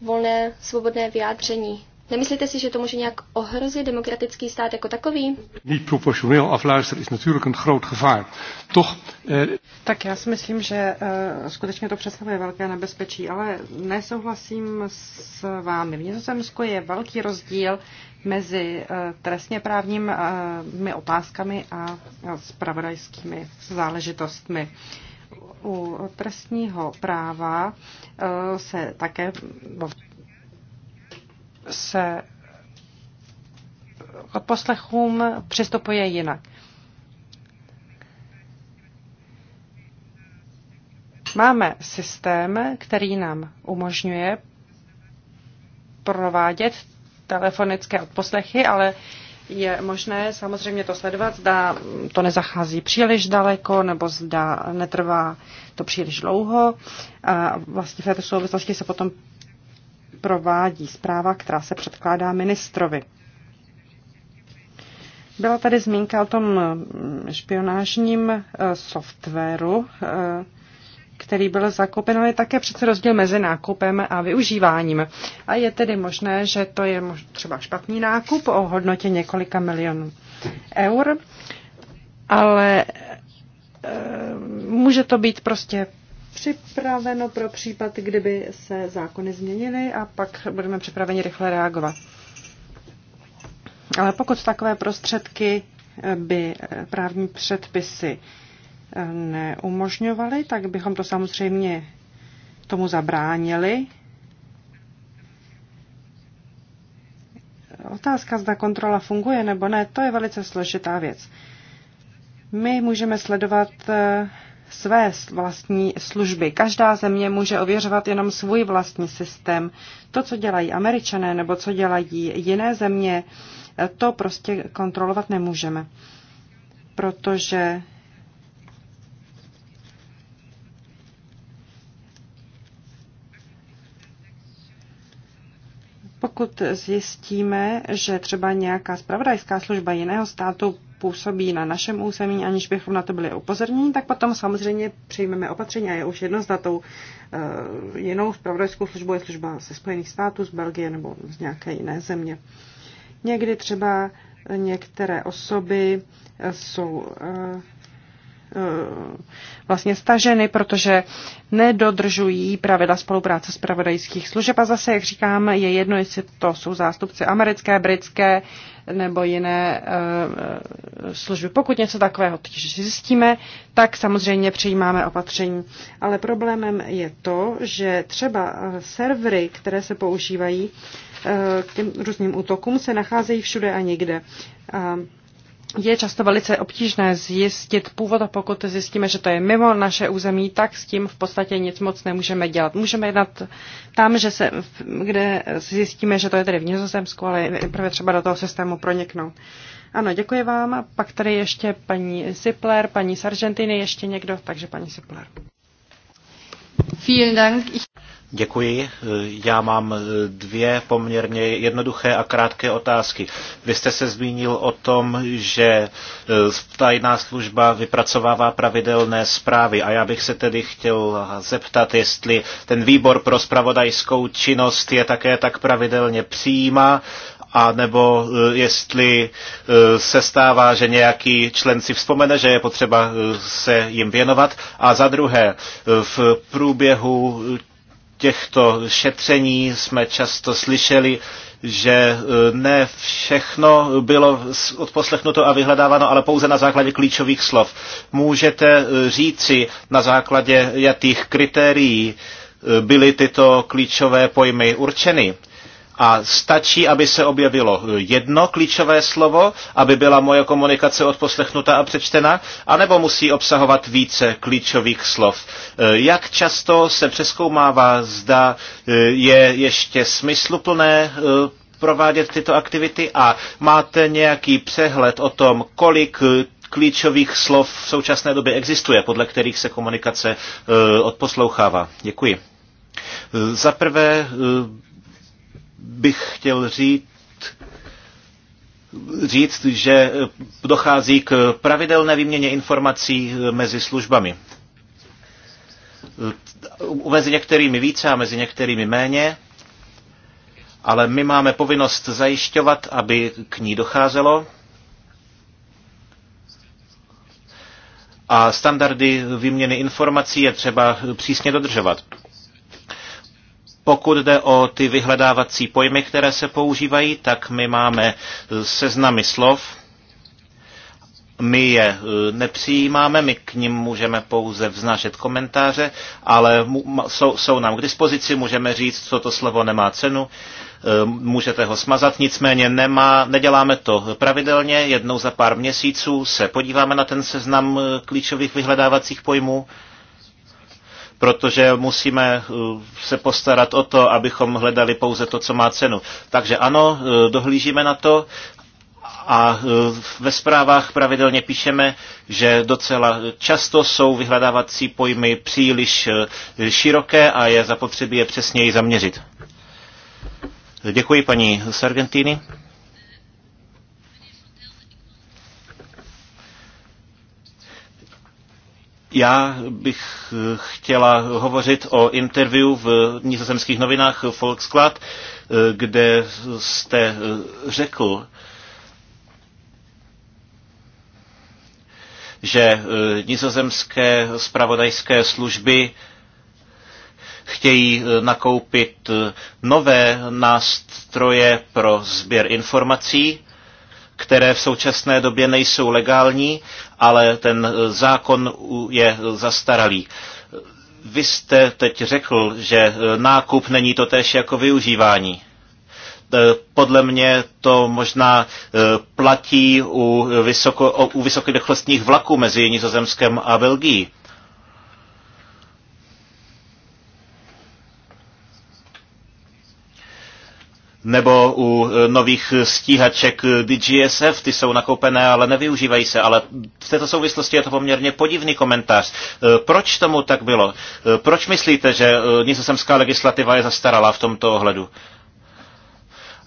volné, svobodné vyjádření. Nemyslíte si, že to může nějak ohrozit demokratický stát jako takový? Niet proportioneel afluisteren is natuurlijk een groot gevaar. Toch, eh, Tak já si myslím, že uh, skutečně to představuje velké nebezpečí, ale nesouhlasím s vámi. V Nizozemsku je velký rozdíl mezi uh, trestně právními otázkami a spravodajskými záležitostmi. U trestního práva se také se k poslechům přistupuje jinak. Máme systém, který nám umožňuje provádět telefonické odposlechy, ale je možné samozřejmě to sledovat, zda to nezachází příliš daleko nebo zda netrvá to příliš dlouho. A vlastně v této souvislosti se potom provádí zpráva, která se předkládá ministrovi. Byla tady zmínka o tom špionážním eh, softwaru, eh, který byl zakoupen, ale je také přece rozdíl mezi nákupem a využíváním. A je tedy možné, že to je třeba špatný nákup o hodnotě několika milionů eur, ale eh, může to být prostě připraveno pro případ, kdyby se zákony změnily a pak budeme připraveni rychle reagovat. Ale pokud takové prostředky by právní předpisy neumožňovaly, tak bychom to samozřejmě tomu zabránili. Otázka, zda kontrola funguje nebo ne, to je velice složitá věc. My můžeme sledovat své vlastní služby. Každá země může ověřovat jenom svůj vlastní systém. To, co dělají američané nebo co dělají jiné země, to prostě kontrolovat nemůžeme. Protože pokud zjistíme, že třeba nějaká spravodajská služba jiného státu působí na našem území, aniž bychom na to byli upozorněni, tak potom samozřejmě přijmeme opatření a je už jedno, zda tou uh, eh, jinou spravodajskou službou je služba ze Spojených států, z Belgie nebo z nějaké jiné země. Někdy třeba některé osoby jsou uh, Eh, vlastně staženy, protože nedodržují pravidla spolupráce s pravodajských služeb. A zase, jak říkám, je jedno, jestli to jsou zástupci americké, britské nebo jiné eh, služby. Pokud něco takového totiž zjistíme, tak samozřejmě přijímáme opatření. Ale problémem je to, že třeba servery, které se používají eh, k těm různým útokům, se nacházejí všude a někde. Uh, je často velice obtížné zjistit původ a pokud zjistíme, že to je mimo naše území, tak s tím v podstatě nic moc nemůžeme dělat. Můžeme jednat tam, že se, kde zjistíme, že to je tedy v Nizozemsku, ale nejprve třeba do toho systému proniknout. Ano, děkuji vám. Pak tady ještě paní Sipler, paní Sargentiny, ještě někdo, takže paní Sipler. Děkuji. Já mám eh, dvě poměrně jednoduché a krátké otázky. Vy jste se zmínil o tom, že eh, tajná služba vypracovává pravidelné zprávy a já bych se tedy chtěl zeptat, jestli ten výbor pro spravodajskou činnost je také tak pravidelně přijímá a nebo eh, jestli eh, se stává, že nějaký člen si vzpomene, že je potřeba eh, se jim věnovat. A za druhé, v průběhu těchto šetření jsme často slyšeli, že ne všechno bylo odposlechnuto a vyhledáváno, ale pouze na základě klíčových slov. Můžete říci, na základě jakých kritérií byly tyto klíčové pojmy určeny a stačí, aby se objevilo jedno klíčové slovo, aby byla moje komunikace odposlechnuta a přečtena, anebo musí obsahovat více klíčových slov. E, jak často se přeskoumává, zda e, je ještě smysluplné e, provádět tyto aktivity a máte nějaký přehled o tom, kolik klíčových slov v současné době existuje, podle kterých se komunikace odposlouchává. Děkuji. Za prvé bych chtěl říct, říct, že dochází k pravidelné výměně informací mezi službami. Mezi některými více a mezi některými méně, ale my máme povinnost zajišťovat, aby k ní docházelo. A standardy výměny informací je třeba přísně dodržovat. Pokud jde o ty vyhledávací pojmy, které se používají, tak my máme e, seznamy slov, my je e, nepřijímáme, my k ním můžeme pouze vznášet komentáře, ale jsou, jsou nám k dispozici, můžeme říct, co to slovo nemá cenu, e, můžete ho smazat, nicméně nemá, neděláme to pravidelně, jednou za pár měsíců se podíváme na ten seznam klíčových vyhledávacích pojmů protože musíme eh, se postarat o to, abychom hledali pouze to, co má cenu. Takže ano, eh, dohlížíme na to a eh, ve zprávách pravidelně píšeme, že docela často jsou vyhledávací pojmy příliš široké a je zapotřebí je přesněji zaměřit. Děkuji paní Sargentini. Já bych eh, chtěla hovořit o interview v nizozemských novinách Volksklad, eh, kde jste eh, řekl, že nizozemské spravodajské služby chtějí nakoupit nové nástroje pro sběr informací, které v současné době nejsou legální ale ten eh, zákon je zastaralý. Vy jste teď řekl, že eh, nákup není to tež jako využívání eh, podle mě to možná platí u, vysoko, u vysokorychlostních vlaků mezi Nizozemskem a Belgií. nebo u e, nových stíhaček DGSF, ty jsou nakoupené, ale nevyužívají se. Ale v této souvislosti je to poměrně podivný komentář. E, proč tomu tak bylo? E, proč myslíte, že nizozemská legislativa je zastaralá v tomto ohledu?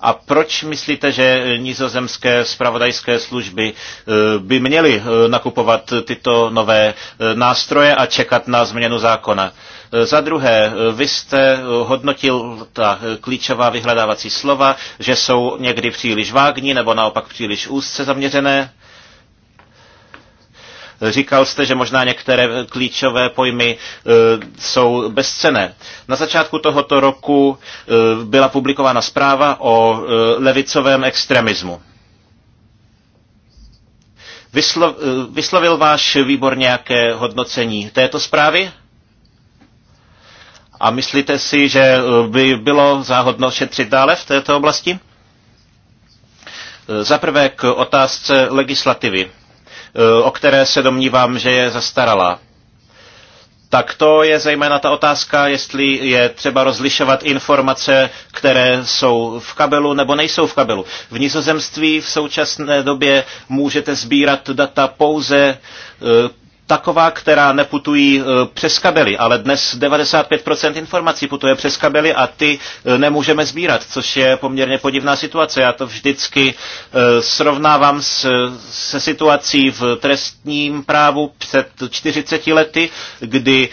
A proč myslíte, že nizozemské spravodajské služby by měly nakupovat tyto nové nástroje a čekat na změnu zákona? Eh, za druhé, eh, vy jste eh, hodnotil ta klíčová vyhledávací slova, že jsou někdy příliš vágní nebo naopak příliš úzce zaměřené. Říkal jste, že možná některé klíčové pojmy jsou bezcené. Na začátku tohoto roku byla publikována zpráva o levicovém extremismu. Vyslo, vyslovil váš výbor nějaké hodnocení této zprávy? A myslíte si, že eh, by bylo záhodno šetřit dále v této oblasti? Eh, Zaprvé k otázce legislativy, eh, o které se domnívám, že je zastaralá. Tak to je zejména ta otázka, jestli je třeba rozlišovat informace, které jsou v kabelu nebo nejsou v kabelu. V nizozemství v současné době můžete sbírat data pouze taková, která neputují e, přes kabely, ale dnes 95% informací putuje přes kabely a ty e, nemůžeme sbírat, což je poměrně podivná situace. Já to vždycky e, srovnávám s, se situací v trestním právu před 40 lety, kdy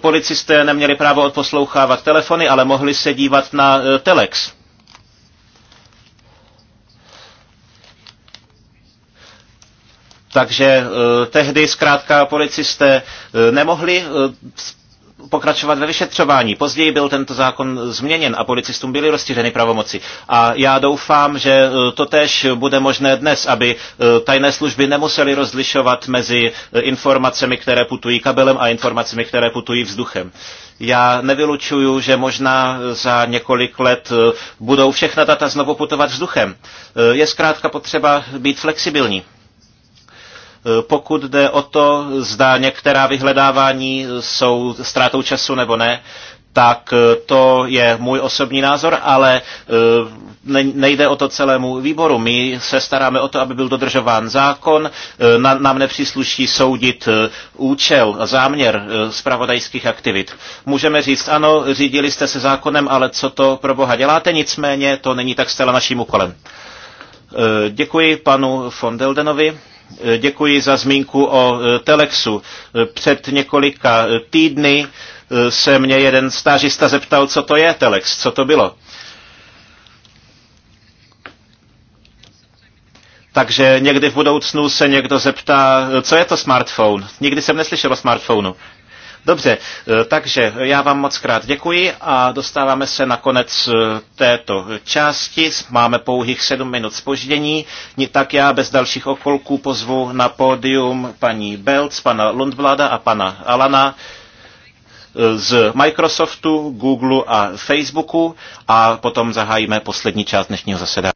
policisté neměli právo odposlouchávat telefony, ale mohli se dívat na telex. Takže eh, tehdy zkrátka policisté eh, nemohli eh, pokračovat ve vyšetřování. Později byl tento zákon změněn a policistům byly rozšířeny pravomoci. A já doufám, že to tež bude možné dnes, aby tajné služby nemusely rozlišovat mezi informacemi, které putují kabelem a informacemi, které putují vzduchem. Já nevylučuju, že možná za několik let budou všechna data znovu putovat vzduchem. Je zkrátka potřeba být flexibilní. Eh, pokud jde o to, zda některá vyhledávání jsou ztrátou času nebo ne, tak eh, to je můj osobní názor, ale eh, nejde o to celému výboru. My se staráme o to, aby byl dodržován zákon, nám nepřísluší soudit účel, záměr spravodajských aktivit. Můžeme říct, ano, řídili jste se zákonem, ale co to pro boha děláte, nicméně to není tak zcela naším úkolem. Eh, děkuji panu von Deldenovi. Eh, děkuji za zmínku o eh, Telexu. Před několika týdny se mě jeden stážista zeptal, co to je Telex, co to bylo. Takže někdy v budoucnu se někdo zeptá, co je to smartphone. Nikdy jsem neslyšel o smartphonu. Dobře, eh, takže já vám moc krát děkuji a dostáváme se na konec eh, této části. Máme pouhých sedm minut spoždění, tak já bez dalších okolků pozvu na pódium paní Belc, pana Lundblada a pana Alana eh, z Microsoftu, Google a Facebooku a potom zahájíme poslední část dnešního zasedání.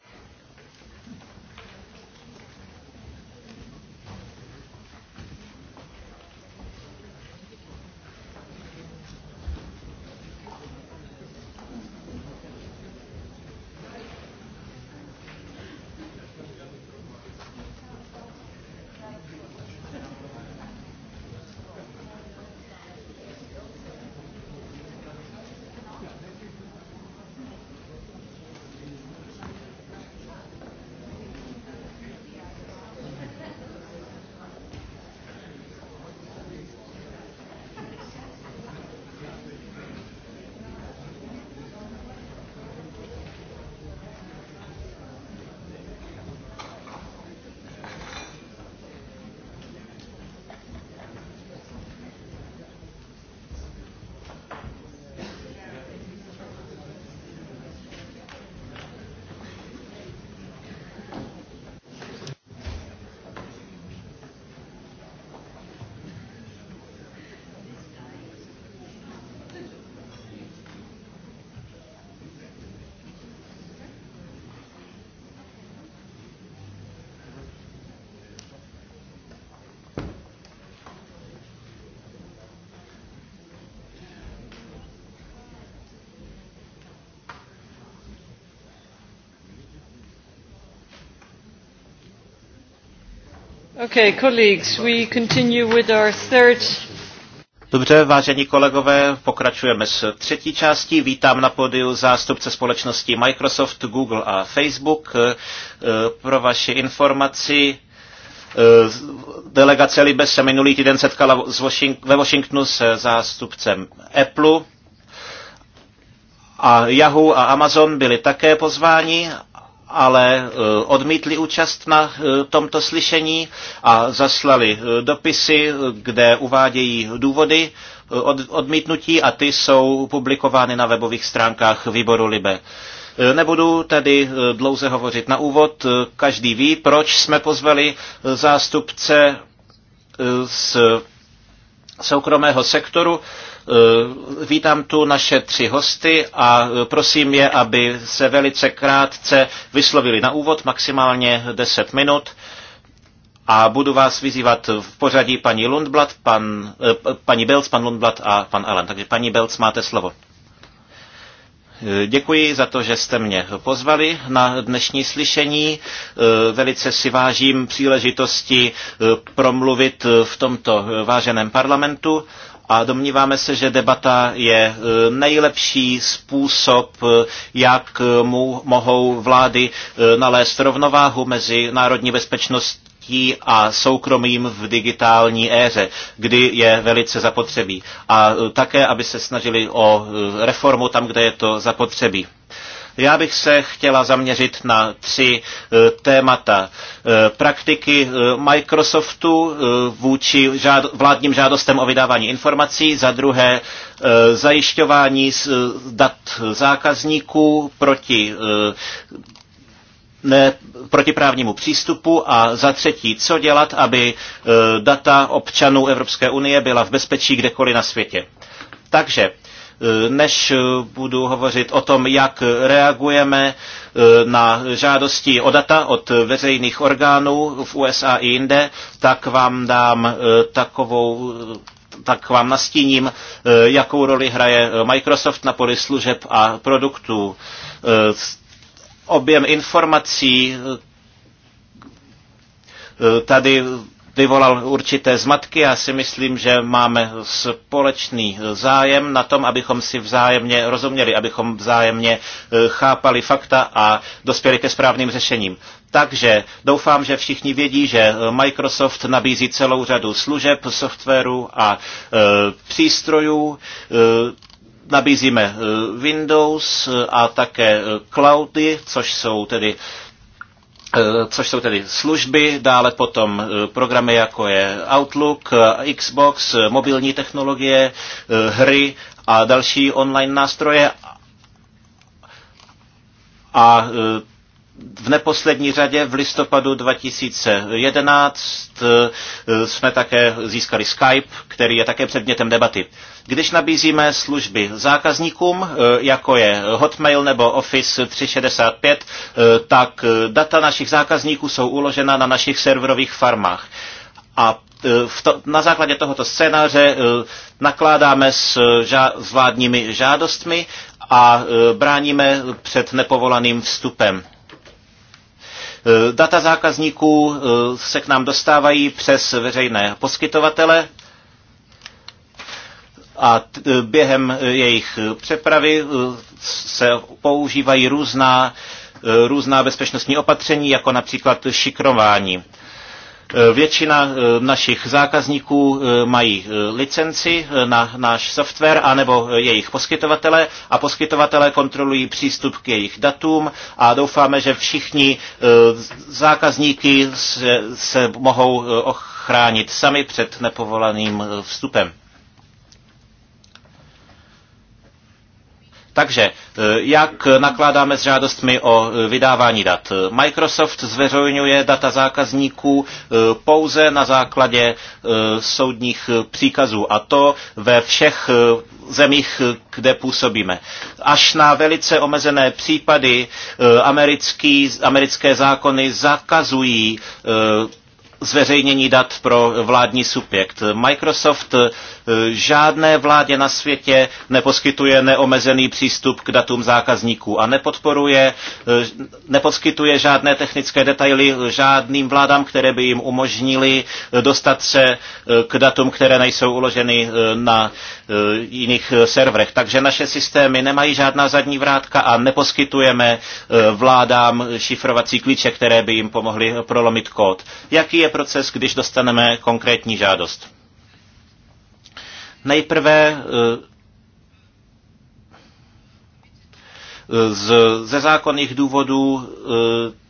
Okay, colleagues, we continue with our third... Dobře, vážení kolegové, pokračujeme s třetí částí. Vítám na podiu zástupce společnosti Microsoft, Google a Facebook. Eh, pro vaši informaci, eh, delegace Libes se minulý týden setkala ve Washingtonu s zástupcem Apple a Yahoo a Amazon byli také pozváni ale e, odmítli účast na e, tomto slyšení a zaslali e, dopisy, kde uvádějí důvody od, odmítnutí a ty jsou publikovány na webových stránkách výboru Libe. Nebudu tedy dlouze hovořit na úvod, každý ví, proč jsme pozvali zástupce z soukromého sektoru Eh, vítám tu naše tři hosty a eh, prosím je, aby se velice krátce vyslovili na úvod, maximálně 10 minut. A budu vás vyzývat v pořadí paní Lundblad, pan, eh, paní Belc, pan Lundblad a pan Allen. Takže paní Belc, máte slovo. Děkuji za to, že jste mě pozvali na dnešní slyšení. Velice si vážím příležitosti promluvit v tomto váženém parlamentu a domníváme se, že debata je e, nejlepší způsob, e, jak e, mu mohou vlády nalézt rovnováhu mezi národní bezpečností a soukromým v digitální éře, kdy je velice zapotřebí. A také, aby se snažili o reformu tam, kde je to zapotřebí. Já bych se chtěla zaměřit na tři e, témata. E, praktiky e, Microsoftu vůči vládním žádostem o vydávání informací, za druhé zajišťování dat zákazníků proti ne, protiprávnímu přístupu a za třetí, co dělat, aby data občanů Evropské unie byla v bezpečí kdekoliv na světě. Takže než budu hovořit o tom, jak reagujeme e, na žádosti o data od veřejných orgánů v USA i jinde, tak vám dám e, takovou tak vám nastíním, e, jakou roli hraje Microsoft na poli služeb a produktů. Objem informací tady vyvolal určité zmatky. Já si myslím, že máme společný zájem na tom, abychom si vzájemně rozuměli, abychom vzájemně eh, chápali fakta a dospěli ke správným řešením. Takže doufám, že všichni vědí, že Microsoft nabízí celou řadu služeb, softwaru a e, přístrojů. E, nabízíme Windows a také cloudy, což jsou tedy Eh, což jsou tedy služby, dále potom eh, programy jako je Outlook, eh, Xbox, mobilní technologie, hry a další online nástroje. A v neposlední řadě v listopadu 2011 eh, jsme také získali Skype, který je také předmětem debaty. Když nabízíme služby zákazníkům, eh, jako je Hotmail nebo Office 365, eh, tak data našich zákazníků jsou uložena na našich serverových farmách. A v to, na základě tohoto scénáře nakládáme s, ža, s vládními žádostmi a bráníme před nepovolaným vstupem Eh, data zákazníků eh, se k nám dostávají přes veřejné poskytovatele a eh, během jejich přepravy se používají různá, různá bezpečnostní opatření, jako například šikrování. Eh, většina eh, našich zákazníků eh, mají licenci na náš software anebo jejich poskytovatele a poskytovatele kontrolují přístup k jejich datům a doufáme, že všichni zákazníky se, se mohou ochránit sami před nepovolaným vstupem. Takže e, jak nakládáme s žádostmi o e, vydávání dat? Microsoft zveřejňuje data zákazníků e, pouze na základě soudních příkazů a to ve všech zemích, kde působíme. Až na velice omezené případy americký, americké zákony zakazují zveřejnění dat pro vládní subjekt. Microsoft Žádné vládě na světě neposkytuje neomezený přístup k datům zákazníků a nepodporuje, eh, neposkytuje žádné technické detaily žádným vládám, které by jim umožnili eh, dostat se eh, k datům, které nejsou uloženy na jiných serverech. Takže naše systémy nemají žádná zadní vrátka a neposkytujeme vládám šifrovací klíče, které by jim pomohly prolomit kód. Jaký je proces, když dostaneme konkrétní žádost? Nejprve eh, eh, z, ze zákonných důvodů eh,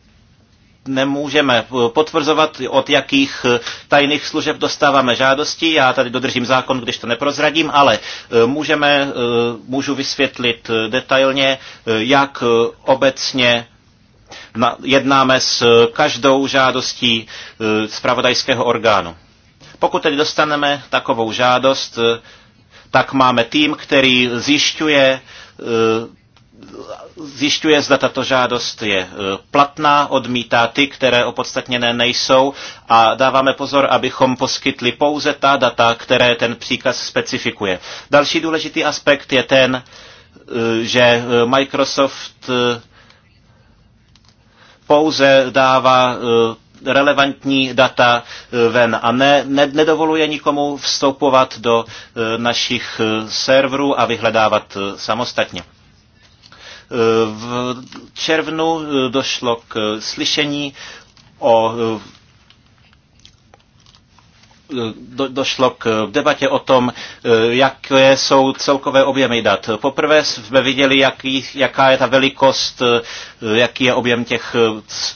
nemůžeme potvrzovat, od jakých tajných služeb dostáváme žádosti. Já tady dodržím zákon, když to neprozradím, ale můžeme, můžu vysvětlit detailně, jak obecně jednáme s každou žádostí zpravodajského orgánu. Pokud tedy dostaneme takovou žádost, eh, tak máme tým, který zjišťuje, eh, zjišťuje, zda tato žádost je eh, platná, odmítá ty, které opodstatněné nejsou a dáváme pozor, abychom poskytli pouze ta data, které ten příkaz specifikuje. Další důležitý aspekt je ten, že Microsoft pouze dává relevantní data eh, ven a ne, ne, nedovoluje nikomu vstoupovat do eh, našich eh, serverů a vyhledávat samostatně. V červnu došlo k slyšení o do, došlo k eh, debatě o tom, eh, jaké jsou celkové objemy dat. Poprvé jsme viděli, jaký, jaká je ta velikost, eh, jaký je objem těch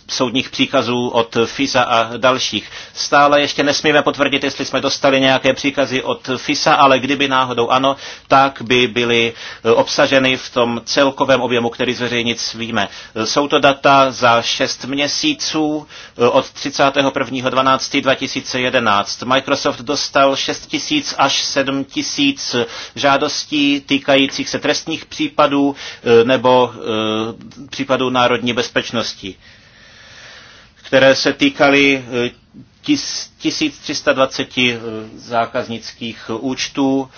soudních příkazů od FISA a dalších. Stále ještě nesmíme potvrdit, jestli jsme dostali nějaké příkazy od FISA, ale kdyby náhodou ano, tak by byly obsaženy v tom celkovém objemu, který zveřejnit svíme. Jsou to data za 6 měsíců od 31.12.2011. Microsoft dostal 6 tisíc až 7 tisíc žádostí týkajících se trestních případů e, nebo e, případů národní bezpečnosti, které se týkaly 1320 e, zákaznických účtů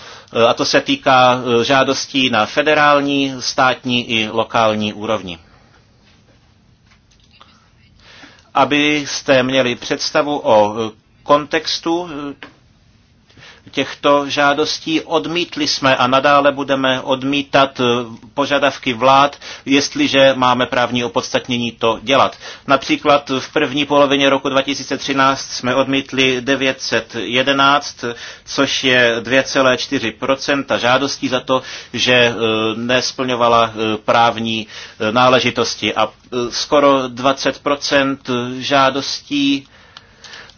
a to se týká žádostí na federální, státní i lokální úrovni. Abyste měli představu o kontextu eh, těchto žádostí odmítli jsme a nadále budeme odmítat eh, požadavky vlád, jestliže máme právní opodstatnění to dělat. Například v první polovině roku 2013 jsme odmítli 911, což je 2,4 žádostí za to, že eh, nesplňovala právní náležitosti a skoro 20 žádostí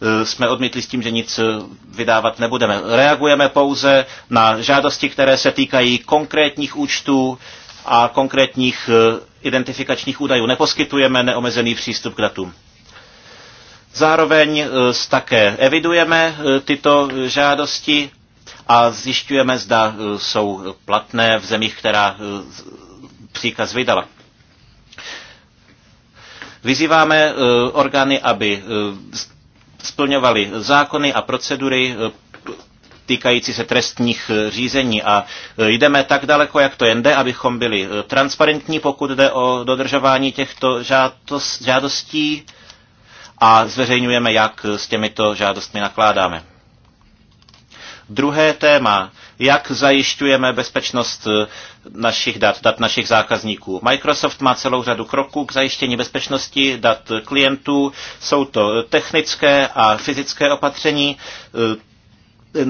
E, jsme odmítli s tím, že nic e, vydávat nebudeme. Reagujeme pouze na žádosti, které se týkají konkrétních účtů a konkrétních e, identifikačních údajů. Neposkytujeme neomezený přístup k datům. Zároveň také evidujeme tyto žádosti a zjišťujeme, zda jsou platné v zemích, která příkaz vydala. Vyzýváme orgány, aby splňovali zákony a procedury eh, týkající se trestních eh, řízení. A eh, jdeme tak daleko, jak to jen jde, abychom byli transparentní, pokud jde o dodržování těchto žádostí a zveřejňujeme, jak s těmito žádostmi nakládáme. Druhé téma jak zajišťujeme bezpečnost eh, našich dat, dat našich zákazníků. Microsoft má celou řadu kroků k zajištění bezpečnosti dat klientů. Jsou to eh, technické a fyzické opatření. Eh,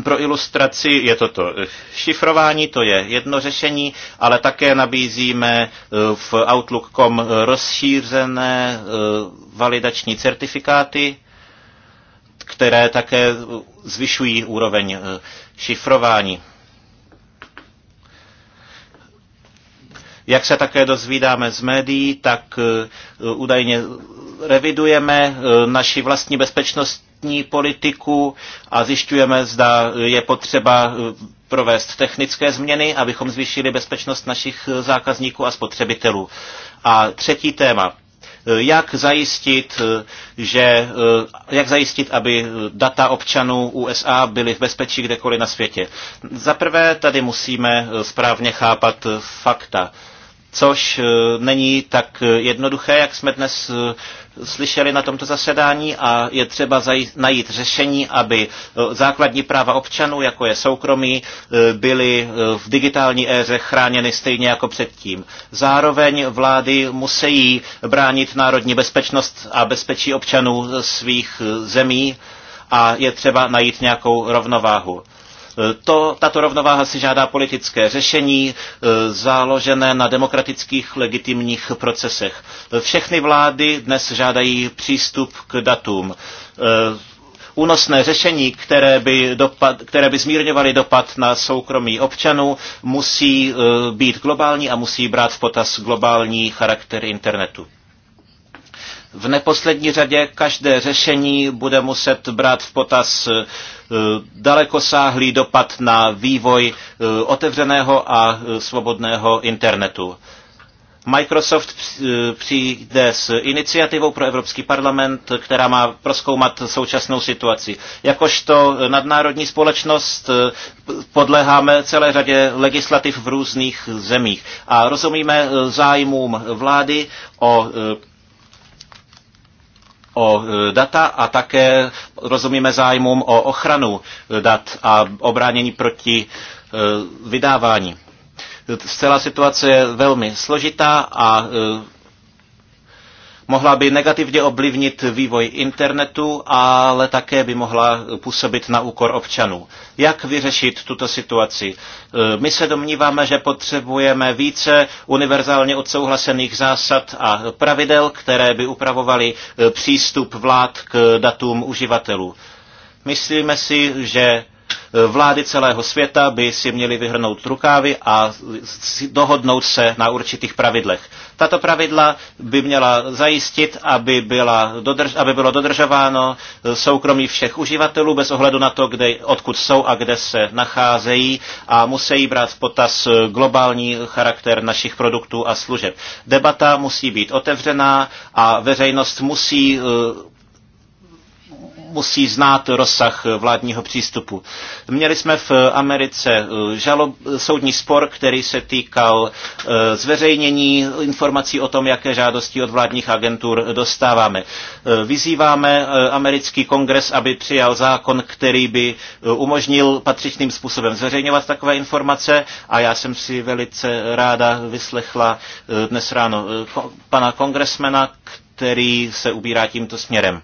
pro ilustraci je toto šifrování, to je jedno řešení, ale také nabízíme v Outlook.com rozšířené validační certifikáty, které také zvyšují úroveň šifrování. Jak se také dozvídáme z médií, tak eh, údajně revidujeme eh, naši vlastní bezpečnostní politiku a zjišťujeme, zda je potřeba eh, provést technické změny, abychom zvýšili bezpečnost našich zákazníků a spotřebitelů. A třetí téma. Jak zajistit, že, jak zajistit, aby data občanů USA byly v bezpečí kdekoliv na světě? Za prvé tady musíme správně chápat fakta což eh, není tak eh, jednoduché, jak jsme dnes eh, slyšeli na tomto zasedání a je třeba najít řešení, aby základní práva občanů, jako je soukromí, byly v digitální éře chráněny stejně jako předtím. Zároveň vlády musí bránit národní bezpečnost a bezpečí občanů svých zemí a je třeba najít nějakou rovnováhu. To, tato rovnováha si žádá politické řešení e, založené na demokratických legitimních procesech. Všechny vlády dnes žádají přístup k datům e, únosné řešení, které by, dopad, které by zmírňovaly dopad na soukromí občanů, musí e, být globální a musí brát v potaz globální charakter internetu. V neposlední řadě každé řešení bude muset brát v potaz eh, dalekosáhlý dopad na vývoj eh, otevřeného a eh, svobodného internetu. Microsoft přijde s iniciativou pro Evropský parlament, která má proskoumat současnou situaci. Jakožto nadnárodní společnost podléháme celé řadě legislativ v různých zemích a rozumíme zájmům vlády o o e, data a také rozumíme zájmům o ochranu e, dat a obránění proti e, vydávání. Celá situace je velmi složitá a Mohla by negativně oblivnit vývoj internetu, ale také by mohla působit na úkor občanů. Jak vyřešit tuto situaci? E, my se domníváme, že potřebujeme více univerzálně odsouhlasených zásad a pravidel, které by upravovaly e, přístup vlád k datům uživatelů. Myslíme si, že e, vlády celého světa by si měly vyhrnout rukávy a dohodnout se na určitých pravidlech. Tato pravidla by měla zajistit, aby, byla dodrž, aby bylo dodržováno soukromí všech uživatelů bez ohledu na to, kde, odkud jsou a kde se nacházejí a musí brát v potaz globální charakter našich produktů a služeb. Debata musí být otevřená a veřejnost musí eh, musí znát rozsah vládního přístupu. Měli jsme v Americe eh, žalob, soudní spor, který se týkal eh, zveřejnění informací o tom, jaké žádosti od vládních agentur dostáváme. Eh, vyzýváme americký kongres, aby přijal zákon, který by umožnil patřičným způsobem zveřejňovat takové informace a já jsem si velice ráda vyslechla dnes ráno pana kongresmena, který se ubírá tímto směrem.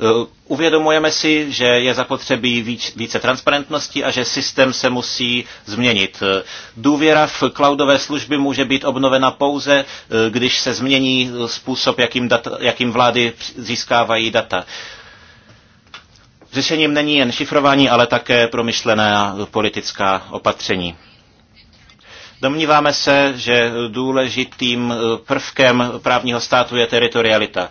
Eh, uvědomujeme si, že je zapotřebí více transparentnosti a že systém se musí změnit. Eh, důvěra v cloudové služby může být obnovena pouze, eh, když se změní způsob, jakým, data, jakým vlády získávají data. Řešením není jen šifrování, ale také promyšlená politická opatření. Domníváme se, že důležitým prvkem právního státu je teritorialita.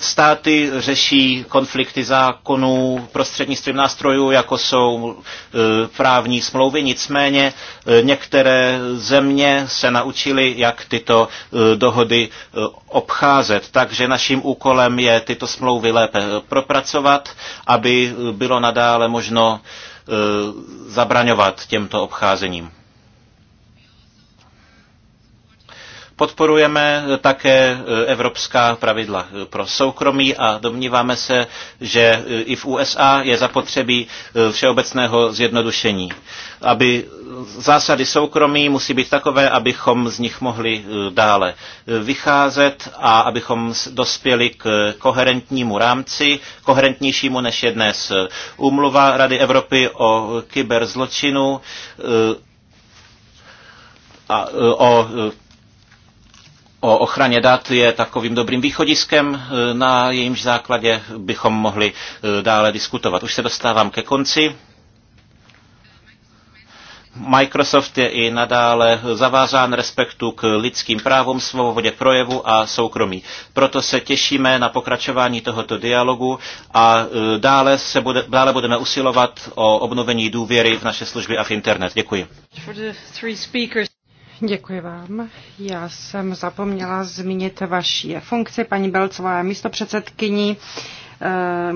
Státy řeší konflikty zákonů prostřednictvím nástrojů, jako jsou e, právní smlouvy, nicméně e, některé země se naučily, jak tyto e, dohody obcházet. Takže naším úkolem je tyto smlouvy lépe propracovat, aby bylo nadále možno zabraňovat těmto obcházením. Podporujeme také eh, evropská pravidla eh, pro soukromí a domníváme se, že eh, i v USA je zapotřebí všeobecného zjednodušení. Aby zásady soukromí musí být takové, abychom z nich mohli dále vycházet a abychom dospěli k koherentnímu rámci, koherentnějšímu než je dnes. Úmluva Rady Evropy o kyberzločinu a o o ochraně dat je takovým dobrým východiskem, e, na jejímž základě bychom mohli e, dále diskutovat. Už se dostávám ke konci. Microsoft je i nadále zavázán respektu k lidským právům, svobodě projevu a soukromí. Proto se těšíme na pokračování tohoto dialogu a e, dále, se bude, dále budeme usilovat o obnovení důvěry v naše služby a v internet. Děkuji. Děkuji vám. Já jsem zapomněla zmínit vaši funkci. Paní Belcová místo předsedkyní eh,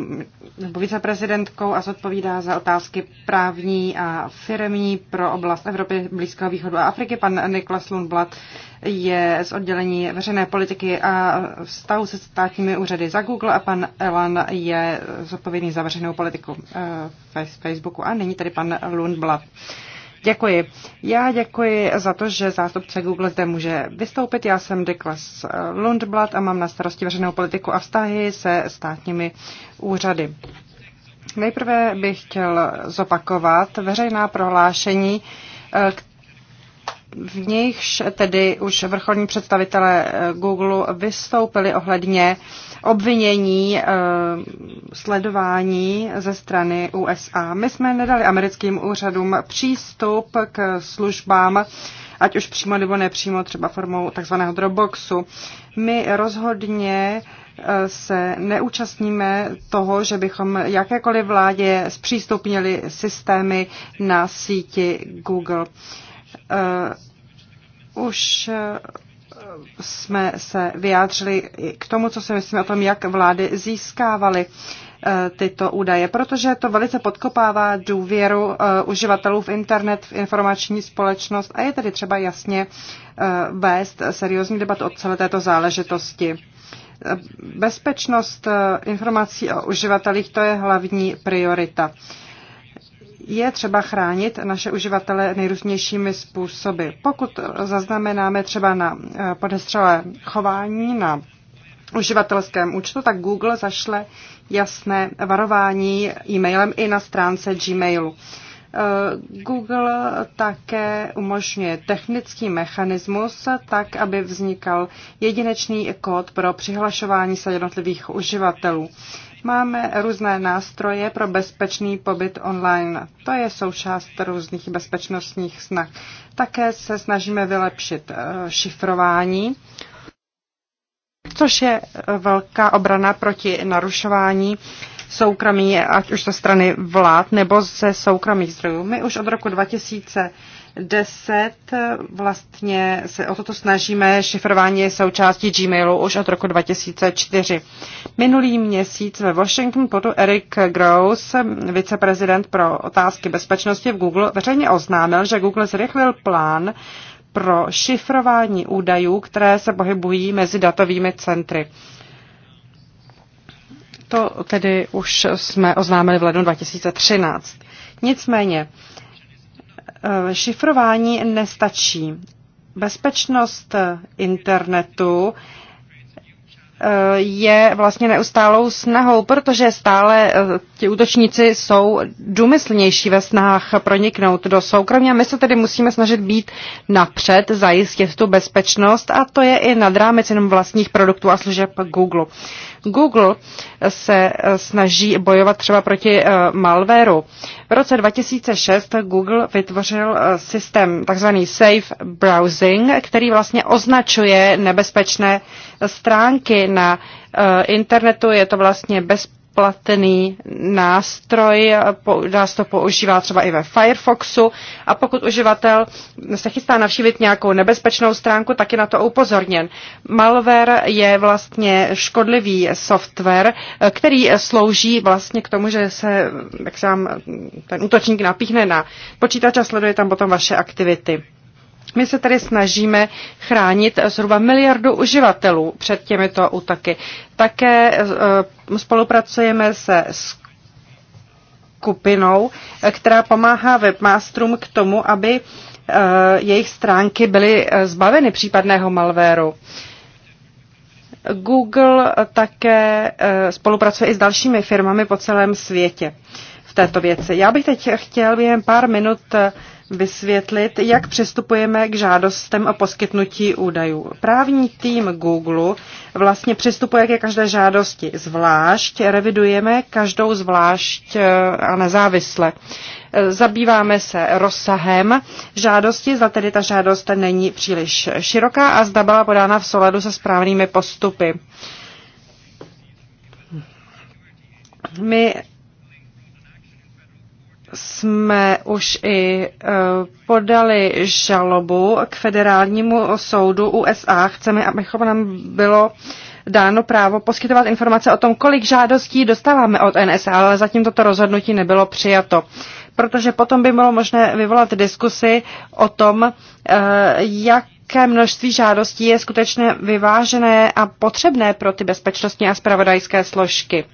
nebo viceprezidentkou a zodpovídá za otázky právní a firmní pro oblast Evropy, Blízkého východu a Afriky. Pan Niklas Lundblad je z oddělení veřejné politiky a vztahu se státními úřady za Google a pan Elan je zodpovědný za veřejnou politiku v eh, Facebooku. A není tady pan Lundblad. Děkuji. Já děkuji za to, že zástupce Google zde může vystoupit. Já jsem deklas Lundblad a mám na starosti veřejnou politiku a vztahy se státními úřady. Nejprve bych chtěl zopakovat veřejná prohlášení, v nichž tedy už vrcholní představitelé eh, Google vystoupili ohledně obvinění eh, sledování ze strany USA. My jsme nedali americkým úřadům přístup k službám, ať už přímo nebo nepřímo, třeba formou takzvaného Dropboxu. My rozhodně eh, se neúčastníme toho, že bychom jakékoliv vládě zpřístupnili systémy na síti Google. Eh, už eh, jsme se vyjádřili k tomu, co si myslíme o tom, jak vlády získávaly eh, tyto údaje, protože to velice podkopává důvěru uživatelů v internet, v informační společnost a je tedy třeba jasně vést seriózní debat o celé této záležitosti. Bezpečnost informací o uživatelích to je hlavní priorita je třeba chránit naše uživatele nejrůznějšími způsoby. Pokud zaznamenáme třeba na eh, podestřelé chování na uživatelském účtu, tak Google zašle jasné varování e-mailem i na stránce Gmailu. Eh, Google také umožňuje technický mechanismus tak, aby vznikal jedinečný kód pro přihlašování se jednotlivých uživatelů. Máme různé nástroje pro bezpečný pobyt online. To je součást různých bezpečnostních snah. Také se snažíme vylepšit eh, šifrování, což je eh, velká obrana proti narušování soukromí, ať už ze strany vlád nebo ze soukromých zdrojů. My už od roku 2000 10 vlastně se o toto snažíme. Šifrování je součástí Gmailu už od roku 2004. Minulý měsíc ve Washington podu Eric Gross, viceprezident pro otázky bezpečnosti v Google, veřejně oznámil, že Google zrychlil plán pro šifrování údajů, které se pohybují mezi datovými centry. To tedy už jsme oznámili v lednu 2013. Nicméně Eh, šifrování nestačí. Bezpečnost internetu eh, je vlastně neustálou snahou, protože stále eh, ti útočníci jsou důmyslnější ve snahách proniknout do soukromí a my se tedy musíme snažit být napřed, zajistit tu bezpečnost a to je i nad rámec jenom vlastních produktů a služeb Google. Google se eh, snaží bojovat třeba proti eh, malwareu. V roce 2006 Google vytvořil eh, systém tzv. Safe Browsing, který vlastně označuje nebezpečné stránky na internetu. Je to vlastně bezpečné platený nástroj, dá se to používá třeba i ve Firefoxu a pokud uživatel se chystá navštívit nějakou nebezpečnou stránku, tak je na to upozorněn. Malware je vlastně škodlivý software, který slouží vlastně k tomu, že se, jak se vám ten útočník napíchne na počítač a sleduje tam potom vaše aktivity. My se tady snažíme chránit zhruba miliardu uživatelů před těmito útoky. Také eh, spolupracujeme se skupinou, eh, která pomáhá webmasterům k tomu, aby eh, jejich stránky byly zbaveny případného malvéru. Google také spolupracuje i s dalšími firmami po celém světě v této věci. Já bych teď chtěl během pár minut vysvětlit, jak přistupujeme k žádostem o poskytnutí údajů. Právní tým Google vlastně přistupuje ke každé žádosti zvlášť, revidujeme každou zvlášť eh, a nezávisle. Eh, zabýváme se rozsahem žádosti, zda tedy ta žádost není příliš široká a zda byla podána v souladu se správnými postupy. My jsme už i e, podali žalobu k federálnímu soudu USA. Chceme, abychom nám bylo dáno právo poskytovat informace o tom, kolik žádostí dostáváme od NSA, ale zatím toto rozhodnutí nebylo přijato protože potom by bylo možné vyvolat diskusy o tom, e, jaké množství žádostí je skutečně vyvážené a potřebné pro ty bezpečnostní a spravodajské složky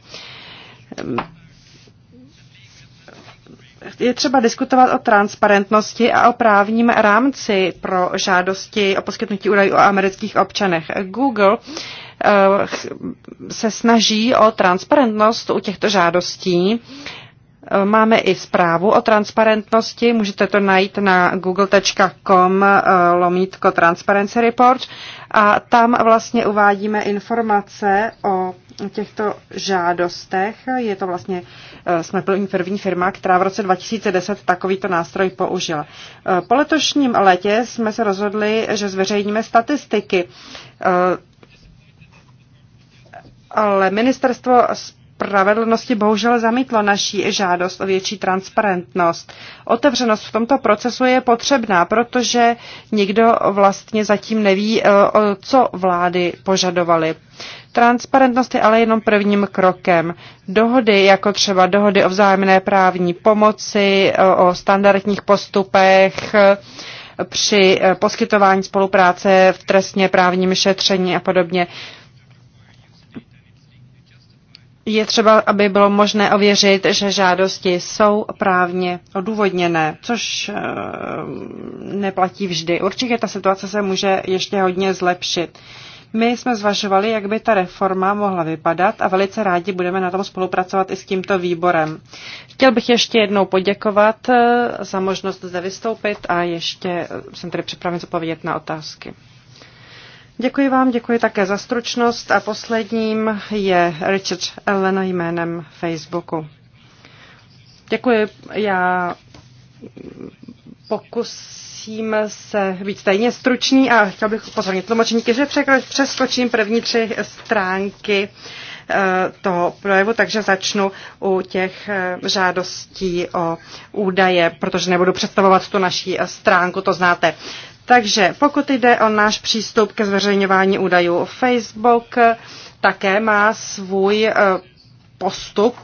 je třeba diskutovat o transparentnosti a o právním rámci pro žádosti o poskytnutí údajů o amerických občanech. Google eh, se snaží o transparentnost u těchto žádostí. Eh, máme i zprávu o transparentnosti, můžete to najít na google.com eh, lomítko Transparency Report a tam vlastně uvádíme informace o těchto žádostech. Je to vlastně Eh, jsme první firma, která v roce 2010 takovýto nástroj použila. Eh, po letošním létě jsme se rozhodli, že zveřejníme statistiky eh, ale ministerstvo spravedlnosti bohužel zamítlo naší žádost o větší transparentnost. Otevřenost v tomto procesu je potřebná, protože nikdo vlastně zatím neví, eh, co vlády požadovaly. Transparentnost je ale jenom prvním krokem. Dohody, jako třeba dohody o vzájemné právní pomoci, eh, o standardních postupech, eh, při poskytování spolupráce v trestně právním šetření a podobně je třeba, aby bylo možné ověřit, že žádosti jsou právně odůvodněné, což eh, neplatí vždy. Určitě ta situace se může ještě hodně zlepšit. My jsme zvažovali, jak by ta reforma mohla vypadat a velice rádi budeme na tom spolupracovat i s tímto výborem. Chtěl bych ještě jednou poděkovat eh, za možnost zde vystoupit a ještě eh, jsem tady připraven zodpovědět na otázky. Děkuji vám, děkuji také za stručnost a posledním je Richard Allen jménem Facebooku. Děkuji, já pokusím se být stejně stručný a chtěl bych upozornit tlumočníky, že přeskočím první tři stránky eh, toho projevu, takže začnu u těch eh, žádostí o údaje, protože nebudu představovat tu naší eh, stránku, to znáte. Takže pokud jde o náš přístup ke zveřejňování údajů, Facebook také má svůj eh, postup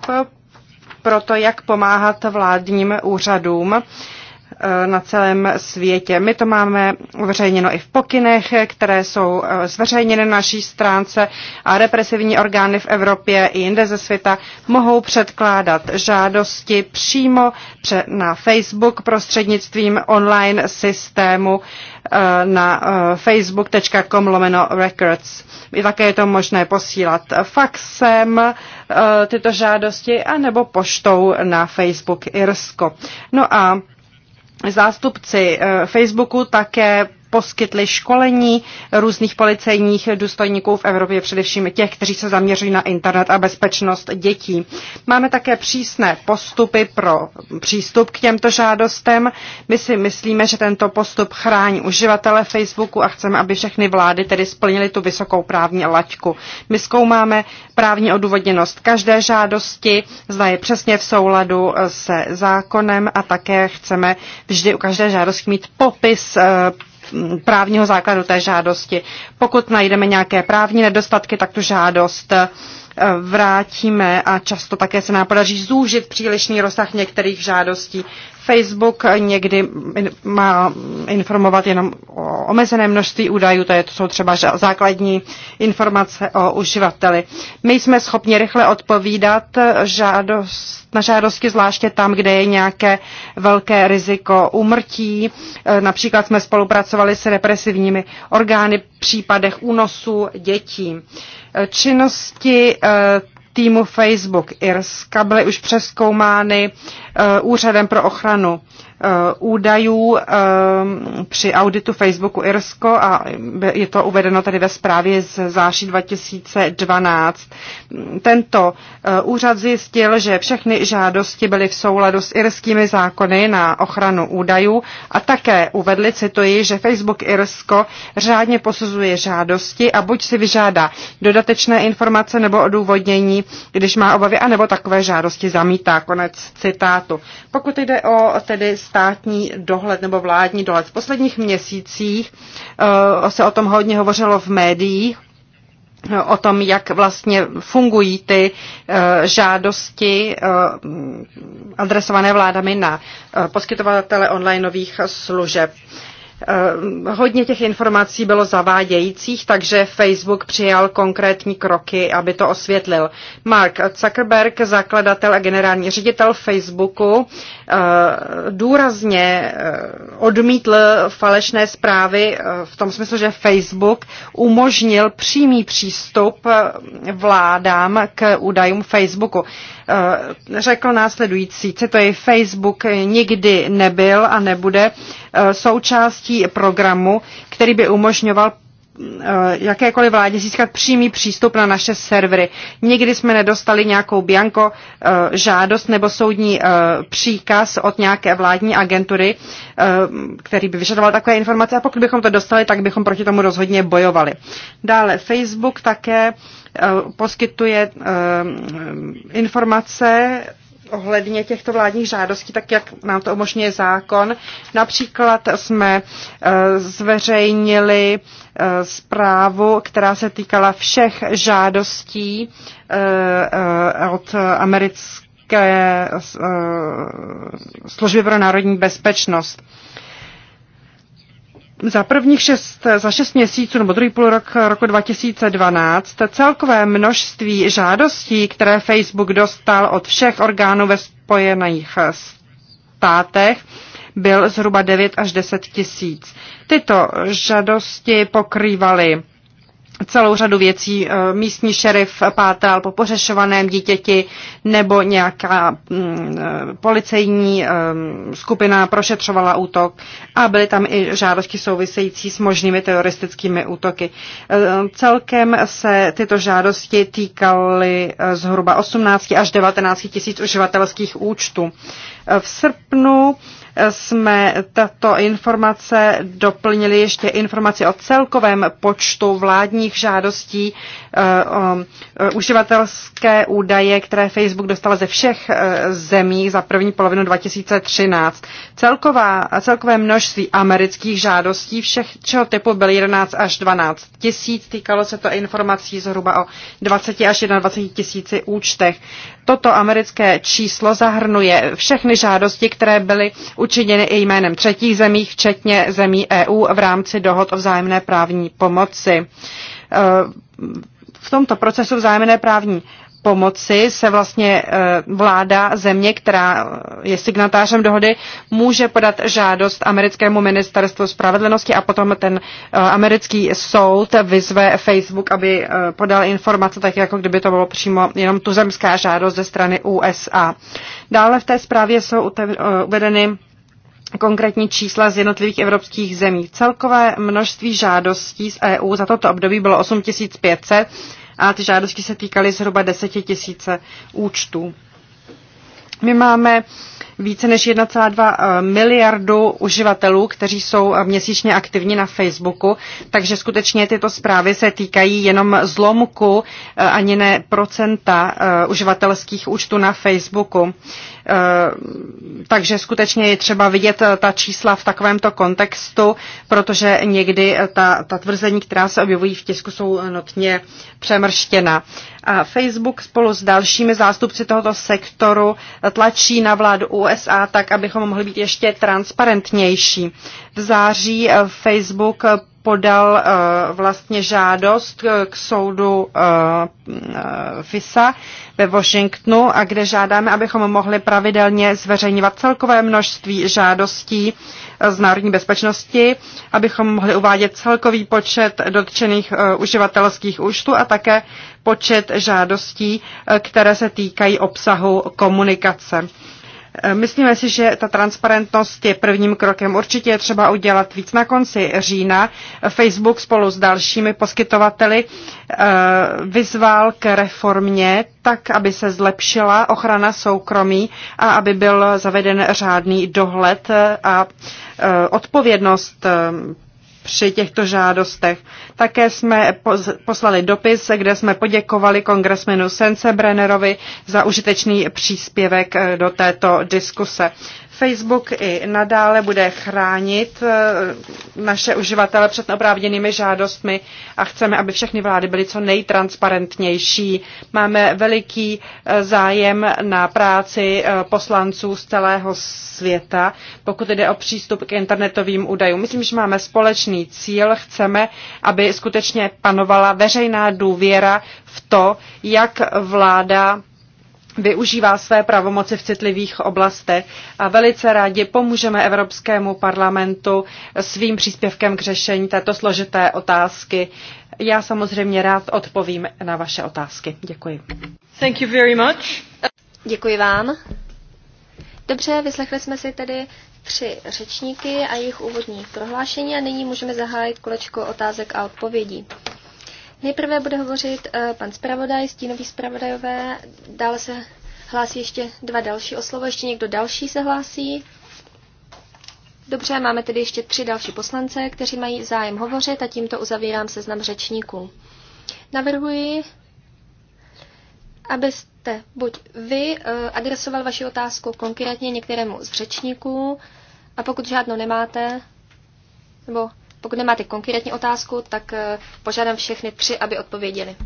pro to, jak pomáhat vládním úřadům Eh, na celém světě. My to máme uveřejněno i v pokynech, které jsou eh, zveřejněny na naší stránce a represivní orgány v Evropě i jinde ze světa mohou předkládat žádosti přímo na Facebook prostřednictvím online systému eh, na facebook.com lomeno records. I také je to možné posílat faxem tyto žádosti anebo poštou na Facebook Irsko. No a zástupci eh, Facebooku také poskytli školení různých policejních důstojníků v Evropě, především těch, kteří se zaměřují na internet a bezpečnost dětí. Máme také přísné postupy pro přístup k těmto žádostem. My si myslíme, že tento postup chrání uživatele Facebooku a chceme, aby všechny vlády tedy splnily tu vysokou právní laťku. My zkoumáme právní odůvodněnost každé žádosti, zda je přesně v souladu se zákonem a také chceme vždy u každé žádosti mít popis eh, Mm, právního základu té žádosti. Pokud najdeme nějaké právní nedostatky, tak tu žádost eh, vrátíme a často také se nám podaří zúžit přílišný rozsah některých žádostí. Facebook někdy má informovat jenom o omezené množství údajů, to, je, to jsou třeba základní informace o uživateli. My jsme schopni rychle odpovídat žádost, na žádosti, zvláště tam, kde je nějaké velké riziko úmrtí. E, například jsme spolupracovali s represivními orgány v případech únosů dětí. E, činnosti e, týmu Facebook Irska byly už přeskoumány eh, úřadem pro ochranu Eh, údajů eh, při auditu Facebooku Irsko a je to uvedeno tady ve zprávě z září 2012. Tento eh, úřad zjistil, že všechny žádosti byly v souladu s irskými zákony na ochranu údajů a také uvedli, cituji, že Facebook Irsko řádně posuzuje žádosti a buď si vyžádá dodatečné informace nebo odůvodnění, když má obavy, anebo takové žádosti zamítá. Konec citátu. Pokud jde o tedy státní dohled nebo vládní dohled. V posledních měsících eh, se o tom hodně hovořilo v médiích, eh, o tom, jak vlastně fungují ty eh, žádosti adresované vládami na poskytovatele onlineových služeb. Eh, hodně těch informací bylo zavádějících, takže Facebook přijal konkrétní kroky, aby to osvětlil. Mark Zuckerberg, zakladatel a generální ředitel Facebooku, eh, důrazně eh, odmítl falešné zprávy v tom smyslu, že Facebook umožnil přímý přístup vládám k údajům Facebooku. Eh, řekl následující, "To je Facebook nikdy nebyl a nebude eh, součástí programu, který by umožňoval Eh, jakékoliv vládě získat přímý přístup na naše servery. Nikdy jsme nedostali nějakou bianko eh, žádost nebo soudní eh, příkaz od nějaké vládní agentury, který by vyžadoval takové informace a pokud bychom to dostali, tak bychom proti tomu rozhodně bojovali. Dále Facebook také poskytuje informace ohledně těchto vládních žádostí, tak jak nám to umožňuje zákon. Například jsme e, zveřejnili e, zprávu, která se týkala všech žádostí e, od americké služby pro národní bezpečnost za prvních šest, za šest měsíců nebo druhý půl rok roku 2012 celkové množství žádostí, které Facebook dostal od všech orgánů ve Spojených státech, byl zhruba 9 až 10 tisíc. Tyto žádosti pokrývaly celou řadu věcí. Eh, místní šerif pátral po pořešovaném dítěti nebo nějaká mm, eh, policejní eh, skupina prošetřovala útok a byly tam i žádosti související s možnými teroristickými útoky. Celkem se tyto žádosti týkaly zhruba 18 až 19 tisíc uživatelských účtů. V srpnu jsme tato informace doplnili ještě informaci o celkovém počtu vládních žádostí eh, o eh, uživatelské údaje, které Facebook dostal ze všech eh, zemí za první polovinu 2013. Celková, celkové množství amerických žádostí všech čeho typu byly 11 až 12 tisíc. Týkalo se to informací zhruba o 20 až 21 tisíci účtech. Toto americké číslo zahrnuje všechny žádosti, které byly učiněny i jménem třetích zemí, včetně zemí EU v rámci dohod o vzájemné právní pomoci e, v tomto procesu vzájemné právní pomoci se vlastně eh, vláda země, která je signatářem dohody, může podat žádost americkému ministerstvu spravedlnosti a potom ten eh, americký soud vyzve Facebook, aby eh, podal informace, tak jako kdyby to bylo přímo jenom tuzemská žádost ze strany USA. Dále v té zprávě jsou uvedeny konkrétní čísla z jednotlivých evropských zemí. Celkové množství žádostí z EU za toto období bylo 8500 a ty žádosti se týkaly zhruba 10 tisíce účtů. My máme více než 1,2 eh, miliardu uživatelů, kteří jsou eh, měsíčně aktivní na Facebooku, takže skutečně tyto zprávy se týkají jenom zlomku eh, ani ne procenta uživatelských účtů na Facebooku. Takže skutečně je třeba vidět ta čísla v takovémto kontextu, protože někdy ta, ta tvrzení, která se objevují v tisku, jsou notně přemrštěna. A Facebook spolu s dalšími zástupci tohoto sektoru tlačí na vládu USA tak, abychom mohli být ještě transparentnější. V září eh, Facebook podal eh, vlastně žádost k soudu eh, FISA ve Washingtonu, a kde žádáme, abychom mohli pravidelně zveřejňovat celkové množství žádostí eh, z národní bezpečnosti, abychom mohli uvádět celkový počet dotčených uživatelských účtů a také počet žádostí, které se týkají obsahu komunikace. Eh, myslíme si, že ta transparentnost je prvním krokem. Určitě je třeba udělat víc na konci října. Facebook spolu s dalšími poskytovateli eh, vyzval k reformě tak, aby se zlepšila ochrana soukromí a aby byl zaveden řádný dohled eh, a odpovědnost při těchto žádostech. Také jsme poslali dopis, kde jsme poděkovali kongresmenu Sensebrennerovi za užitečný příspěvek eh, do této diskuse. Facebook i nadále bude chránit eh, naše uživatele před oprávněnými žádostmi a chceme, aby všechny vlády byly co nejtransparentnější. Máme veliký eh, zájem na práci eh, poslanců z celého světa, pokud jde o přístup k internetovým údajům. Myslím, že máme společný cíl. Chceme, aby skutečně panovala veřejná důvěra v to, jak vláda využívá své pravomoci v citlivých oblastech a velice rádi pomůžeme Evropskému parlamentu svým příspěvkem k řešení této složité otázky. Já samozřejmě rád odpovím na vaše otázky. Děkuji. Thank you very much. Děkuji vám. Dobře, vyslechli jsme si tedy tři řečníky a jejich úvodní prohlášení a nyní můžeme zahájit kolečko otázek a odpovědí. Nejprve bude hovořit eh, pan zpravodaj, stínový zpravodajové, dále se hlásí ještě dva další oslovo, ještě někdo další se hlásí. Dobře, máme tedy ještě tři další poslance, kteří mají zájem hovořit a tímto uzavírám seznam řečníků. Navrhuji, abyste buď vy eh, adresoval vaši otázku konkrétně některému z řečníků a pokud žádnou nemáte, nebo pokud nemáte konkrétní otázku, tak eh, požádám všechny tři, aby odpověděli.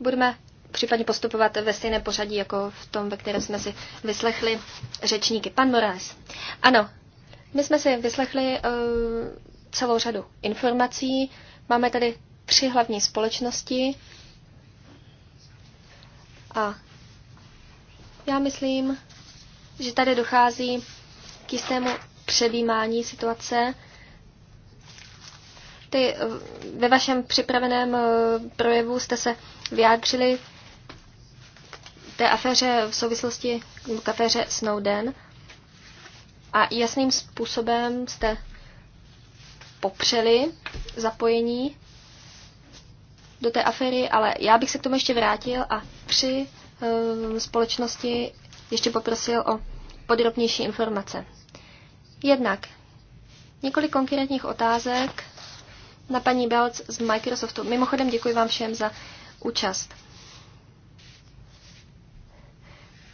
Budeme případně postupovat ve stejném pořadí, jako v tom, ve kterém jsme si vyslechli řečníky. Pan Morales. Ano, my jsme si vyslechli uh, celou řadu informací. Máme tady tři hlavní společnosti. A já myslím, že tady dochází k jistému předjímání situace. Ty, ve vašem připraveném eh, projevu jste se vyjádřili k té aféře v souvislosti k aféře Snowden a jasným způsobem jste popřeli zapojení do té aféry, ale já bych se k tomu ještě vrátil a při e, společnosti ještě poprosil o podrobnější informace. Jednak několik konkrétních otázek na paní Belc z Microsoftu. Mimochodem děkuji vám všem za účast.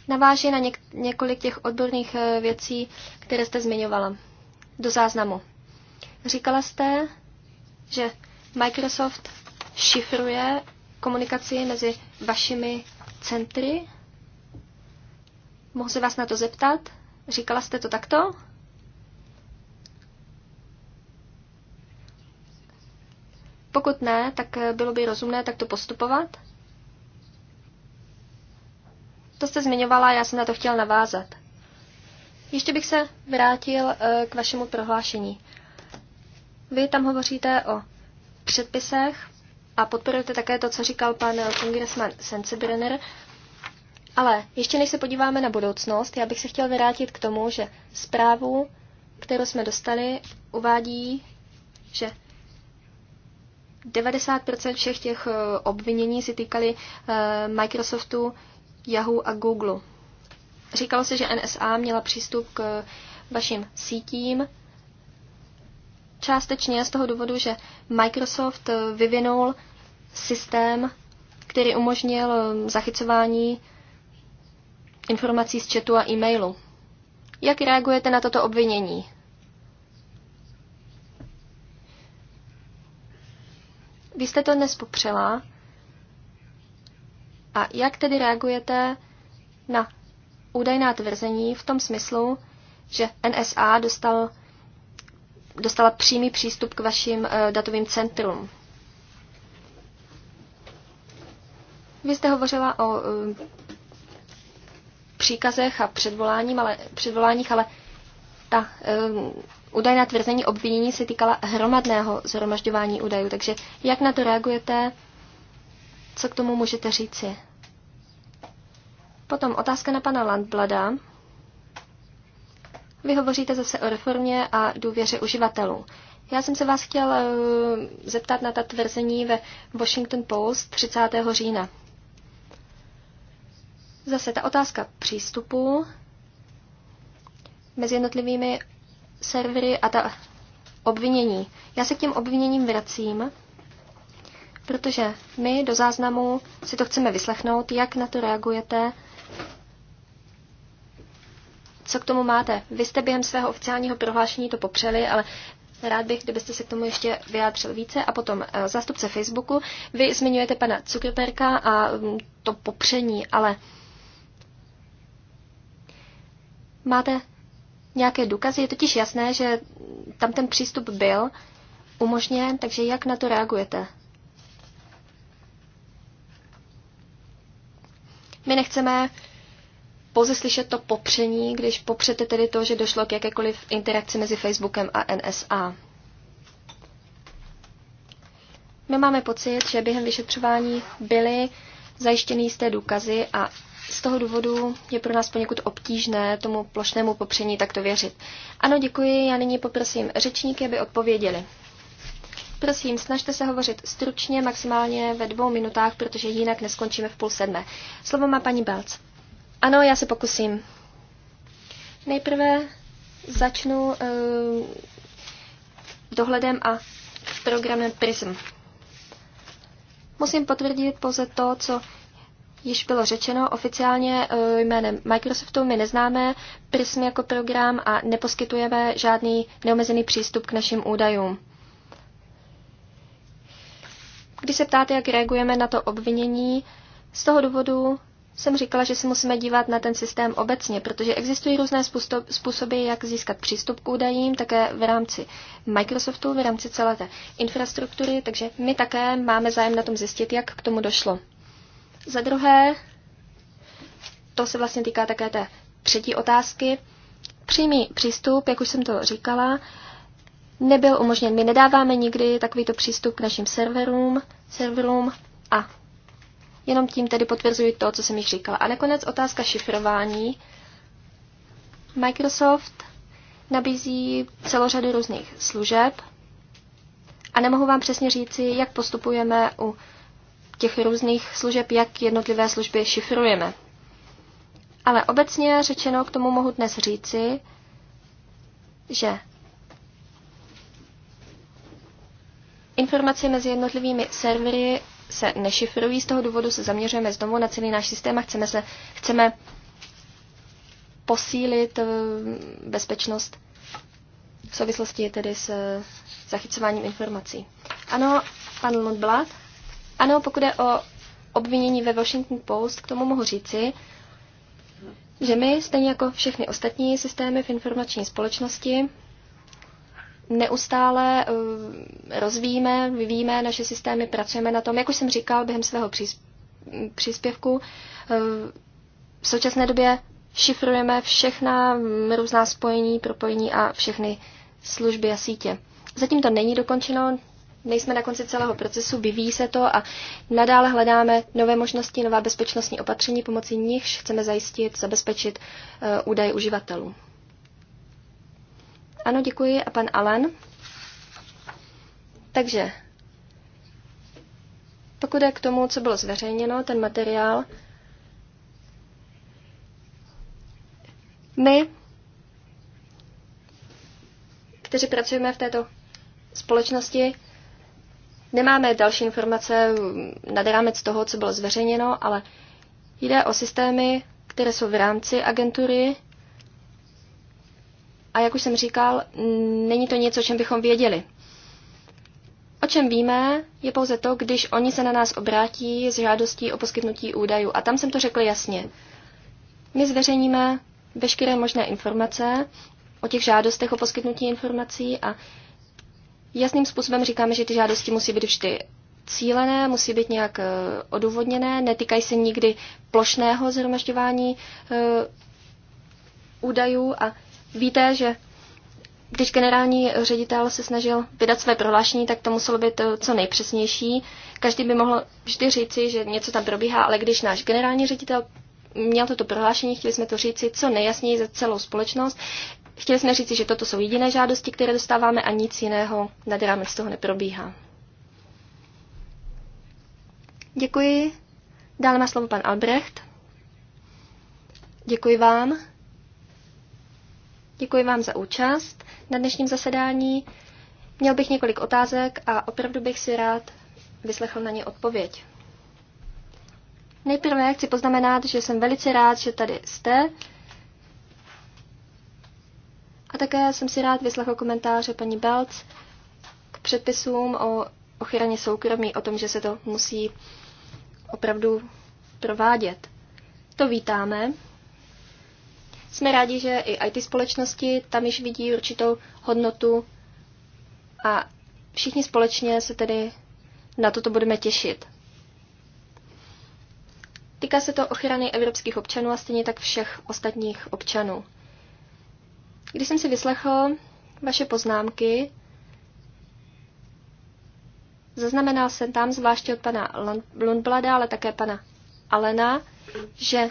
Naváží na něk- několik těch odborných eh, věcí, které jste zmiňovala. Do záznamu. Říkala jste, že Microsoft šifruje komunikaci mezi vašimi centry. Mohu se vás na to zeptat? Říkala jste to takto? Pokud ne, tak bylo by rozumné takto postupovat? To jste zmiňovala, já jsem na to chtěl navázat. Ještě bych se vrátil eh, k vašemu prohlášení. Vy tam hovoříte o předpisech a podporujete také to, co říkal pan kongresman Sensebrenner. Ale ještě než se podíváme na budoucnost, já bych se chtěl vrátit k tomu, že zprávu, kterou jsme dostali, uvádí, že 90% všech těch eh, obvinění se týkaly eh, Microsoftu, Yahoo a Google. Říkalo se, že NSA měla přístup k vašim sítím, částečně z toho důvodu, že Microsoft eh, vyvinul systém, který umožnil zachycování informací z chatu a e-mailu. Jak reagujete na toto obvinění? Vy jste to dnes popřela. A jak tedy reagujete na údajná tvrzení v tom smyslu, že NSA dostal, dostala přímý přístup k vašim uh, datovým centrum? Vy jste hovořila o uh, příkazech a předvoláních, ale, předvoláních, ale ta um, údajná tvrzení obvinění se týkala hromadného zhromažďování údajů. Takže jak na to reagujete? Co k tomu můžete říci? Potom otázka na pana Landblada. Vy hovoříte zase o reformě a důvěře uživatelů. Já jsem se vás chtěl eh, zeptat na ta tvrzení ve Washington Post 30. října. Zase ta otázka přístupu mezi jednotlivými servery a ta obvinění. Já se k těm obviněním vracím, protože my do záznamu si to chceme vyslechnout, jak na to reagujete, co k tomu máte. Vy jste během svého oficiálního prohlášení to popřeli, ale rád bych, kdybyste se k tomu ještě vyjádřil více. A potom eh, zástupce Facebooku. Vy zmiňujete pana Zuckerberga a mm, to popření, ale máte nějaké důkazy. Je totiž jasné, že tam ten přístup byl umožněn, takže jak na to reagujete? My nechceme pouze slyšet to popření, když popřete tedy to, že došlo k jakékoliv interakci mezi Facebookem a NSA. My máme pocit, že během vyšetřování byly zajištěny jisté důkazy a z toho důvodu je pro nás poněkud obtížné tomu plošnému popření takto věřit. Ano, děkuji, já nyní poprosím řečníky, aby odpověděli. Prosím, snažte se hovořit stručně, maximálně ve dvou minutách, protože jinak neskončíme v půl sedmé. Slovo má paní Belc. Ano, já se pokusím. Nejprve začnu uh, dohledem a programem PRISM. Musím potvrdit pouze to, co již bylo řečeno, oficiálně eh, jménem Microsoftu my neznáme Prism jako program a neposkytujeme žádný neomezený přístup k našim údajům. Když se ptáte, jak reagujeme na to obvinění, z toho důvodu jsem říkala, že se musíme dívat na ten systém obecně, protože existují různé způsoby, jak získat přístup k údajím, také v rámci Microsoftu, v rámci celé té infrastruktury, takže my také máme zájem na tom zjistit, jak k tomu došlo. Za druhé, to se vlastně týká také té třetí otázky, přímý přístup, jak už jsem to říkala, nebyl umožněn. My nedáváme nikdy takovýto přístup k našim serverům, serverům a jenom tím tedy potvrzuji to, co jsem již říkala. A nakonec otázka šifrování. Microsoft nabízí celou řadu různých služeb a nemohu vám přesně říci, jak postupujeme u těch různých služeb, jak jednotlivé služby šifrujeme. Ale obecně řečeno k tomu mohu dnes říci, že informace mezi jednotlivými servery se nešifrují, z toho důvodu se zaměřujeme znovu na celý náš systém a chceme, se, chceme posílit eh, bezpečnost v souvislosti tedy s zachycováním informací. Ano, pan Lundblad. Ano, pokud je o obvinění ve Washington Post, k tomu mohu říci, že my, stejně jako všechny ostatní systémy v informační společnosti, neustále eh, rozvíjíme, vyvíjíme naše systémy, pracujeme na tom. Jak už jsem říkal během svého příspěvku, eh, v současné době šifrujeme všechna mm, různá spojení, propojení a všechny služby a sítě. Zatím to není dokončeno, nejsme na konci celého procesu, vyvíjí se to a nadále hledáme nové možnosti, nová bezpečnostní opatření, pomocí nichž chceme zajistit, zabezpečit eh, údaje uživatelů. Ano, děkuji. A pan Alan? Takže, pokud je k tomu, co bylo zveřejněno, ten materiál, my, kteří pracujeme v této společnosti, Nemáme další informace nad rámec toho, co bylo zveřejněno, ale jde o systémy, které jsou v rámci agentury. A jak už jsem říkal, není to něco, o čem bychom věděli. O čem víme, je pouze to, když oni se na nás obrátí s žádostí o poskytnutí údajů. A tam jsem to řekl jasně. My zveřejníme veškeré možné informace o těch žádostech o poskytnutí informací a jasným způsobem říkáme, že ty žádosti musí být vždy cílené, musí být nějak eh, odůvodněné, netýkají se nikdy plošného zhromažďování eh, údajů a víte, že když generální ředitel se snažil vydat své prohlášení, tak to muselo být eh, co nejpřesnější. Každý by mohl vždy říci, že něco tam probíhá, ale když náš generální ředitel měl toto prohlášení, chtěli jsme to říci co nejjasněji za celou společnost. Chtěli jsme říci, že toto jsou jediné žádosti, které dostáváme a nic jiného nad rámec toho neprobíhá. Děkuji. Dále má slovo pan Albrecht. Děkuji vám. Děkuji vám za účast na dnešním zasedání. Měl bych několik otázek a opravdu bych si rád vyslechl na ně odpověď. Nejprve chci poznamenat, že jsem velice rád, že tady jste také jsem si rád vyslechl komentáře paní Belc k předpisům o ochraně soukromí, o tom, že se to musí opravdu provádět. To vítáme. Jsme rádi, že i IT společnosti tam již vidí určitou hodnotu a všichni společně se tedy na toto budeme těšit. Týká se to ochrany evropských občanů a stejně tak všech ostatních občanů. Když jsem si vyslechl vaše poznámky, zaznamenal jsem tam, zvláště od pana Lundblada, ale také pana Alena, že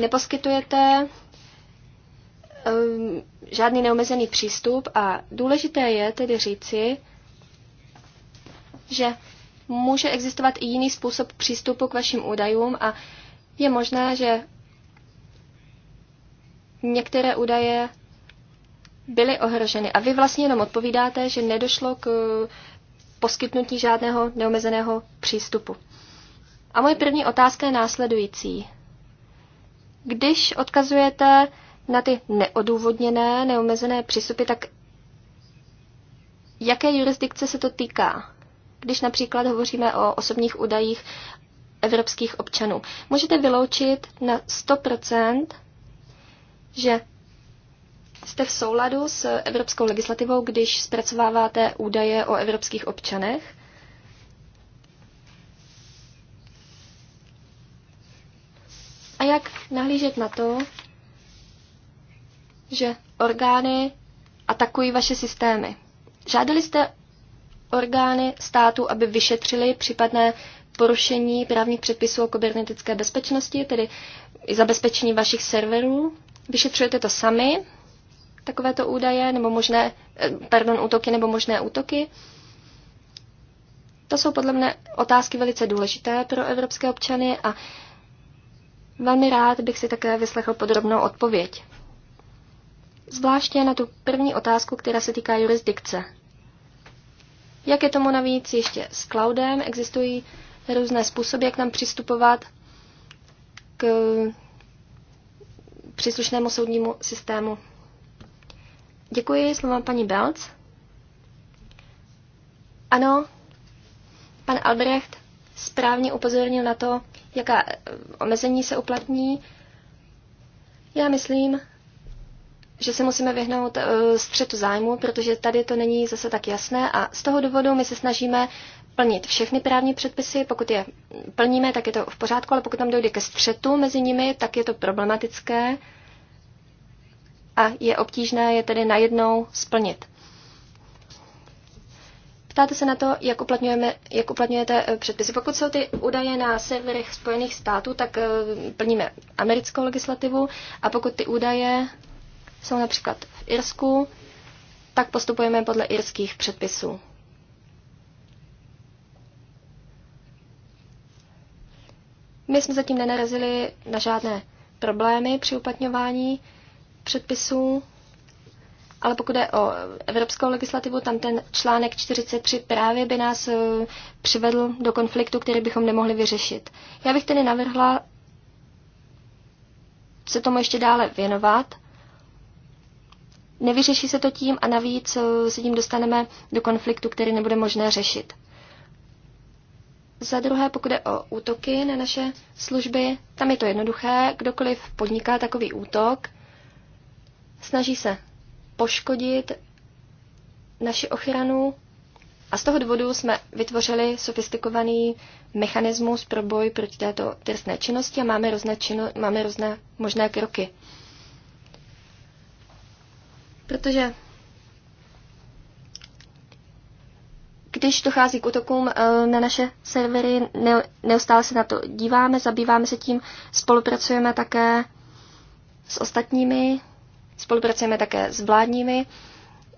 neposkytujete um, žádný neomezený přístup a důležité je tedy říci, že může existovat i jiný způsob přístupu k vašim údajům a je možné, že některé údaje byly ohroženy. A vy vlastně jenom odpovídáte, že nedošlo k eh, poskytnutí žádného neomezeného přístupu. A moje první otázka je následující. Když odkazujete na ty neodůvodněné, neomezené přístupy, tak jaké jurisdikce se to týká? Když například hovoříme o osobních údajích evropských občanů. Můžete vyloučit na 100 že jste v souladu s evropskou legislativou, když zpracováváte údaje o evropských občanech? A jak nahlížet na to, že orgány atakují vaše systémy? Žádali jste orgány státu, aby vyšetřili případné porušení právních předpisů o kybernetické bezpečnosti, tedy i zabezpečení vašich serverů Vyšetřujete to sami, takovéto údaje, nebo možné, eh, pardon, útoky nebo možné útoky? To jsou podle mne otázky velice důležité pro evropské občany a velmi rád bych si také vyslechl podrobnou odpověď. Zvláště na tu první otázku, která se týká jurisdikce. Jak je tomu navíc ještě s cloudem, existují různé způsoby, jak nám přistupovat k příslušnému soudnímu systému. Děkuji, slova paní Belc. Ano, pan Albrecht správně upozornil na to, jaká eh, omezení se uplatní. Já myslím, že se musíme vyhnout eh, střetu zájmu, protože tady to není zase tak jasné a z toho důvodu my se snažíme plnit všechny právní předpisy. Pokud je plníme, tak je to v pořádku, ale pokud tam dojde ke střetu mezi nimi, tak je to problematické a je obtížné je tedy najednou splnit. Ptáte se na to, jak, uplatňujeme, jak uplatňujete eh, předpisy. Pokud jsou ty údaje na serverech Spojených států, tak eh, plníme americkou legislativu a pokud ty údaje jsou například v Irsku, tak postupujeme podle irských předpisů. My jsme zatím nenarazili na žádné problémy při uplatňování předpisů, ale pokud je o evropskou legislativu, tam ten článek 43 právě by nás eh, přivedl do konfliktu, který bychom nemohli vyřešit. Já bych tedy navrhla se tomu ještě dále věnovat. Nevyřeší se to tím a navíc eh, se tím dostaneme do konfliktu, který nebude možné řešit. Za druhé, pokud je o útoky na naše služby, tam je to jednoduché. Kdokoliv podniká takový útok, snaží se poškodit naši ochranu a z toho důvodu jsme vytvořili sofistikovaný mechanismus pro boj proti této trestné činnosti a máme různé, čino, máme různé možné kroky. Protože Když dochází k útokům eh, na naše servery, neustále se na to díváme, zabýváme se tím, spolupracujeme také s ostatními, spolupracujeme také s vládními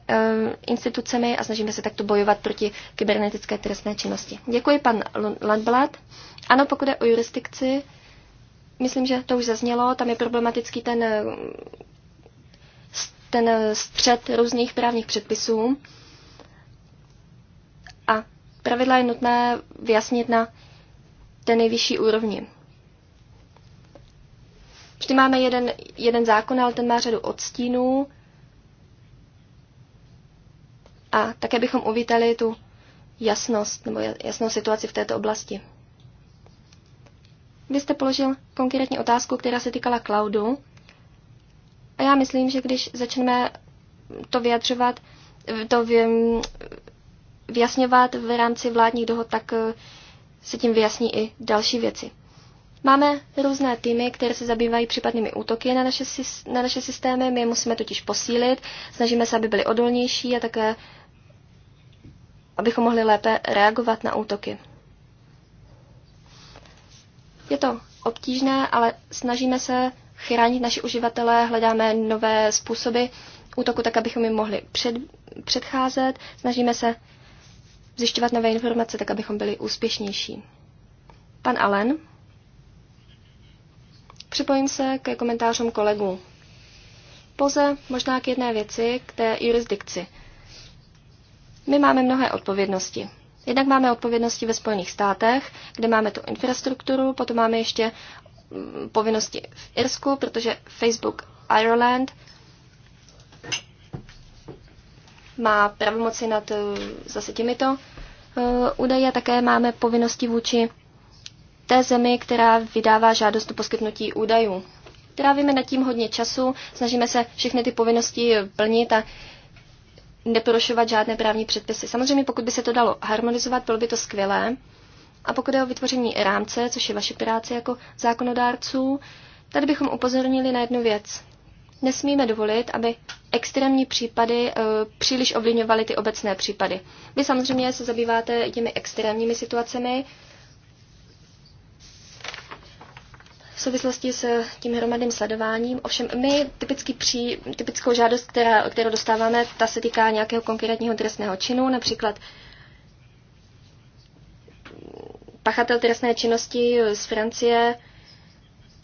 eh, institucemi a snažíme se takto bojovat proti kybernetické trestné činnosti. Děkuji, pan Landblad. Ano, pokud je o jurisdikci, myslím, že to už zaznělo, tam je problematický ten, eh, ten střed různých právních předpisů. A pravidla je nutné vyjasnit na té nejvyšší úrovni. Vždy máme jeden, jeden zákon, ale ten má řadu odstínů. A také bychom uvítali tu jasnost nebo jasnou situaci v této oblasti. Vy jste položil konkrétní otázku, která se týkala cloudu. A já myslím, že když začneme to vyjadřovat, to vyjasňovat v rámci vládních dohod, tak eh, se tím vyjasní i další věci. Máme různé týmy, které se zabývají případnými útoky na naše, na naše systémy. My je musíme totiž posílit, snažíme se, aby byly odolnější a také, abychom mohli lépe reagovat na útoky. Je to obtížné, ale snažíme se chránit naši uživatele, hledáme nové způsoby útoku, tak abychom jim mohli před, předcházet, snažíme se zjišťovat nové informace, tak abychom byli úspěšnější. Pan Allen. Připojím se ke komentářům kolegů. Poze možná k jedné věci, k té jurisdikci. My máme mnohé odpovědnosti. Jednak máme odpovědnosti ve Spojených státech, kde máme tu infrastrukturu, potom máme ještě mm, povinnosti v Irsku, protože Facebook Ireland má pravomoci nad eh, zase těmito eh, údaje. a také máme povinnosti vůči té zemi, která vydává žádost o poskytnutí údajů. Trávíme nad tím hodně času, snažíme se všechny ty povinnosti plnit a neporušovat žádné právní předpisy. Samozřejmě, pokud by se to dalo harmonizovat, bylo by to skvělé. A pokud je o vytvoření rámce, což je vaše práce jako zákonodárců, tady bychom upozornili na jednu věc nesmíme dovolit, aby extrémní případy e, příliš ovlivňovaly ty obecné případy. Vy samozřejmě se zabýváte těmi extrémními situacemi v souvislosti s tím hromadným sledováním. Ovšem my typický pří, typickou žádost, která, kterou dostáváme, ta se týká nějakého konkrétního trestného činu, například pachatel trestné činnosti z Francie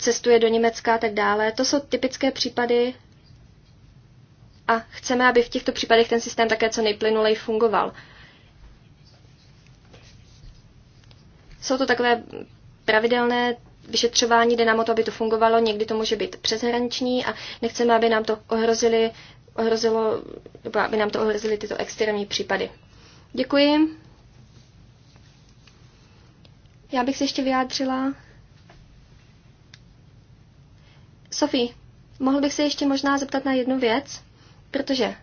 cestuje do Německa a tak dále. To jsou typické případy a chceme, aby v těchto případech ten systém také co nejplynulej fungoval. Jsou to takové pravidelné vyšetřování, jde nám o to, aby to fungovalo, někdy to může být přeshraniční a nechceme, aby nám to ohrozili, ohrozilo, nebo aby nám to ohrozili tyto extrémní případy. Děkuji. Já bych se ještě vyjádřila Sofie, mohl bych se ještě možná zeptat na jednu věc, protože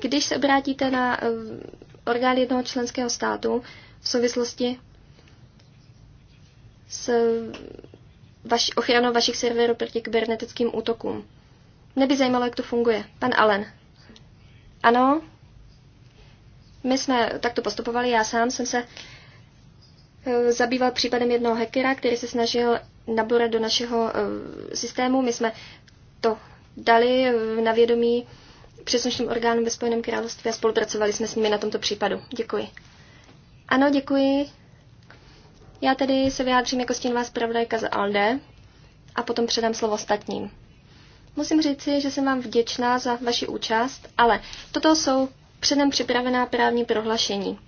když se obrátíte na eh, orgán jednoho členského státu v souvislosti s vaši, ochranou vašich serverů proti kybernetickým útokům. Mě by zajímalo, jak to funguje. Pan Allen. Ano, my jsme takto postupovali. Já sám jsem se eh, zabýval případem jednoho hackera, který se snažil nabure do našeho eh, systému. My jsme to dali eh, na vědomí příslušným orgánům ve Spojeném království a spolupracovali jsme s nimi na tomto případu. Děkuji. Ano, děkuji. Já tedy se vyjádřím jako stínová zpravodajka za ALDE a potom předám slovo ostatním. Musím říci, že jsem vám vděčná za vaši účast, ale toto jsou předem připravená právní prohlášení.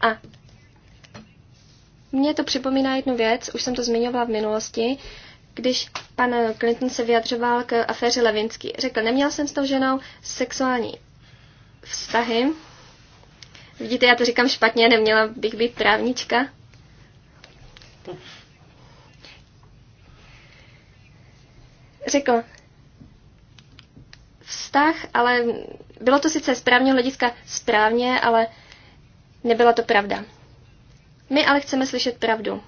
A mně to připomíná jednu věc, už jsem to zmiňovala v minulosti, když pan Clinton se vyjadřoval k aféře Levinsky. Řekl, neměl jsem s tou ženou sexuální vztahy. Vidíte, já to říkám špatně, neměla bych být právnička. Řekl, vztah, ale bylo to sice správně hlediska správně, ale nebyla to pravda. My ale chceme slyšet pravdu.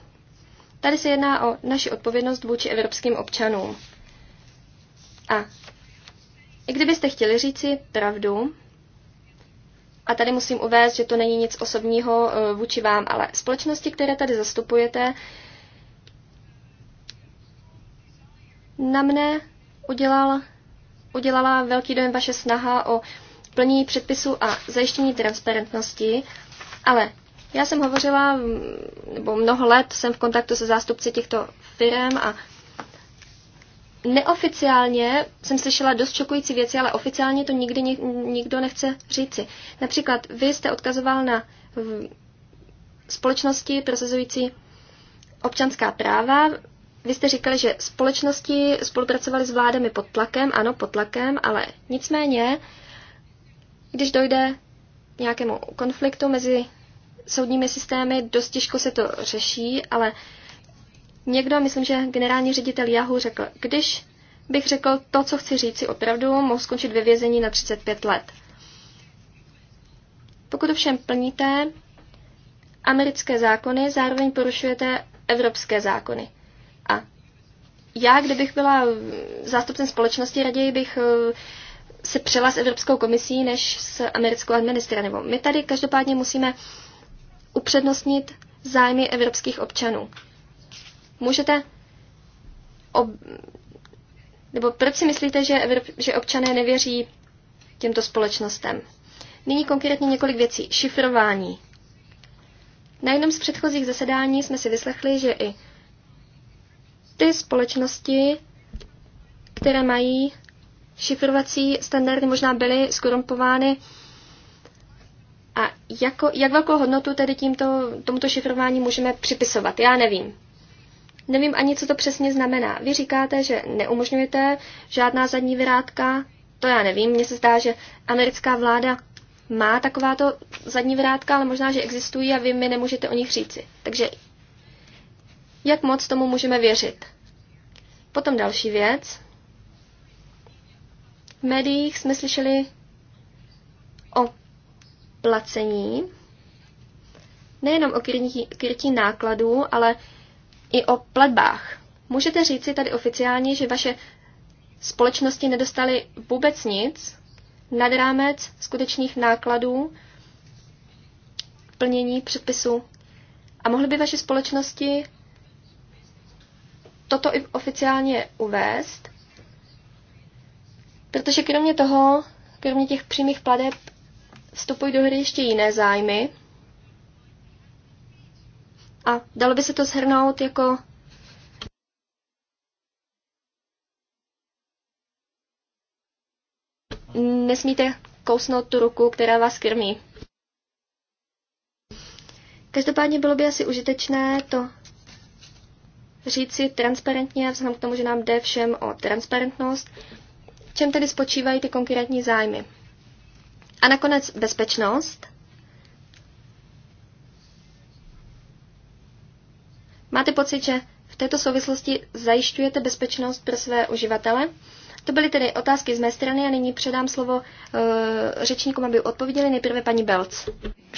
Tady se jedná o naši odpovědnost vůči evropským občanům. A i kdybyste chtěli říci pravdu, a tady musím uvést, že to není nic osobního eh, vůči vám, ale společnosti, které tady zastupujete, na mne udělal, udělala velký dojem vaše snaha o plnění předpisu a zajištění transparentnosti, ale já jsem hovořila, nebo mnoho let jsem v kontaktu se zástupci těchto firm a neoficiálně jsem slyšela dost šokující věci, ale oficiálně to nikdy nikdo nechce říci. Například vy jste odkazoval na společnosti prosazující občanská práva. Vy jste říkali, že společnosti spolupracovaly s vládami pod tlakem, ano, pod tlakem, ale nicméně, když dojde nějakému konfliktu mezi soudními systémy dost těžko se to řeší, ale někdo, myslím, že generální ředitel Yahoo řekl, když bych řekl to, co chci říci opravdu, mohu skončit ve vězení na 35 let. Pokud ovšem plníte americké zákony, zároveň porušujete evropské zákony. A já, kdybych byla zástupcem společnosti, raději bych eh, se přela s Evropskou komisí než s americkou administrativou. My tady každopádně musíme upřednostnit zájmy evropských občanů. Můžete ob... nebo proč si myslíte, že, Evrop... že občané nevěří těmto společnostem? Nyní konkrétně několik věcí. Šifrování. Na jednom z předchozích zasedání jsme si vyslechli, že i ty společnosti, které mají šifrovací standardy, možná byly skorumpovány a jako, jak velkou hodnotu tedy tímto, tomuto šifrování můžeme připisovat? Já nevím. Nevím ani, co to přesně znamená. Vy říkáte, že neumožňujete žádná zadní vyrátka. To já nevím. Mně se zdá, že americká vláda má takováto zadní vyrátka, ale možná, že existují a vy mi nemůžete o nich říci. Takže jak moc tomu můžeme věřit? Potom další věc. V médiích jsme slyšeli o placení, nejenom o krytí, krytí nákladů, ale i o platbách. Můžete říci tady oficiálně, že vaše společnosti nedostaly vůbec nic nad rámec skutečných nákladů plnění předpisů. A mohly by vaše společnosti toto i oficiálně uvést, protože kromě toho, kromě těch přímých pladeb, vstupují do hry ještě jiné zájmy. A dalo by se to shrnout jako nesmíte kousnout tu ruku, která vás krmí. Každopádně bylo by asi užitečné to říci transparentně, vzhledem k tomu, že nám jde všem o transparentnost, v čem tedy spočívají ty konkrétní zájmy. A nakonec bezpečnost. Máte pocit, že v této souvislosti zajišťujete bezpečnost pro své uživatele? To byly tedy otázky z mé strany a nyní předám slovo uh, řečníkům, aby odpověděli nejprve paní Belc.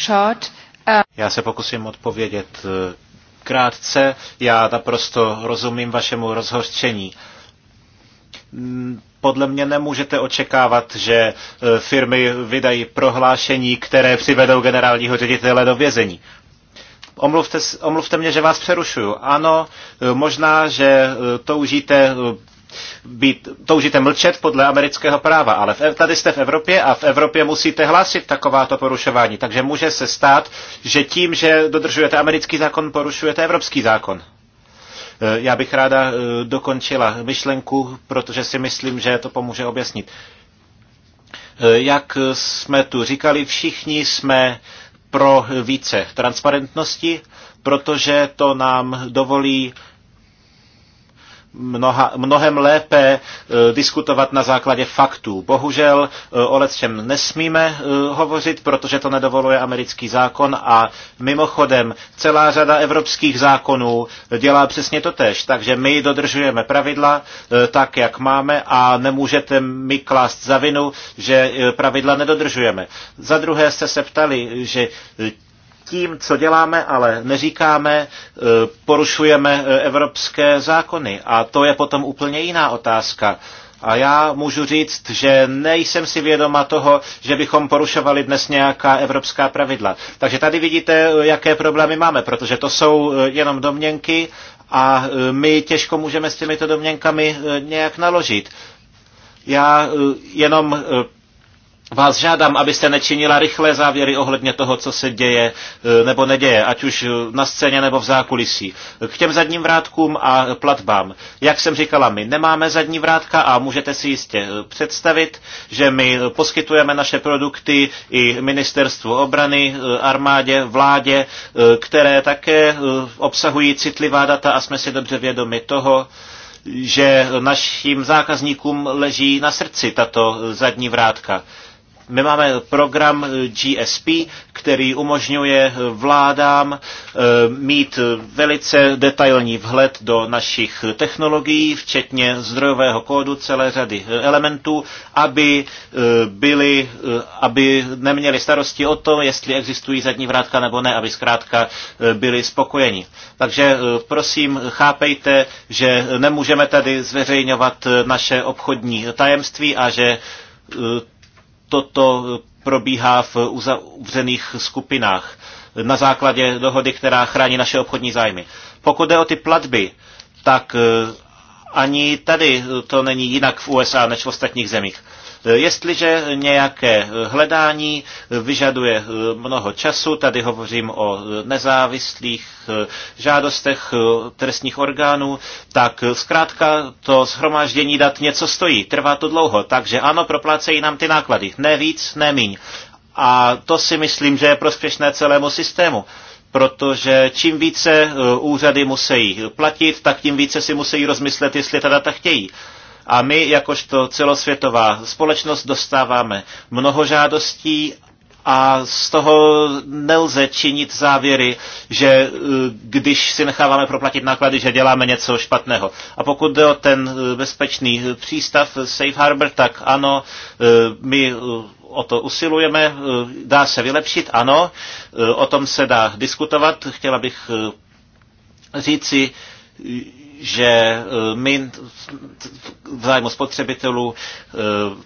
Short. Eh, Já se pokusím odpovědět eh, krátce. Já naprosto rozumím vašemu rozhořčení. Mm, podle mě nemůžete očekávat, že e, firmy vydají prohlášení, které přivedou generálního ředitele do vězení. Omluvte, omluvte mě, že vás přerušuju. Ano, e, možná, že e, toužíte být, toužíte mlčet podle amerického práva, ale v, tady jste v Evropě a v Evropě musíte hlásit takováto porušování. Takže může se stát, že tím, že dodržujete americký zákon, porušujete evropský zákon. Eh, já bych ráda eh, dokončila myšlenku, protože si myslím, že to pomůže objasnit. Eh, jak jsme tu říkali, všichni jsme pro více transparentnosti, protože to nám dovolí mnoha, mnohem lépe eh, diskutovat na základě faktů. Bohužel eh, o lecčem nesmíme eh, hovořit, protože to nedovoluje americký zákon a mimochodem celá řada evropských zákonů dělá přesně to tež, takže my dodržujeme pravidla tak, jak máme a nemůžete mi klást za vinu, že pravidla nedodržujeme. Za druhé jste se ptali, že tím, co děláme, ale neříkáme, e, porušujeme e, evropské zákony. A to je potom úplně jiná otázka. A já můžu říct, že nejsem si vědoma toho, že bychom porušovali dnes nějaká evropská pravidla. Takže tady vidíte, jaké problémy máme, protože to jsou e, jenom domněnky a my těžko můžeme s těmito domněnkami nějak naložit. Já jenom vás žádám, abyste nečinila rychlé závěry ohledně toho, co se děje e, nebo neděje, ať už e, na scéně nebo v zákulisí. E, k těm zadním vrátkům a platbám. Jak jsem říkala, my nemáme zadní vrátka a můžete si jistě představit, že my poskytujeme naše produkty i ministerstvu obrany, armádě, vládě, které také obsahují citlivá data a jsme si dobře vědomi toho, že našim zákazníkům leží na srdci tato zadní vrátka. My máme program GSP, který umožňuje vládám eh, mít velice detailní vhled do našich technologií, včetně zdrojového kódu celé řady eh, elementů, aby, eh, byli, aby neměli starosti o to, jestli existují zadní vrátka nebo ne, aby zkrátka byli spokojeni. Takže prosím, chápejte, že nemůžeme tady zveřejňovat naše obchodní tajemství a že toto probíhá v uzavřených skupinách na základě dohody, která chrání naše obchodní zájmy. Pokud jde o ty platby, tak eh, ani tady to není jinak v USA než v ostatních zemích. Jestliže nějaké hledání vyžaduje eh, mnoho času, tady hovořím o nezávislých eh, žádostech eh, trestních orgánů, tak zkrátka to schromáždění dat něco stojí, trvá to dlouho, takže ano, proplácejí nám ty náklady, ne víc, ne míň. A to si myslím, že je prospěšné celému systému protože čím více úřady musí platit, tak tím více si musí rozmyslet, jestli ta data chtějí. A my, jakožto celosvětová společnost, dostáváme mnoho žádostí a z toho nelze činit závěry, že eh, když si necháváme proplatit náklady, že děláme něco špatného. A pokud jde o ten eh, bezpečný přístav Safe Harbor, tak ano, eh, my o to usilujeme, dá se vylepšit, ano, o tom se dá diskutovat. Chtěla bych říci, že eh, my v zájmu spotřebitelů eh,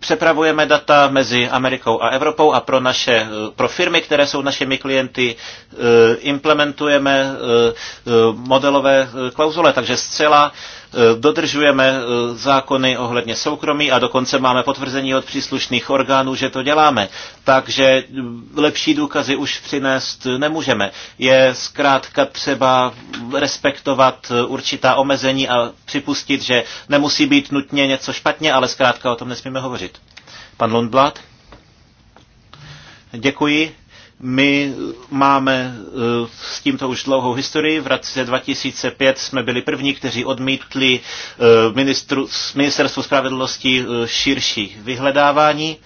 přepravujeme data mezi Amerikou a Evropou a pro, naše, eh, pro firmy, které jsou našimi klienty, implementujeme modelové klauzule. Takže zcela Eh, dodržujeme eh, zákony ohledně soukromí a dokonce máme potvrzení od příslušných orgánů, že to děláme. Takže mm, lepší důkazy už přinést nemůžeme. Je zkrátka třeba respektovat eh, určitá omezení a připustit, že nemusí být nutně něco špatně, ale zkrátka o tom nesmíme hovořit. Pan Lundblad? Děkuji. My máme eh, s tímto už dlouhou historii. V roce 2005 jsme byli první, kteří odmítli eh, ministerstvu spravedlnosti eh, širší vyhledávání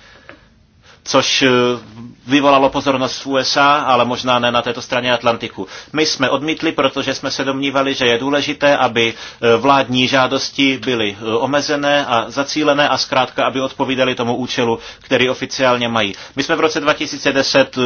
což eh, vyvolalo pozornost v USA, ale možná ne na této straně Atlantiku. My jsme odmítli, protože jsme se domnívali, že je důležité, aby eh, vládní žádosti byly eh, omezené a zacílené a zkrátka, aby odpovídali tomu účelu, který oficiálně mají. My jsme v roce 2010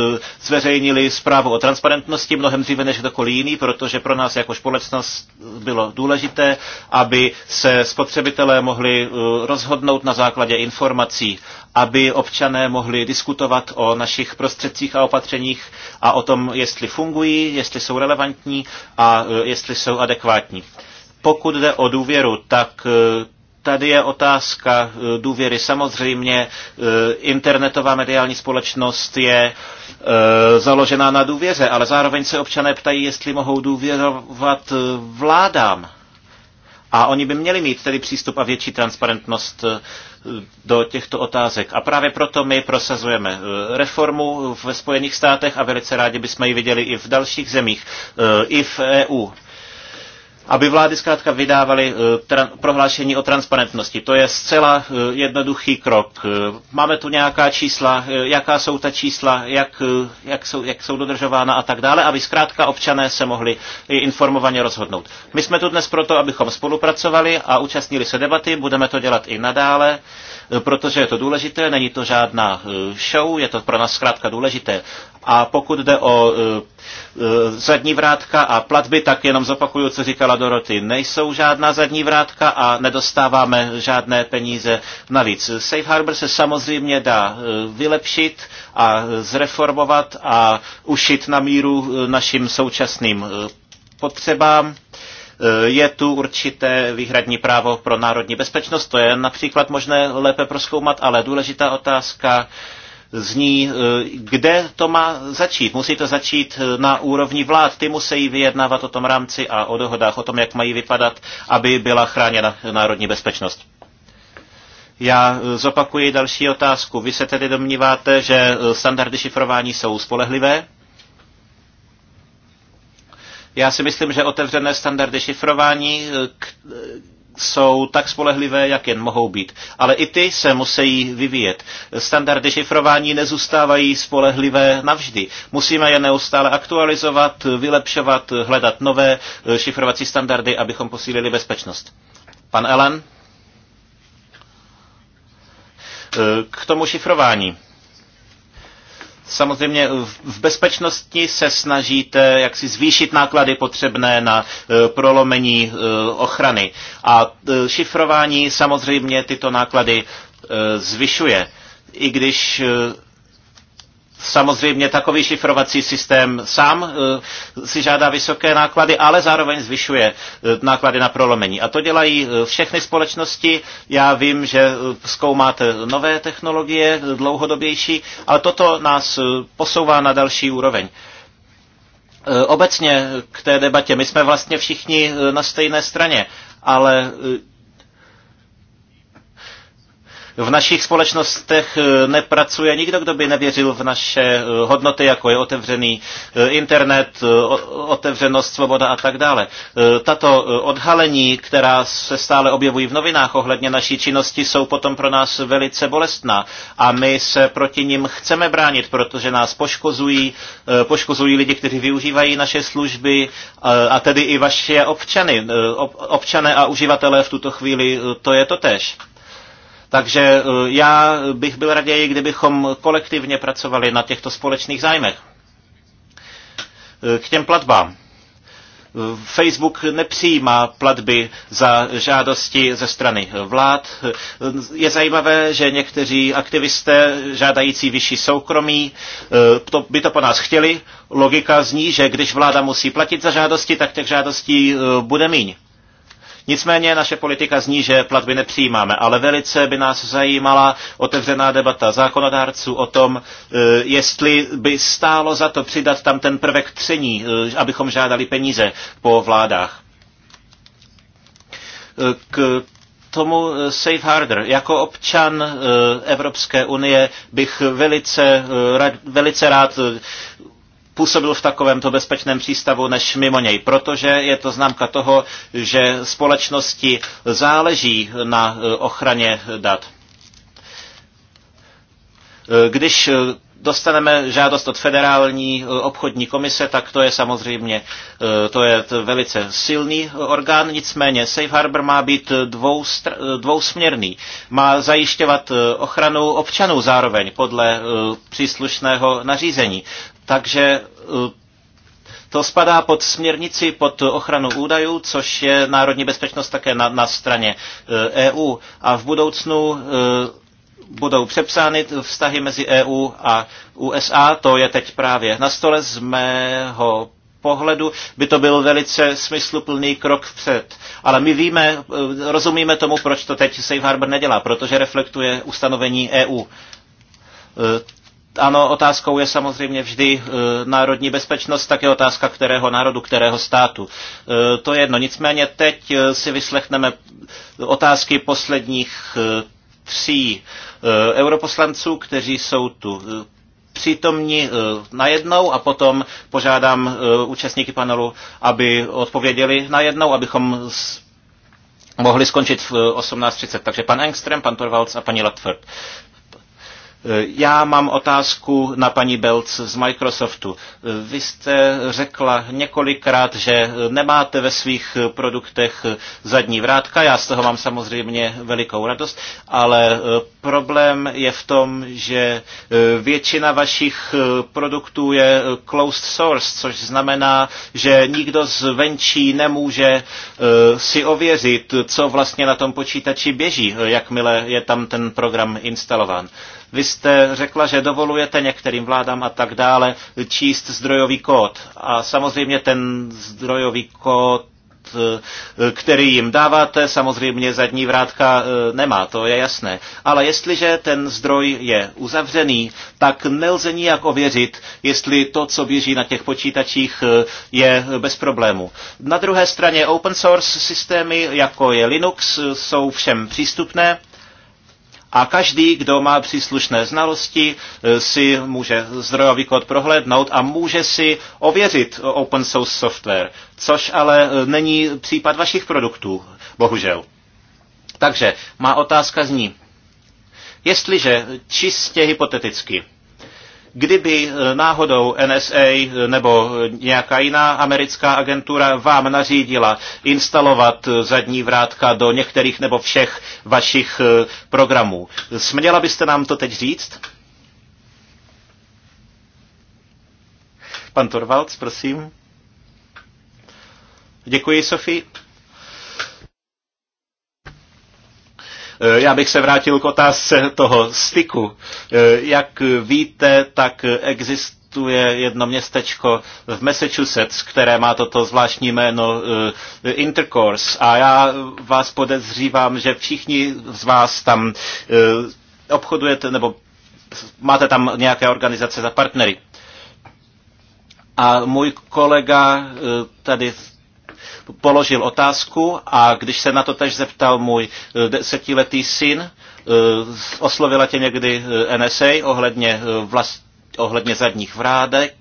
zveřejnili zprávu o transparentnosti mnohem dříve než kdokoliv jiný, protože pro nás jako společnost bylo důležité, aby se spotřebitelé mohli rozhodnout na základě informací, aby občané mohli diskutovat o našich prostředcích a opatřeních a o tom, jestli fungují, jestli jsou relevantní a e, jestli jsou adekvátní. Pokud jde o důvěru, tak e, tady je otázka e, důvěry. Samozřejmě internetová mediální společnost je založená na důvěře, ale zároveň se občané ptají, jestli mohou důvěřovat vládám. A oni by měli mít tedy přístup a větší transparentnost eh, do těchto otázek. A právě proto my prosazujeme eh, reformu ve Spojených státech a velice rádi bychom ji viděli i v dalších zemích, eh, i v EU aby vlády zkrátka vydávaly eh, prohlášení o transparentnosti. To je zcela eh, jednoduchý krok. Eh, máme tu nějaká čísla, jaká jsou ta čísla, jak, jak, jsou, jak jsou dodržována a tak dále, aby zkrátka občané se mohli informovaně rozhodnout. My jsme tu dnes proto, abychom spolupracovali a účastnili se debaty, budeme to dělat i nadále, protože je to důležité, není to žádná show, je to pro nás zkrátka důležité. A pokud jde o eh, eh, zadní vrátka a platby, tak jenom zopakuju, co říkala Doroty. Nejsou žádná zadní vrátka a nedostáváme žádné peníze navíc. Safe Harbor se samozřejmě dá eh, vylepšit a zreformovat a ušit na míru našim současným potřebám. Je tu určité výhradní právo pro národní bezpečnost, to je například možné lépe proskoumat, ale důležitá otázka zní, eh, kde to má začít. Musí to začít eh, na úrovni vlád. Ty musí vyjednávat o tom rámci a o dohodách, o tom, jak mají vypadat, aby byla chráněna národní bezpečnost. Já eh, zopakuji další otázku. Vy se tedy domníváte, že standardy šifrování jsou spolehlivé? Já si myslím, že otevřené standardy šifrování, jsou tak spolehlivé, jak jen mohou být. Ale i ty se musí vyvíjet. Standardy šifrování nezůstávají spolehlivé navždy. Musíme je neustále aktualizovat, vylepšovat, hledat nové eh, šifrovací standardy, abychom posílili bezpečnost. Pan Ellen? Eh, k tomu šifrování. Samozřejmě v bezpečnosti se snažíte jak si zvýšit náklady potřebné na e, prolomení e, ochrany. A e, šifrování samozřejmě tyto náklady zvyšuje i když Samozřejmě takový šifrovací systém sám eh, si žádá vysoké náklady, ale zároveň zvyšuje eh, náklady na prolomení. A to dělají eh, všechny společnosti. Já vím, že zkoumáte nové technologie, dlouhodobější, ale toto nás posouvá na další úroveň. Obecně k té debatě, my jsme vlastně všichni na stejné straně, ale v našich společnostech eh, nepracuje nikdo, kdo by nevěřil v naše eh, hodnoty, jako je otevřený eh, internet, otevřenost, svoboda a tak dále. Tato odhalení, která se stále objevují v novinách ohledně naší činnosti, jsou potom pro nás velice bolestná a my se proti nim chceme bránit, protože nás poškozují, poškozují lidi, kteří využívají naše služby a tedy i vaše občany. Občané a uživatelé v tuto chvíli to je to tež. Takže eh, já bych byl raději, kdybychom kolektivně pracovali na těchto společných zájmech. Eh, k těm platbám. Eh, Facebook nepřijímá platby za žádosti ze strany vlád. Je zajímavé, že někteří aktivisté žádající vyšší soukromí to, by to po nás chtěli. Logika zní, že když vláda musí platit za žádosti, tak těch žádostí bude míň. Nicméně naše politika zní, že platby nepřijímáme, ale velice by nás zajímala otevřená debata zákonodárců o tom, e, jestli by stálo za to přidat tam ten prvek tření, e, abychom žádali peníze po vládách. E, k tomu Safe Harder. Jako občan Evropské unie bych velice, velice rád působil v takovémto bezpečném přístavu než mimo něj, protože je to známka toho, že společnosti záleží na e, ochraně dat. E, když e, dostaneme žádost od federální obchodní komise, tak to je samozřejmě to je velice silný orgán, nicméně Safe Harbor má být dvoustr- dvousměrný. Má zajišťovat ochranu občanů zároveň podle příslušného nařízení. Takže eh, to spadá pod směrnici pod ochranu údajů, což je národní bezpečnost také na, na straně EU. Eh, e a v budoucnu eh, budou přepsány vztahy mezi EU a USA. To je teď právě na stole z mého pohledu by to byl velice smysluplný krok vpřed. Ale my víme, rozumíme tomu, proč to teď Safe Harbor nedělá, protože reflektuje ustanovení EU ano, otázkou je samozřejmě vždy eh, národní bezpečnost, tak je otázka kterého národu, kterého státu. Eh, to je jedno. Nicméně teď eh, si vyslechneme otázky posledních tří europoslanců, kteří jsou tu přítomní najednou a potom požádám účastníky panelu, aby odpověděli najednou, abychom mohli skončit v 18.30. Takže pan Engström, pan Torvalds a paní Latford. Eh, já mám otázku na paní Belc z Microsoftu. Eh, vy jste řekla několikrát, že nemáte ve svých produktech zadní vrátka. Já z toho mám samozřejmě velikou radost, ale eh, problém je v tom, že většina vašich produktů je closed source, což znamená, že nikdo zvenčí nemůže si ověřit, co vlastně na tom počítači běží, jakmile je tam ten program instalován. Vy jste řekla, že dovolujete některým vládám a tak dále číst zdrojový kód. A samozřejmě ten zdrojový kód eh, který jim dáváte, samozřejmě zadní vrátka eh, nemá, to je jasné. Ale jestliže ten zdroj je uzavřený, tak nelze nijak ověřit, jestli to, co běží na těch počítačích, eh, je bez problému. Na druhé straně open source systémy, jako je Linux, jsou všem přístupné a každý, kdo má příslušné znalosti, eh, si může zdrojový kód prohlédnout a může si ověřit open source software, což ale eh, není případ vašich produktů, bohužel. Takže má otázka zní, jestliže čistě hypoteticky Kdyby eh, náhodou NSA eh, nebo eh, nějaká jiná americká agentura vám nařídila instalovat zadní vrátka do některých nebo všech vašich programů, směla byste nám to teď říct? Pan Torvalds, prosím. Děkuji, Sofie. Eh, já bych se vrátil k otázce toho styku. Eh, jak víte, tak existuje tu je jedno městečko v Massachusetts, které má toto zvláštní jméno eh, Intercourse. A já vás podezřívám, že všichni z vás tam obchodujete nebo máte tam nějaké organizace za partnery. A můj kolega tady položil otázku a když se na to tež zeptal můj eh, desetiletý syn, eh, oslovila tě někdy eh, NSA ohledně, vlast, ohledně zadních vrádek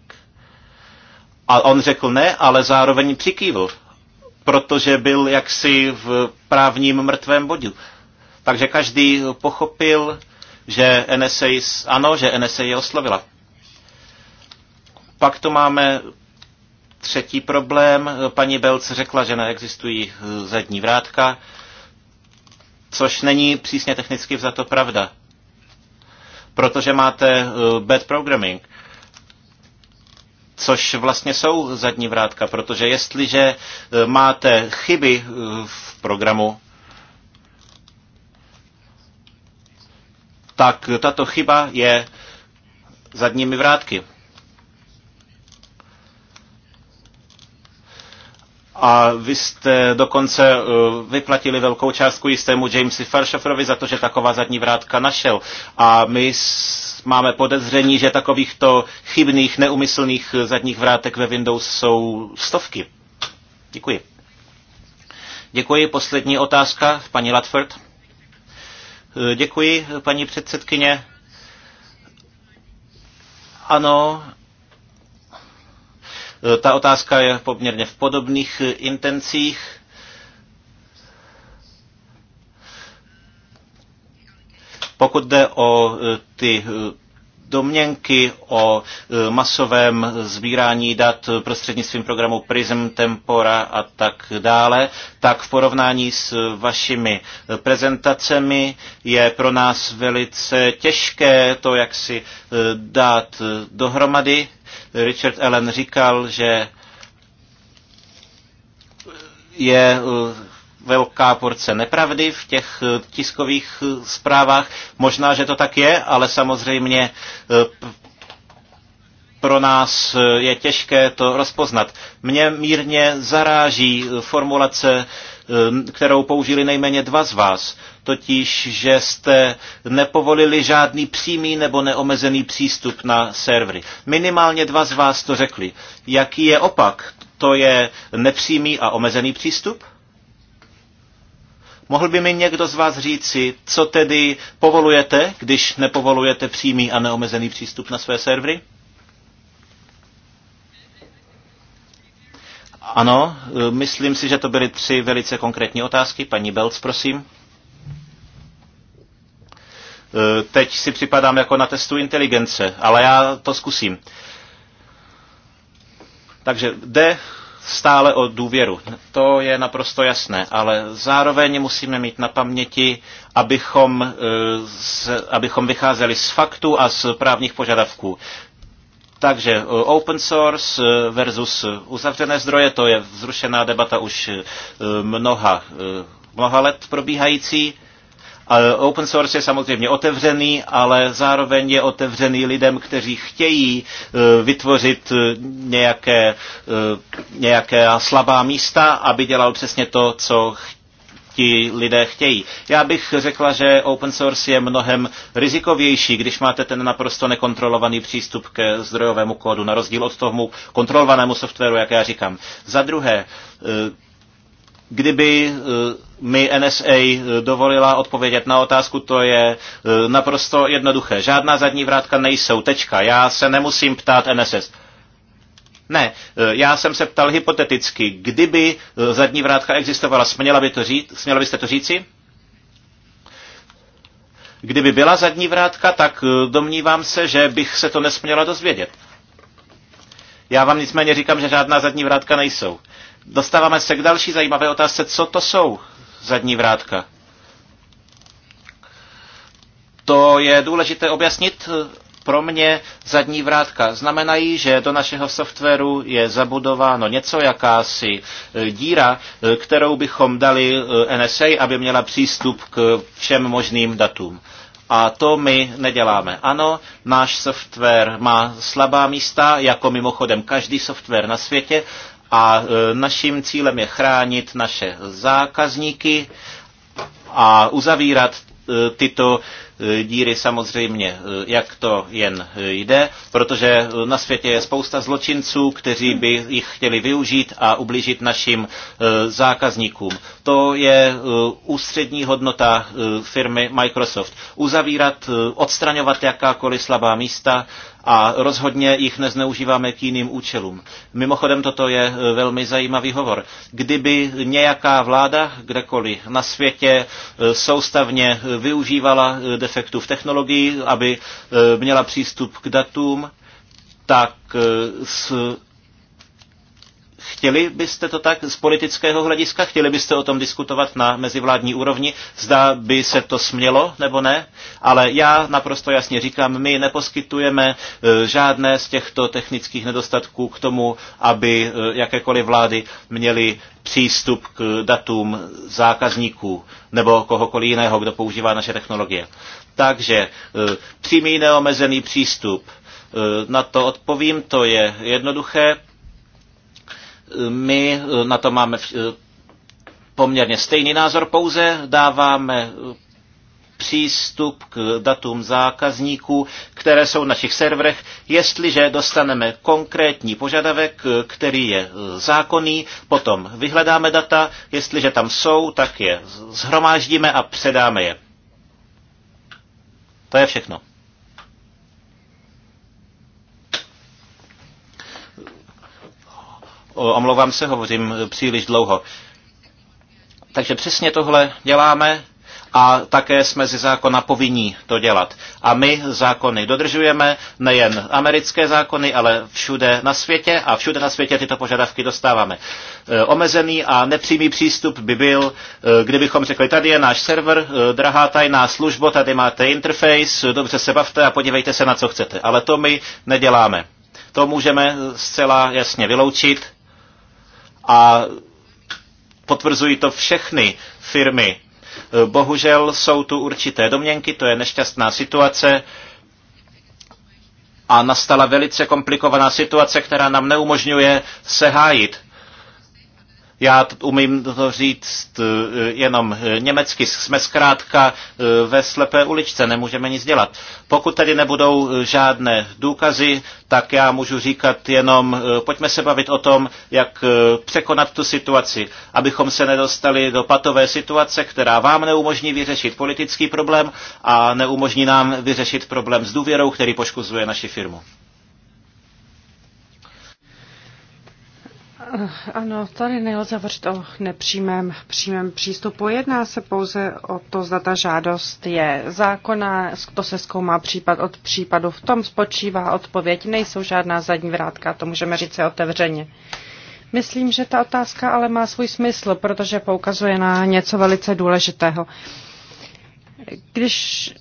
a on řekl ne, ale zároveň přikývl, protože byl jaksi v právním mrtvém bodu. Takže každý pochopil, že NSA, ano, že NSA je oslovila. Pak tu máme Třetí problém, paní Belc řekla, že neexistují eh, zadní vrátka, což není přísně technicky vzato pravda, protože máte eh, bad programming, což vlastně jsou zadní vrátka, protože jestliže eh, máte chyby v programu, tak tato chyba je zadními vrátky. a vy jste dokonce uh, vyplatili velkou částku jistému Jamesi Farshoferovi za to, že taková zadní vrátka našel. A my máme podezření, že takovýchto chybných, neumyslných eh, zadních vrátek ve Windows jsou stovky. Děkuji. Děkuji. Poslední otázka, paní Latford. Eh, děkuji, paní předsedkyně. Ano, Eh, ta otázka je poměrně v podobných eh, intencích. Pokud jde o eh, ty domněnky o masovém sbírání dat prostřednictvím programu Prism, Tempora a tak dále, tak v porovnání s vašimi prezentacemi je pro nás velice těžké to, jak si dát dohromady. Richard Allen říkal, že je eh, velká porce nepravdy v těch eh, tiskových eh, zprávách. Možná, že to tak je, ale samozřejmě pro nás je těžké to rozpoznat. Mě mírně zaráží formulace Ehm, kterou použili nejméně dva z vás, totiž, že jste nepovolili žádný přímý nebo neomezený přístup na servery. Minimálně dva z vás to řekli. Jaký je opak? To je nepřímý a omezený přístup? Mohl by mi někdo z vás říci, co tedy povolujete, když nepovolujete přímý a neomezený přístup na své servery? Ano, e, myslím si, že to byly tři velice konkrétní otázky. Paní Belc, prosím. E, teď si připadám jako na testu inteligence, ale já to zkusím. Takže jde stále o důvěru. To je naprosto jasné, ale zároveň musíme mít na paměti, abychom, e, z, abychom vycházeli z faktů a z právních požadavků. Takže eh, open source eh, versus uzavřené zdroje, to je vzrušená debata už eh, mnoha, mnoha let probíhající. Open source je samozřejmě otevřený, ale zároveň je otevřený lidem, kteří chtějí vytvořit nějaké, nějaké slabá místa, aby dělal přesně to, co ti lidé chtějí. Já bych řekla, že open source je mnohem rizikovější, když máte ten naprosto nekontrolovaný přístup ke zdrojovému kódu, na rozdíl od tomu kontrolovanému softwaru, jak já říkám. Za druhé, eh, kdyby eh, mi NSA dovolila odpovědět na otázku, to je eh, naprosto jednoduché. Žádná zadní vrátka nejsou, tečka. Já se nemusím ptát NSS. Ne, eh, já jsem se ptal hypoteticky, kdyby eh, zadní vrátka existovala, směla, by to říct, směla byste to říci? Kdyby byla zadní vrátka, tak eh, domnívám se, že bych se to nesměla dozvědět. Já vám nicméně říkám, že žádná zadní vrátka nejsou. Dostáváme se k další zajímavé otázce, co to jsou zadní vrátka. To je důležité objasnit pro mě zadní vrátka znamenají, že do našeho softwaru je zabudováno něco jakási e, díra, e, kterou bychom dali e, NSA, aby měla přístup k všem možným datům. A to my neděláme. Ano, náš software má slabá místa, jako mimochodem každý software na světě, a naším cílem je chránit naše zákazníky a uzavírat tyto díry samozřejmě, eh, jak to jen eh, jde, protože eh, na světě je spousta zločinců, kteří by jich chtěli využít a ublížit našim zákazníkům. To je ústřední hodnota firmy Microsoft. Uzavírat, odstraňovat jakákoliv slabá místa, a rozhodně jich nezneužíváme k jiným účelům. Mimochodem toto je e, velmi zajímavý hovor. Kdyby nějaká vláda kdekoliv na světě e, soustavně e, využívala defektů v technologii, aby měla přístup k datům, tak s Chtěli byste to tak z politického hlediska? Chtěli byste o tom diskutovat na mezivládní úrovni? Zda by se to smělo nebo ne? Ale já naprosto jasně říkám, my neposkytujeme e, žádné z těchto technických nedostatků k tomu, aby e, jakékoliv vlády měly přístup k datům zákazníků nebo kohokoliv jiného, kdo používá naše technologie. Takže e, přímý neomezený přístup. Na to odpovím, to je jednoduché. My eh, na to máme eh, poměrně stejný názor, pouze dáváme eh, přístup k datům zákazníků, které jsou v našich serverech, jestliže dostaneme konkrétní požadavek, který je zákonný, potom vyhledáme data, jestliže tam jsou, tak je zhromáždíme a předáme je. To je všechno. Omlouvám se, hovořím eh, příliš dlouho. Takže přesně tohle děláme a také jsme ze zákona povinní to dělat. A my zákony dodržujeme, nejen americké zákony, ale všude na světě a všude na světě tyto požadavky dostáváme. Eh, omezený a nepřímý přístup by byl, eh, kdybychom řekli, tady je náš server, drahá tajná služba, tady máte interface, dobře se bavte a podívejte se na co chcete. Ale to my neděláme. To můžeme zcela jasně vyloučit a potvrzují to všechny firmy. Bohužel jsou tu určité domněnky, to je nešťastná situace a nastala velice komplikovaná situace, která nám neumožňuje se hájit. Já umím to říct eh, jenom eh, německy. Jsme zkrátka eh, ve slepé uličce, nemůžeme nic dělat. Pokud tady nebudou žádné důkazy, tak já můžu říkat jenom, pojďme se bavit o tom, jak překonat tu situaci, abychom se nedostali do patové situace, která vám neumožní vyřešit politický problém a neumožní nám vyřešit problém s důvěrou, který poškozuje naši firmu. Ano, tady nelze hovořit o nepřímém přímém přístupu. Jedná se pouze o to, zda ta žádost je zákona, to se zkoumá případ od případu. V tom spočívá odpověď, nejsou žádná zadní vrátka, to můžeme říct se otevřeně. Myslím, že ta otázka ale má svůj smysl, protože poukazuje na něco velice důležitého. Když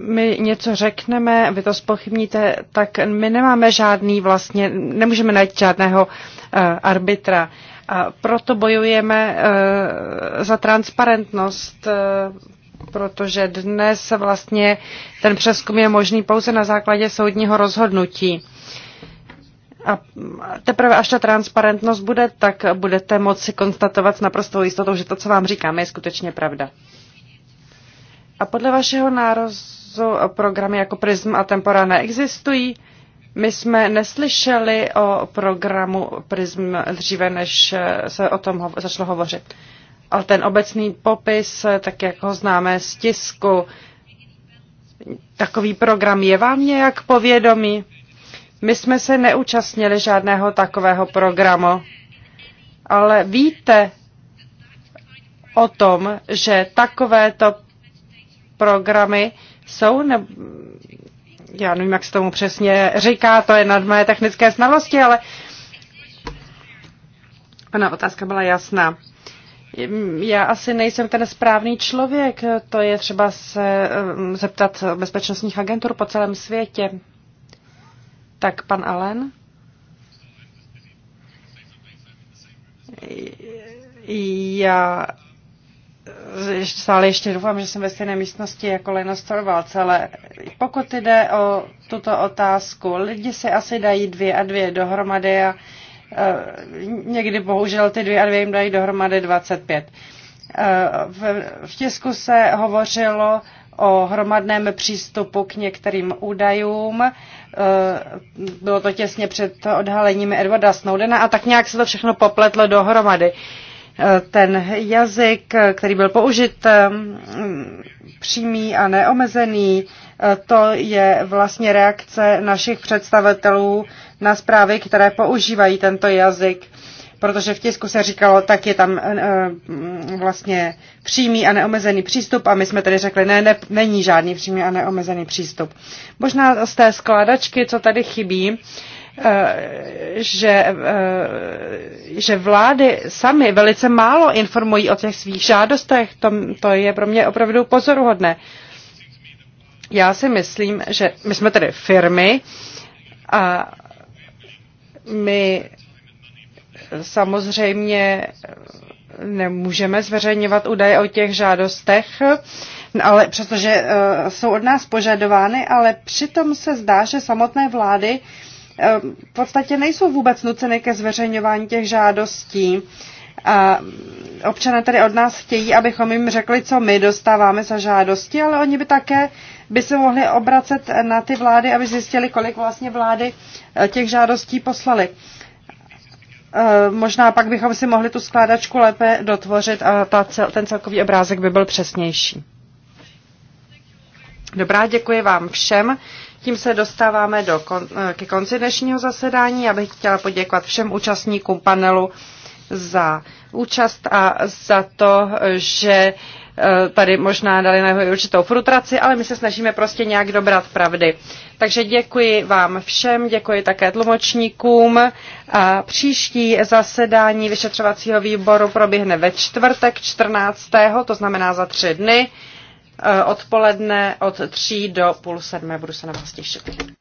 my něco řekneme, vy to spochybníte, tak my nemáme žádný vlastně, nemůžeme najít žádného uh, arbitra. A proto bojujeme uh, za transparentnost, uh, protože dnes vlastně ten přeskum je možný pouze na základě soudního rozhodnutí. A teprve až ta transparentnost bude, tak budete moci konstatovat s naprostou jistotou, že to, co vám říkáme, je skutečně pravda. A podle vašeho nározu eh, programy jako Prism a Tempora neexistují? My jsme neslyšeli o programu Prism dříve, než eh, se o tom hovo- začalo hovořit. Ale ten obecný popis, eh, tak jak ho známe z tisku, takový program je vám nějak povědomý? My jsme se neúčastnili žádného takového programu, ale víte o tom, že takovéto programy jsou, ne, já nevím, jak se tomu přesně říká, to je nad moje technické znalosti, ale ona otázka byla jasná. Já asi nejsem ten správný člověk, to je třeba se eh, zeptat bezpečnostních agentur po celém světě. Tak, pan Allen? Já stále ještě doufám, že jsem ve stejné místnosti jako Lena Storvalc, ale pokud jde o tuto otázku, lidi si asi dají dvě a dvě dohromady a e, někdy bohužel ty dvě a dvě jim dají dohromady 25. E, v, v tisku se hovořilo o hromadném přístupu k některým údajům. E, bylo to těsně před odhalením Edwarda Snowdena a tak nějak se to všechno popletlo dohromady ten jazyk, který byl použit, um, přímý a neomezený, to je vlastně reakce našich představitelů na zprávy, které používají tento jazyk. Protože v tisku se říkalo, tak je tam eh, mm, vlastně přímý a neomezený přístup a my jsme tedy řekli, ne, ne, není žádný přímý a neomezený přístup. Možná z té skladačky, co tady chybí, Eh, že, eh, že vlády sami velice málo informují o těch svých žádostech. To, to je pro mě opravdu pozoruhodné. Já si myslím, že my jsme tedy firmy a my samozřejmě nemůžeme zveřejňovat údaje o těch žádostech, ale přestože eh, jsou od nás požadovány, ale přitom se zdá, že samotné vlády uh, Ehm, v podstatě nejsou vůbec nuceny ke zveřejňování těch žádostí. A občané tedy od nás chtějí, abychom jim řekli, co my dostáváme za žádosti, ale oni by také by se mohli obracet na ty vlády, aby zjistili, kolik vlastně vlády eh, těch žádostí poslali. Ehm, možná pak bychom si mohli tu skládačku lépe dotvořit a ta, ten celkový obrázek by byl přesnější. Dobrá, děkuji vám všem. Tím se dostáváme do kon, eh, ke konci dnešního zasedání. Já bych chtěla poděkovat všem účastníkům panelu za účast a za to, že eh, tady možná dali na jeho určitou frutraci, ale my se snažíme prostě nějak dobrat pravdy. Takže děkuji vám všem, děkuji také tlumočníkům a příští zasedání vyšetřovacího výboru proběhne ve čtvrtek 14. to znamená za tři dny. Eh, odpoledne od 3 do půl sedmé. Budu se na vás těšit.